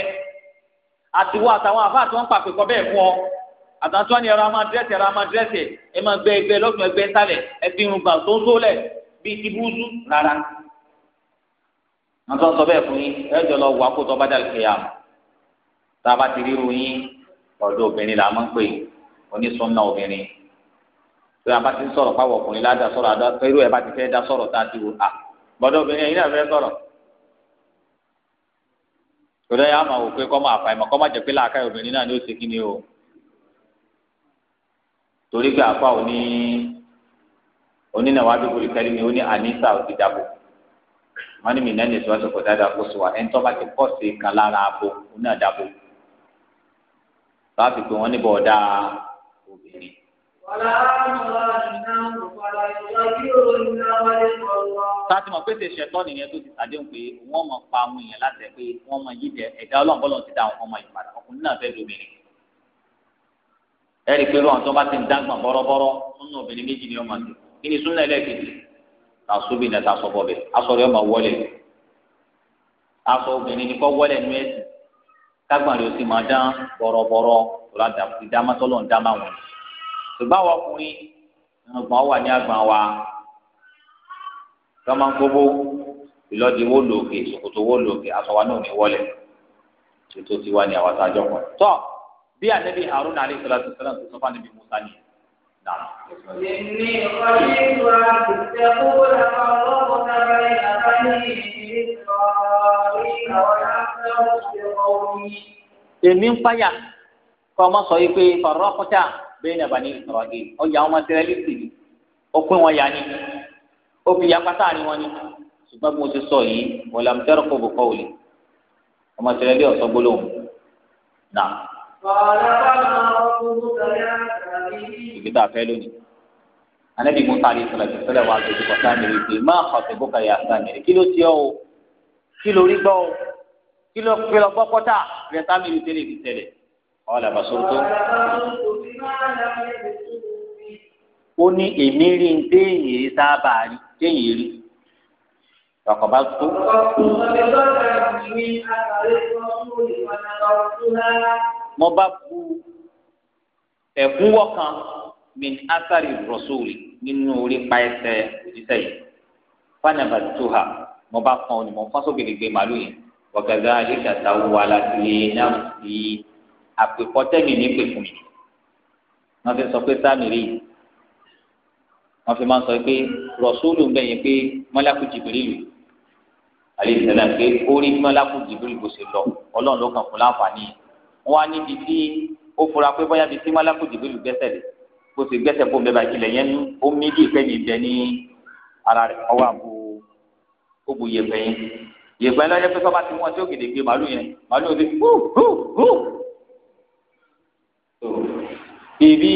àtiwọ́ àtàwọn àfáà tí wọ́n pàpè kọ́ bẹ́ẹ̀ fún ọ àtàtúwà ni ẹ̀rọ amadrẹ́sì ẹ̀rọ amadrẹ́sì ẹ̀ máa gbẹ ẹgbẹ lọ́sùn ẹgbẹ sálẹ̀ ẹbí irun gbà tó ń tó lẹ̀ bíi ti búzú rárá. àtọ́ sọ bẹ́ẹ̀ fún yín ẹ̀jọ̀ lọ wà kó tọ́ba dàlù kẹyà tá a bá ti ríru yín ọ̀dọ̀ obìnrin là máa ń pè onísọ́nà obìnrin tó a bá ti sọ̀rọ̀ pàwọ̀ ọkùnrin ládàá sọ̀rọ̀ irú ẹ̀ bá ti fẹ́ dá sọ̀rọ̀ tá a ti wò à gbọ́dọ̀ obìnrin yìí náà fẹ́ sọ̀rọ̀ tòlẹ́ yà máa wò pé kọ́ máa fà ìmọ̀ kọ́ máa jẹ́ pé láàká obìnrin náà ni ó ṣe kí ni o torí pé àfa òní onínàwó adókòlì kẹlí ni ó ní anisa òtí dàbò wọn ní mi náà ní ìṣòwò àti ọkọ̀tà dàbò sùwà ẹni tó bá ti pọ̀ sí kan lára abo oní àdàbò láti pé wọn níbọ ọdá obìnrin. Sáàtì mọ̀ pé ṣèṣe tọ́ nìyẹn tó ti sàdéhùn pé wọ́n mọ̀ pa àwọn èèyàn láti ẹ̀ pé wọ́n mọ̀ yí ẹ̀dá ọlọ́ọ̀bọ́lọ́ ti dá àwọn ọmọ ìpàdé ọkùnrin náà fẹ́ lómìnir ẹ̀rí pé lóhàn tó bá ti ń dágbọ̀n bọ́rọ́bọ́rọ́ nínú obìnrin méjì ni ọmọ àti kí ni súnlẹ̀ lẹ́ẹ̀kejì aṣọ bí nàta aṣọ bọ̀bẹ̀ aṣọ rẹ̀ ọmọ wọlé aṣọ obìnrin ni kọ́ wọlé nu ẹ̀sì kágbọ̀n rẹ̀ ó sì máa dán bọ́rọ́bọ́rọ́ ọ̀la dàbí dámátọ́lọ́ ń dámá wọn. ṣùgbọ́n àwọn ọkùnrin ọgbọ̀n wà ní àgbọ̀n wa tọ́mọ gbogbo ìlọ́dì wó lòkè ìṣòkòtò wó lòkè aṣọ wa náà ní wọlé ètò tiwa ni àwọn àtàjọ kan bí anabi harun alayhi salatu salam tó sọ fún anabi musa ni. إني خشيت أن تقول فرقت بين بني إسرائيل ويعثروا بقومي èmi ń fàyà kọ́ ọmọ sọ yìí pé farọ́kọ́tà bẹ́ẹ̀ ni àbáni ìsọ̀rọ̀dé ọjà ọmọ tẹ́lẹ̀lìsì ni ó pín wọn yá ni ó fi yapata ni wọn ni ṣùgbọ́n bí mo ti sọ yìí wọ́n làm tẹ́rọ̀ kó bò kọ́ òlì ọmọ tẹ́lẹ̀lì ọ̀sọ́ gbólóhùn náà ìgbésẹ̀ àfẹ́ lónìí anabi musa alayhi salatu salam wa alayhi wa sallam rí pé má xọsẹ bó ka yà sàmìrì kí ló tiẹ o kí ló rí gbọ́ o kí ló fi lọ gbọ́ kọta rẹ sàmìrì tẹ́lẹ̀ fi tẹ́lẹ̀ ọlọ àbàsọrọ tó. ó ní èmi rí ń déyìn sábà rí déyìn rí kọkọba bá ta ìwé àtàlẹ́ mo bá bu ẹ̀kúnwọ́ kan min asari rọ̀súlì nínú orí pa ẹsẹ̀ òjíṣẹ́ yìí fanaba tuha mo bá fọn ọ ni mo fọ́n sóbì gbègbè màlúù yẹn wọ̀gàdà àdìgàtà wọ alátìlẹ̀ náà sí àpèkọ́tẹ́mì ní pẹ̀kùn mi wọ́n fi sọ pé sámìrì yìí wọ́n fi máa ń sọ pé rọ̀súlù ń bẹ̀yìn pé mọ́lákù jìbìrìlù àlè ìṣẹ̀lẹ̀ pé ó rí mọ́lákù jìbìrìlù bó ṣe lọ ọlọ́run ló kàn fún láǹfààní yìí wọn á níbi tí ó fura pé bóyá bíi tí malakú jìbìlù gbẹ́sẹ̀ lé kó sì gbẹ́sẹ̀ kó bẹ́ẹ̀ bá tilẹ̀ yẹn ní ó mí bí ìpẹ́ mi bẹ ní ara rẹ̀ ọwọ́ àbò ó bu yẹ̀pẹ̀ yẹn yẹ̀pẹ̀ lọ́jọ́ pé sọ́ba ti mú ọtí ògèdè gbé màálù yẹn màálù yẹn ti hú hú hú. bèbí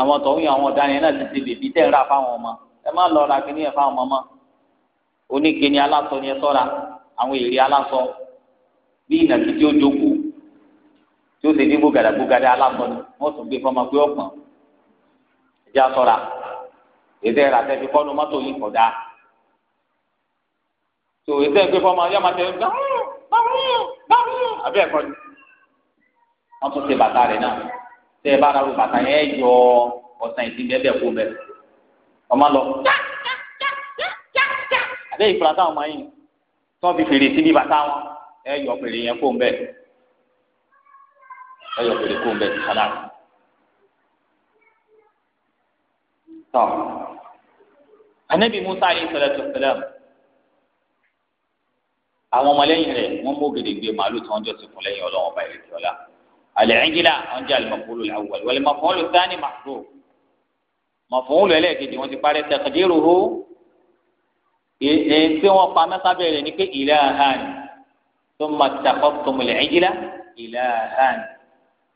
àwọn tọ̀hún yẹn àwọn ọ̀daràn yẹn náà ti ṣe bèbí tẹ̀ ń rà fáwọn ọmọ ẹ má lọ ra kíní yẹn fáwọn ọmọ oníkeni aláṣọ ni ẹ sọ́ra àwọn èrè aláṣọ bí ìnàkìtì ó jogún tí ó ti di búgadà búgadà alámọ̀nù wọ́n tún gbé fọmọ pé ọ̀pọ̀n ẹja sọ̀ra ètò ẹ̀rà tẹ̀sí kọ́nu mọ́tò yìí kọ̀ dáa tó ètò ẹ̀ gbé fọmọ yọ máa tẹ̀ ẹ́ ah, abẹ́ ẹ̀kọ́ ni wọ́n tún ṣe bàtà rẹ̀ náà tẹ́ ẹ bá ara wo bàtà yẹn yọ ọ̀sán ìdí bẹ́ẹ̀ bẹ́ẹ̀ kó bẹ́ẹ̀ ọmọ lọ àbẹ́ ìfúra táwọn máa yìn tí wọ́n fi fèrè sí bí bàtà wọn ẹ yọ fèrè yẹn kó bẹ́ẹ̀ ẹyọ pèlè kó ń bẹ kálá tọ anabi musa alayhi salatu wasalam àwọn ọmọlẹ́yìn rẹ̀ wọ́n mú gèdègbè màálù tí wọ́n jọ sí fún lẹ́yìn ọlọ́wọ́n báyìí lẹ́yìn ọlá àlẹ́yìnjìlá wọ́n jẹ́ alimọ̀fọ́lù làwọ̀ wàlẹ́mọ̀fọ́lù sani màkúrò mọ̀fọ́lù ẹlẹ́ẹ̀kejì wọ́n ti parẹ́ tẹ̀kadìrò hó èyí tí wọ́n pa mẹ́ta bẹ̀rẹ̀ ni pé ìlà hàn tó ma tàkọ́ tó mọ̀lẹ́yìnjìlá ìlà hàn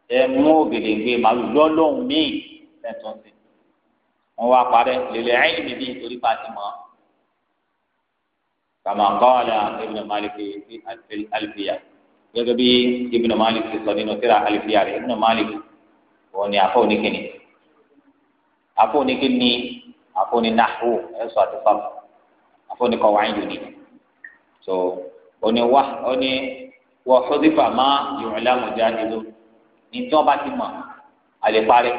ẹ mú ògèdèǹgbè màálù lọ́lọ́hún míì lẹ́tọ́ sí wọn wá parẹ́ lèlẹ́ ẹ̀yìn mi bí nítorí bá ti mọ̀ ọ́ kàmá kọ́ọ̀lá ibùdó máàlìkì sí àlùfíà gẹ́gẹ́ bí ibùdó máàlìkì sọ nínú síra àlùfíà rẹ̀ ibùdó máàlìkì òun ni afọ́ oníkìnnì afọ́ oníkìnnì afọ́ onínáhù ẹ̀sọ́ àti sọ́ọ̀tù afọ́ oníkọ̀wáyé yòóni so oní wà oní wà xọ́dífà má yòó ntí wọn bá ti mọ àlè parí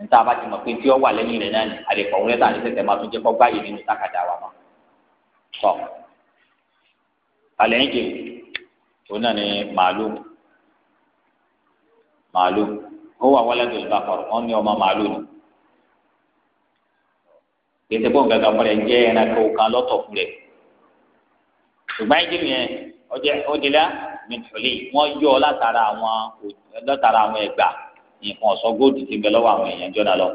ntí wọn bá ti mọ pé ntí wọn wà lẹ́yìn rẹ̀ náà ni àlè kọwé lẹ́tà àti tẹtẹ máa tún jẹ kọ gbáyé nínú takàdá wa mọ tọ àlè ń jẹ òun náà ni màálù màálù ó wà wọlé tó lè bá kọrọ wọn ní ọmọ màálù ni gbèsè bọ́ọ̀ gàgà fún ń jẹ́ ẹranko kan lọ́tọ̀ fún rẹ̀ ṣùgbọ́n ẹ̀jẹ̀ yẹn ọjẹ́ ọjẹ́ lá mìtìlì wọ́n yọ látara àwọn látara àwọn ẹ̀gbà nǹkan ọ̀sọ́ góòdù ti bẹ lọ́wọ́ àwọn èèyàn jọ́nà lọ.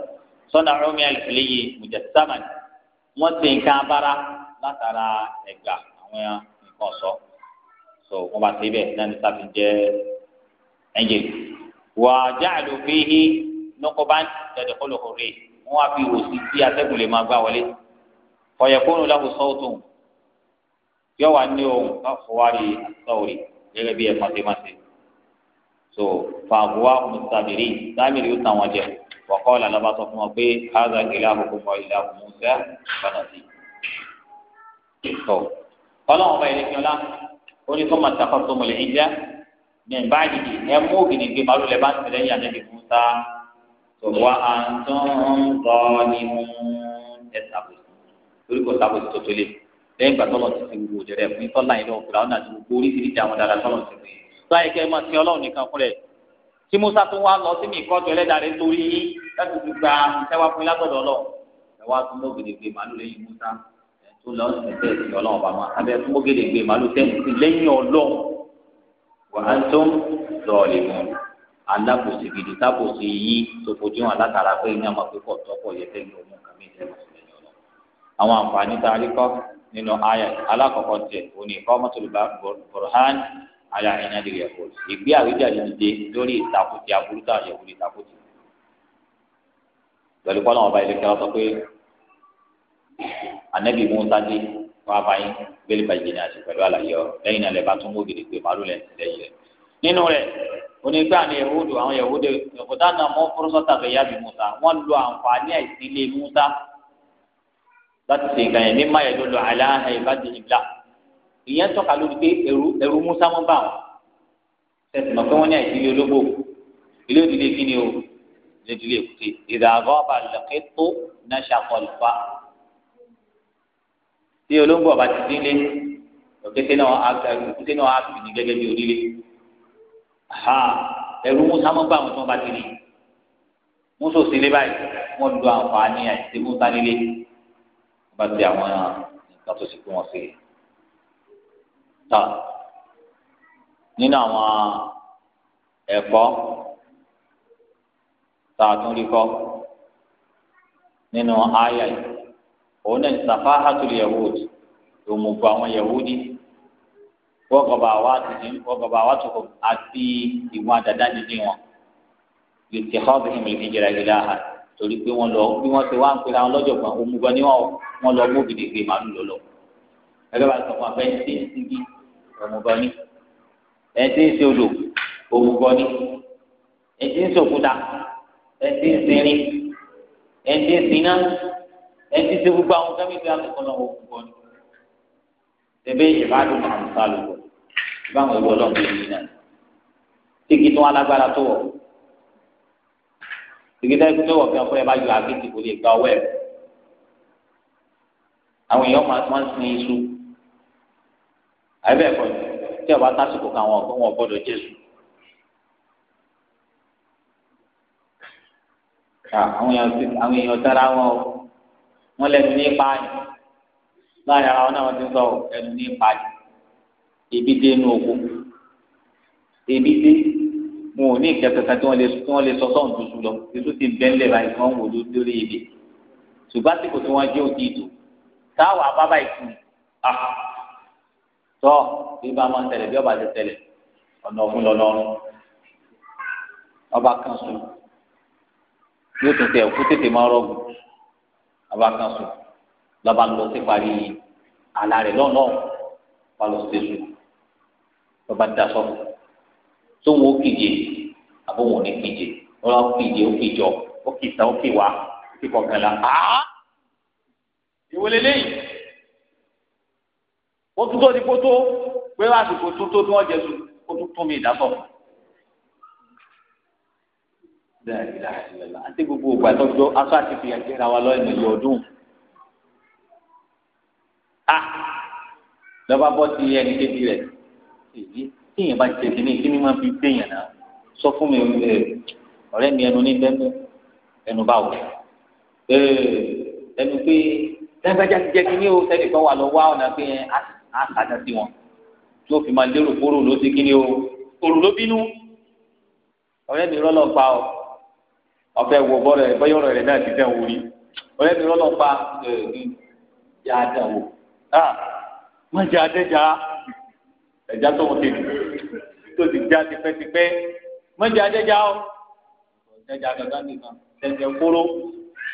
sọ́nà ọ̀rọ̀mí àlùfẹ́lẹ́ yìí mùjẹ̀sítámà ni wọ́n ti nǹkan abára látara ẹ̀gbà àwọn nǹkan ọ̀sọ́ so wọ́n bá ti bẹ̀ náà ní sáfì jẹ́ ẹ̀jẹ̀lì. wà á já àlò fíhí nọ́kọ́bá jáde kọ́ lóko rè wá fi òsì tí atẹ́gùn lè máa gbá wọlé. fọyẹ̀kónú láwùsọ̀ọ̀tún gẹ́gẹ́ bí ẹ̀fọn ti máa ṣe. so fàgùwà mùsàbìrì sámìrì yóò tàn wọn jẹ wọ́kọ́ọ̀lá lọ́ba sọ fún wọn pé ága ìlà àkókò mọ ìlà mùsà bàtà sí. tó ọlọ́run ọba ìlẹ́kìn ọlá ó ní sọ́mà tàkọ́ sọmọlẹ̀ ìjà mẹ́rin báyìí ẹ mú ògìnì gbé màálù lẹ́ bá ń tẹ̀lé yàn lẹ́bi mùsà tó wà á ń tún ń gbọ́ ní mú ẹ̀ sàbòsí torí kò sàbòsí tó tó lé lẹ́yìn ìgbà tọ́lọ̀ ti ti gbogbo òjẹ̀rẹ̀ fún tọ́lá yìí lọ́wọ́ fìlà ọ̀nà àti gbogbo oríṣiríṣi àwọn dáadáa tọ́lọ̀ ti pè é. sọ máa ti ọlọ́run nìkan fún rẹ̀ tí musa tún wá lọ sí mi ìkọ́jọ ẹlẹ́dàá rẹ̀ torí yín láti fi gba iṣẹ́ wá fún látọ̀dọ̀ lọ. ẹ wá tún lóògèdè gbé màálù lẹ́yìn musa tó lọ sí ẹgbẹ́ ìsìn ọlọ́run bá wọn abẹ́ tún lóògèdè gbé màálù tẹ́sí lẹ́yìn ọlọ́run wà á tó ń lọ́ọ̀lì mu alábòsí gidi tábòsí yín tó fojú hàn nínú àyà alákọ̀ọ́kọ́ tiẹ̀ òní ìkọ́ mọ́tòlùbá burhan àyà ìnádìrí ẹ̀kọ́ ìgbé àwíjàre dìde lórí ìtakùtì aburúta àyẹ̀wò ìtakùtì pẹ̀lú kọ́ náà ọba ilé kẹwàá sọ pé anabi musa dé wàá báyìí bẹ́ẹ̀ bá jìnnà àti pẹ̀lú àlàyé ọ lẹ́yìn náà lẹ́ẹ̀bá tún gbòógì dìgbè màálù lẹ́yìn rẹ̀ nínú rẹ̀ onígbà ni yahudu àwọn yahudu ọ̀dà náà mọ́ fúrúsọ́tà bẹ̀yà bí musa wọ́n lo àǹfààní àìsílẹ̀ musa láti ṣe nǹkan yẹn mímá yẹn ló lọ aláhà ìbàdí ìbílà ìyẹn tọ́ka lórí pé ẹrú ẹrú musa wọn bá wọn tẹsán mọ̀ pé wọ́n ní àìsílẹ̀ ológbò ilé òdìlé kí ni o ilé òdìlé èkúté ìdàgọ́ ọba lọ́kẹ́ tó náà ṣàkọlùfà tí ológbò ọba ti dín lé òkété náà òkété náà á gẹ́gẹ́ bí orílẹ̀ ha ẹrú musa wọn bá wọn tí wọ́n bá ti rí musa ò sí ilé báyìí wọ́n lu àǹfààní àìsí musa nílé bá ti àwọn nǹkan tó sì kú wọn sí i. tà nínú àwọn ẹ̀kọ́ tá a tún rí kọ́ nínú àyà yìí òun náà ní safahatul yahud òmùgbò àwọn yahudi wọ́gọ̀bà wa tó àti ìwọ̀n àdàdà dídí wọn yìí ti họ́ bí mi ìjìnlẹ̀ ìlà àti torí pé wọ́n lọ bí wọ́n ti wá ń pera wọn lọ́jọ̀gbọ́n òmùgbọ́n ni wọ́n lọ móbìdì gbé màálù lọ́lọ́ gẹ́gẹ́ bá sọ fún abẹ́ ṣe ń sígi òmùgbọ́n ni ẹ̀ ti ń ṣe odò òmùgbọ́n ni ẹ̀ ti ń ṣòkúta ẹ̀ ti ń sinrin ẹ̀ ti ń siná ẹ̀ ti ṣe gbogbo àwọn kẹ́mí bí akẹ́kọ̀ọ́ náà òmùgbọ́n ni tẹ̀bẹ́ ìbádùn àmúta lọ́wọ́ ìbáwọn ìwọ ọlọ́run ìgbésẹ̀ ìgbésẹ̀ wọ̀ fún ọkọ yẹn bá yọ àgbẹ̀tì kò lè gba ọwọ́ ẹ̀ àwọn èèyàn máa wọ́n sin iṣu àbẹ̀ ẹ̀kọ́ tí ọba tásìkò kan wọn ọ̀gbọ́n wọn gbọ́dọ̀ jésù. àwọn èèyàn tẹ́ra wọn o wọ́n lẹ́nu ní ìpààyàn láàrin ara wọn náà wọ́n ti ń sọ ẹnu ní ìpààyàn ebi dé inú oko ebi dé wọn ò ní ìkẹkẹkẹ tí wọn lè tí wọn lè sọ sọhùn tuntun lọ èso ti bẹ́ńlẹ̀ báyìí tí wọ́n wò lórí ebè ṣùgbọ́n àsìkò tí wọ́n jẹ́ òdì ìdò táwọn àbábà ìkùn ah! tọ́ bí bá máa ń tẹ̀lé bí ọba ti tẹ̀lé ọ̀nà ọ̀fun lọ́lọ́run ọba kan sùn yóò tún tẹ òkú tètè máa rọgùn ọba kan sùn lọ́ba lọ sí parí àlà lọ́nà ọ̀hún lọ sí sùn lọ́ba dá sọ́kùn tó wọn ó kíje àbó wọn ò ní kíje wọn á kíje ó kíjọ ó kíta ó kíwà ó kíkọkànlá áá ìwọlé lẹ́yìn wọ́n tún tó di kótó pé àsìkò tún tó tí wọ́n jẹ sùn kó tún tún mi ìdásọ̀ àti gbogbo ògbà tọjọ aṣọ àti fìyà jẹra wa lọ́yìn nílùú ọdún a ah! lọ́ba bọ́ ti ẹni kejì rẹ̀ èyí téèyàn bá jẹ kínní kí ni máa fi gbéyàn náà sọ fún mi ọ̀rẹ́ mi ẹnu ní bẹ́ẹ̀ ẹnu bá wọ̀ ẹnu pé lágbájá ti jẹ kínní o sẹ́ni kan wà lọ wá ọ̀nà pé á sàdá sí wọn tí ó fi máa lérò kóró ló ti kínní o kóró ló bínú ọ̀rẹ́ mi rọ́lọ́ pa ọ ọ̀fẹ́ wọ bọ́ọ̀lù ẹ̀ bọ́yọ̀ ọ̀rọ̀ rẹ̀ náà ti fẹ́ wò rí ọ̀rẹ́ mi rọ́lọ́ pa yáa dà wò má jẹ́ adẹ́jà ẹ̀já tó ti já tipẹ́tipẹ́ mọ́jà ajẹ́já o jẹjẹ àgbàdo nìkan jẹjẹ kóró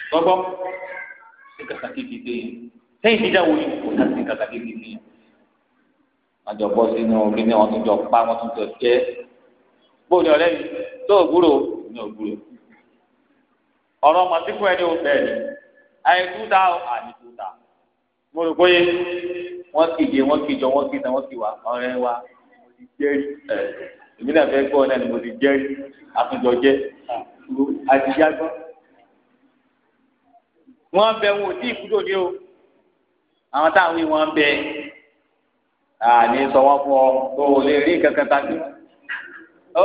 gbọgbọ ṣé kàkàkì ti dé yẹn sẹ́yìn jíjà wo ni kò sá sí kàkàkì ti dé yẹn àjọ bọ sínú orí ní wọn tún jọ pa wọn tún jọ jẹ bóun ni ọ̀rẹ́ mi tó ògbúrò ní ògbúrò ọ̀rọ̀ ọmọ ẹni ò bẹ́ẹ̀ ni àìkú ta ọ àìkú ta mo rò pé wọn kìje wọn kìjọ wọn kìta wọn kìwà ọ̀rẹ́ wa ti jẹ́rìí ẹ̀ èmi náà fẹ́ gbọ́ náà ni mo ti jẹ́rìí àtúntò jẹ́ àtijọ́ wọ́n bẹ wọn ò tí ì kúrò ní o àwọn táwọn ìwọ̀n ń bẹ àní sọ wọn fún ọ tó o lè rí kankan tàbí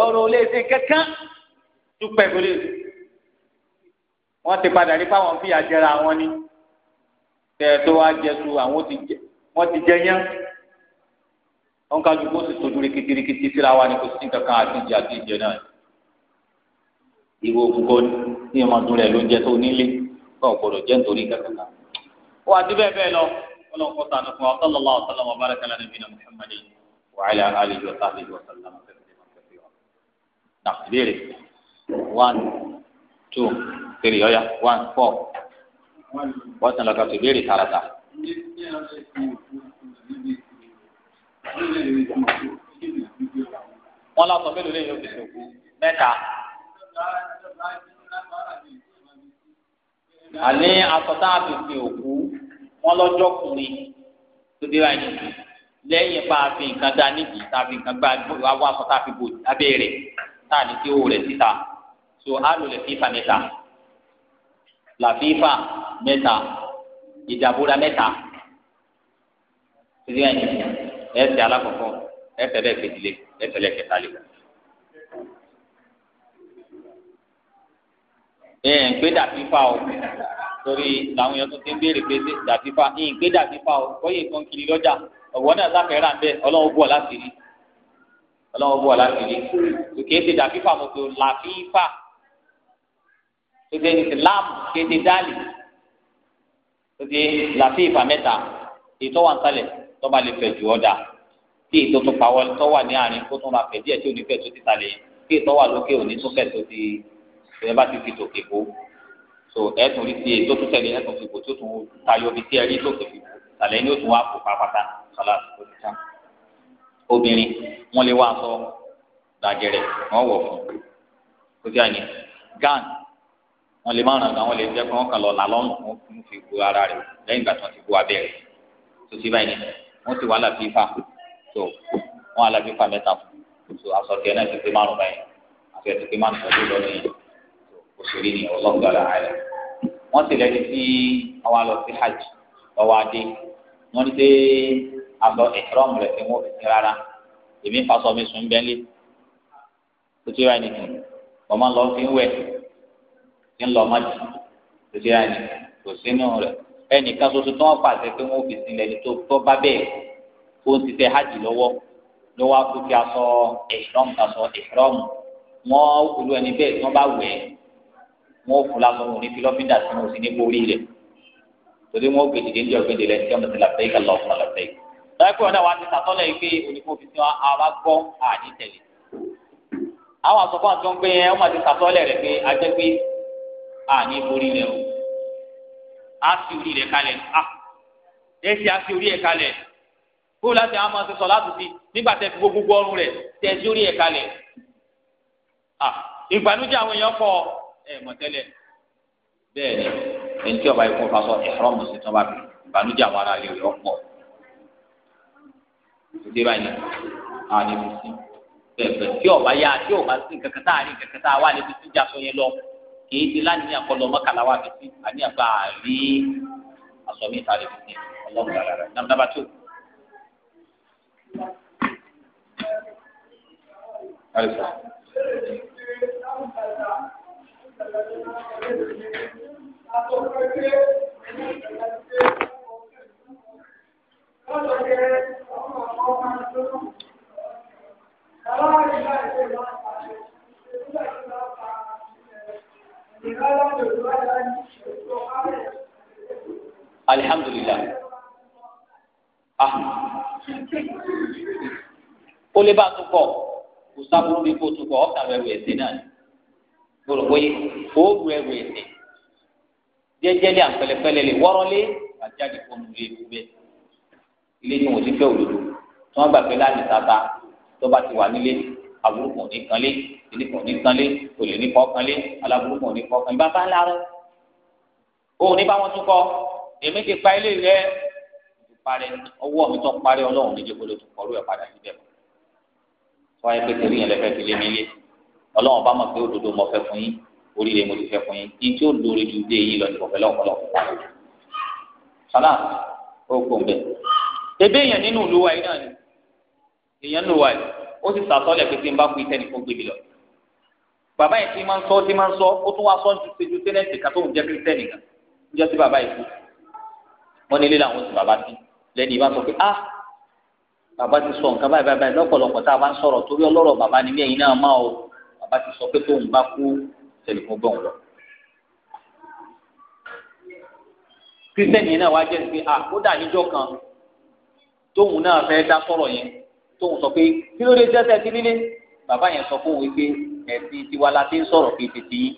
ọ̀rọ̀ ò lè ṣe kankan dúpẹ́ kò lè wọ́n ti padà rí fáwọn fìyà jẹra wọn ni tẹ̀ tó wá jẹ tu àwọn ti jẹ wọ́n ti jẹ yán wọn ká ju kóòsì tó dúró kitirikiti síra wa ni kò sí kankan àti ìjẹ àti ìjẹ náà ìwé òkúkọ ní ọmọdún rẹ ló ń jẹ tó nílé náà gbọ́dọ̀ jẹ nítorí kankan náà. wọ́n àti bẹ́ẹ̀ bẹ́ẹ̀ lọ wọn kọ́ sànù fún wa sallallahu sallam wa baraka ala nabiyina muhammadin wa ala alihi wa sahbihi wa sallam náà ìbéèrè one two three ọ̀ya one four wọ́n sàn lọ́kàtà ìbéèrè tààràtà wọ́n lásán mélòó lè yọ òkè òkú mẹ́ta. àní asọ̀tà àfìsì òkú wọ́n lọ́jọ́ kùnrin tó dé báyìí lẹ́yìn bá a fi nǹkan dá níbi tàbí nǹkan gbá àwọn asọ̀tà àfi bò abẹ́ rẹ̀ tá a ní kí ó rẹ̀ síta so a lò lẹ̀ fífa mẹ́ta làfífa mẹ́ta ìdàbòrà mẹ́ta tó dé báyìí ẹsẹ̀ alákọ̀ọ́kọ́ ẹsẹ̀ lẹ́ẹ̀kejìlé ẹsẹ̀ lẹ́ẹ̀kẹtàlé. ẹ̀ ń gbé dàbí fa o torí làwọn èèyàn tó ti ń béèrè pé dàbí fa ń gbé dàbí fa o bóyá ètò ń kiri lọ́jà ọ̀wọ́ náà láfẹ̀ẹ́ rà ń bẹ́ ọlọ́wọ́ bọ̀ láti rí ọlọ́wọ́ bọ̀ láti rí kìí ṣe dàbí fa mo tó làbí fa tó ti láàmù kìí ṣe dálì tó ti làbí fa mẹ́ta ètò wà ń kalẹ̀ tó bá lè fẹ̀ jù ọ́ dà kí ètò tó pa wọlé tó wà ní àárín kó tó máa fẹ̀ díẹ̀ tí ò ní fẹ̀ tó ti talẹ̀ kí ètò wà lókè òní tó fẹ̀ tó ti ẹ bá ti fi tòkè kó so ẹ tún rí sí ètò tó tẹ̀lé ẹ tún fi kó tó tún tayọ bí tí ẹ rí tòkè fi kó talẹ̀ ni ó tún wá kó pápátá kálá tó obìnrin wọn lè wá aṣọ gbàgẹrẹ wọn wọ fún kó tí a ní gan wọn lè má ràn gan wọn lè jẹ pé wọn kàn lọ là lọ́nà wọn fi gbó ara tó ti báyìí wọ́n ti wà láfi fa tó wọ́n aláfi fa mẹ́ta tó aṣọ tiẹ̀ náà ti pé márùn báyìí aṣọ ẹ̀ ti pé márùn tó lọ nìyẹn kò sí rí nìyẹn ọlọ́run gbọ́dọ̀ àárẹ̀ wọ́n ti lẹ́ni sí àwọn alọ sí hajj lọ́wọ́ adé wọ́n ní pé aṣọ ìrọ́mù rẹ̀ ti wọ́n fi rárá èmi ń faṣọ mi sùn bẹ́ẹ̀lì tó ti báyìí nìyẹn wọ́n máa ń lọ fi ń wẹ̀ ń lọ mọ́jì tó ti báyìí nìyẹn kò sínú rẹ̀ ẹnìkan ṣoṣo tí wọ́n pàṣẹ pé wọ́n fi sílẹ̀ ní tó tọ́ bá bẹ́ẹ̀ ó ti tẹ hajj lọ́wọ́ ló wá kó kí aṣọ ìhrọ́mù aṣọ ìhrọ́mù wọ́n olú ẹni bẹ́ẹ̀ tí wọ́n bá wẹ̀ wọ́n fún lásán òun ní fílọ́fíńdà tí wọ́n sì ní borí rẹ̀ torí wọ́n gbèdè dé ní ọ̀gbẹ́dẹ lẹ́sí ọ̀nà tí làbẹ́ ìkàlà ọ̀fun làbẹ́ lọ́pọ̀ náà wàá ti sàtọ́lẹ̀ yìí pé onífòfin tí wọ́n ara gbọ́ àní tẹ̀lé àwọn àsọ̀kọ́ àti wọn pé ẹ wọ́n ti sàtọ́lẹ̀ rẹ̀ pé ajẹ́ pé àní borí rẹ̀ o á fi orí rẹ̀ kalẹ̀ á ẹ sì á fi orí ẹ̀ kalẹ̀ kó láti àwọn máa ti sọ láti fi nígbà tẹ fi gbogbo ọrùn rẹ̀ tẹ sí orí ẹ̀ kalẹ̀ à ìgbànújẹ́ àwọn èèyàn pọ̀ ẹ mọ̀ tẹ́lẹ̀ bẹ́ẹ̀ ni ẹni tí ọba ikú fasọ ẹ̀rọ mi sì tán bá fi ìgbànújẹ́ àwọn ará rẹ̀ ọ̀pọ̀ òde báyìí àwọn ẹni fi sí bẹ́ẹ̀ bẹ́ẹ̀ tí ọba yá tí ọba sí kankan tá a rí kankan tá a wà lè fi síjà sọ yẹn lọ kìí ti láti ní àkọlọ mọ́kànlá wa fi sí àní àgbà rí àsọmí ìtàlẹ̀ fi sí ọlọ́run rárá rẹ̀ nàbẹ́ tó. Thank you alihamdulilayi ah ó lé bá a tó kọ kò sábúrú bí kò tó kọ ọ̀tà ẹrù ẹ̀sìn náà gbọdọ̀gbọ́ yìí òórùn ẹrù ẹ̀sìn jẹ́jẹ́ lé àpẹlẹpẹlẹ lè wọ́rọ́ lé àjáde fún mi lé ibú bẹ́ẹ̀ ilé ni wọ́n ti fẹ́ òdodo tí wọ́n gbà pé láti sábà tó bá ti wà nílé aburúkọ ní kanlé ìníkọ ní kanlé olè ní kọkanlé alaburúkọ ní kọkanlé bàbá ńlá rẹ òun ní bá wọn tún kọ èmi ti pa ilé rẹ ti parẹ ọwọ́ mi tó parẹ Ọlọ́run níjẹ kó ló tún kọrú ẹ padà síbẹ̀ fọ ayé kékeré yẹn lẹfẹ fi lé mi lé Ọlọ́run bá mọ̀ pé òdodo mọ fẹ́ fún yín oríire mo ti fẹ́ fún yín kí n tí lórí ju dé yín lọ ní kọfẹ lọkọlọ sọlá ó kò ń ebe èèyàn nínú ìlú wa yìí náà ni èèyàn nínú wa yìí ó sì sàtọ́lẹ̀ pé tí n bá kú ìtẹ́ni kó gbé mi lọ. bàbá yìí ti máa ń sọ ti máa ń sọ ó tún wá sọ ju ṣe ju tẹ́lẹ̀tì ká tó ń jẹ́ kírísítẹ́nì gan níjọ́ tí bàbá yìí kú wọ́n nílé làwọn oṣù bàbá sí lẹ́ni ìbá sọ pé ah bàbá ti sọ nǹkan báyìí báyìí lọ́pọ̀lọpọ̀ tá a bá ń sọ̀rọ̀ torí ọlọ́rọ̀ bàbá ni mẹ́yìn náà máa o bàbá ti sọ pé ah kódà níjọ́ kan tóun náà fẹ́ dá tóun sọ pé kí ló dé sẹ́sẹ́ sí nílé bàbá yẹn sọ fún wípé ẹ̀sìn tiwa la ti ń sọ̀rọ̀ bíi tètè yìí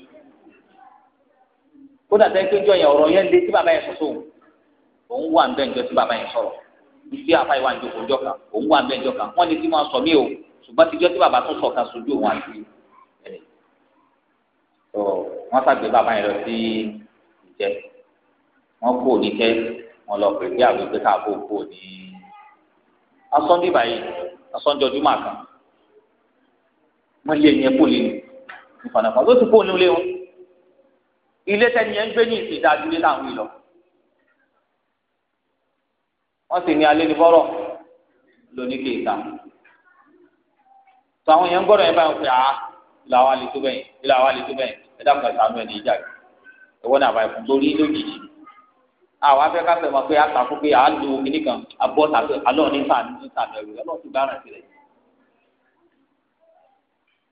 kódà sẹ́yìn pé ń jọ yẹn ọ̀rọ̀ yẹn lé tí bàbá yẹn sọ sóun òun wà nbẹ njọ tí bàbá yẹn sọ̀rọ̀ ìfẹ́ afa ìwà njọkọ njọ kan òun wà nbẹ njọ kan wọn lè ti máa sọ mí o ṣùgbọ́n tíjọ́ tí bàbá tó sọ kan sojú òun àti ẹ̀rẹ̀ tó wọ́n sàgbé bàbá yẹn lọ sí ìjẹ wọ́n kó òní jẹ wọ́n lọ pè é bí àwọn ìgbésà kó òní asọ́ndé báyìí asọ́njọ́ ọdún máa kàn wọ́n lé ẹ̀yìn ẹ̀kọ́ lé ní fanafan ló ti kó ní ilé wọn ilé tẹ́ni ẹ̀ ń gbé ní ìsìn ìdádúlé láwọn ìlọ wọ́n sì ní alẹ́ ní bọ́rọ̀ lóní kéèta tó àwọn yẹn ń gbọ́dọ̀ yẹn báyìí pé àá ìlà wa lè tó bẹ́yìn ìlà wa lè tó bẹ́yìn ẹ̀dá kan ìsànú ẹ̀ ní ìjà ẹ̀wọ́n náà báyìí fún lórí lójijì àwọn afẹ́ kásẹ̀ mọ̀ pé àtàkù pé à ń lu kìnnì kan abọ́ tàbí alọ́ ní sàn ní sàn ẹ̀rù ọlọ́run ti bára tirẹ̀.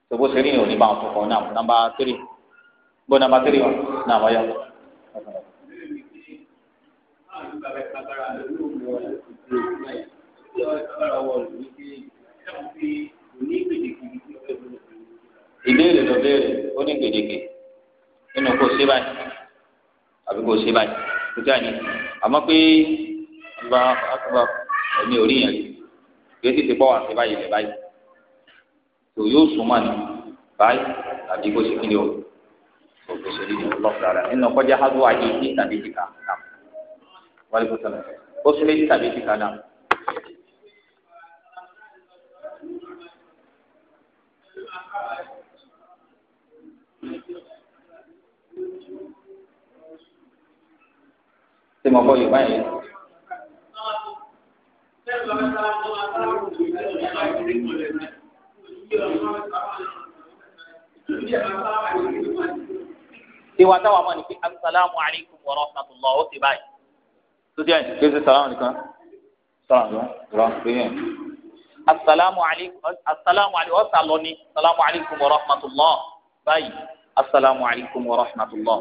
ṣògbó ṣe rí ni òní bá wọn fọkàn náà nàmbà tírì bó nàmbà tírì wọn náà wọ́n yá. ìbéèrè lọ béèrè ó ní gbèdéke nínú kò sí báyìí àbí kò sí báyìí sójà ni àmọ́ pé ìgbà àkùbà ẹ̀mí orí yẹn kí etí ti pọ̀ wá sí báyìí lẹ̀ báyìí tó yóò sùn mọ́ ni báyìí tàbí kó ṣe kí ni o kò kó ṣe ní ọlọ́ọ̀fẹ́ rẹ̀ nínú kọjá hádùn àyè ní tàbí jìkà náà wálé kó sọ̀rọ̀ ó sún méjì tàbí jìkà náà. mọ bọ yorùbá yẹn. ìwà táwọn ọmọ nìkan asalaamu alaykum wa rahmatulah ó ti báyìí. tó díẹ̀ ní kí n ṣe salaamu nìkan salaamu nìkan pé yẹn. asalaamu alaykum asalaamu alaykum ọ̀sà lọ ní salaamu wa rahmatulah báyìí asalaamu alaykum wa rahmatulah.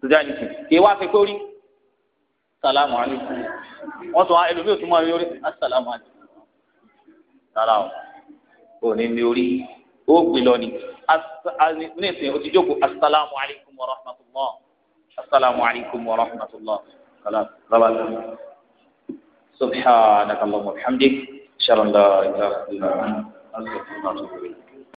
tó díẹ̀ kí n wá fi kórìí salamu alaykum wọn tún ẹlòmíì ò tún máa yọrí asalamu alaykum rárá o kò ní ní orí ó gbé lọ ni ní ìsìn o ti jókòó asalamu alaykum wa rahmatulah asalamu alaykum wa rahmatulah lọ́ba lọ́ba subhanaka allahumma wa bihamdik sharon la ilaha illa anta astaghfiruka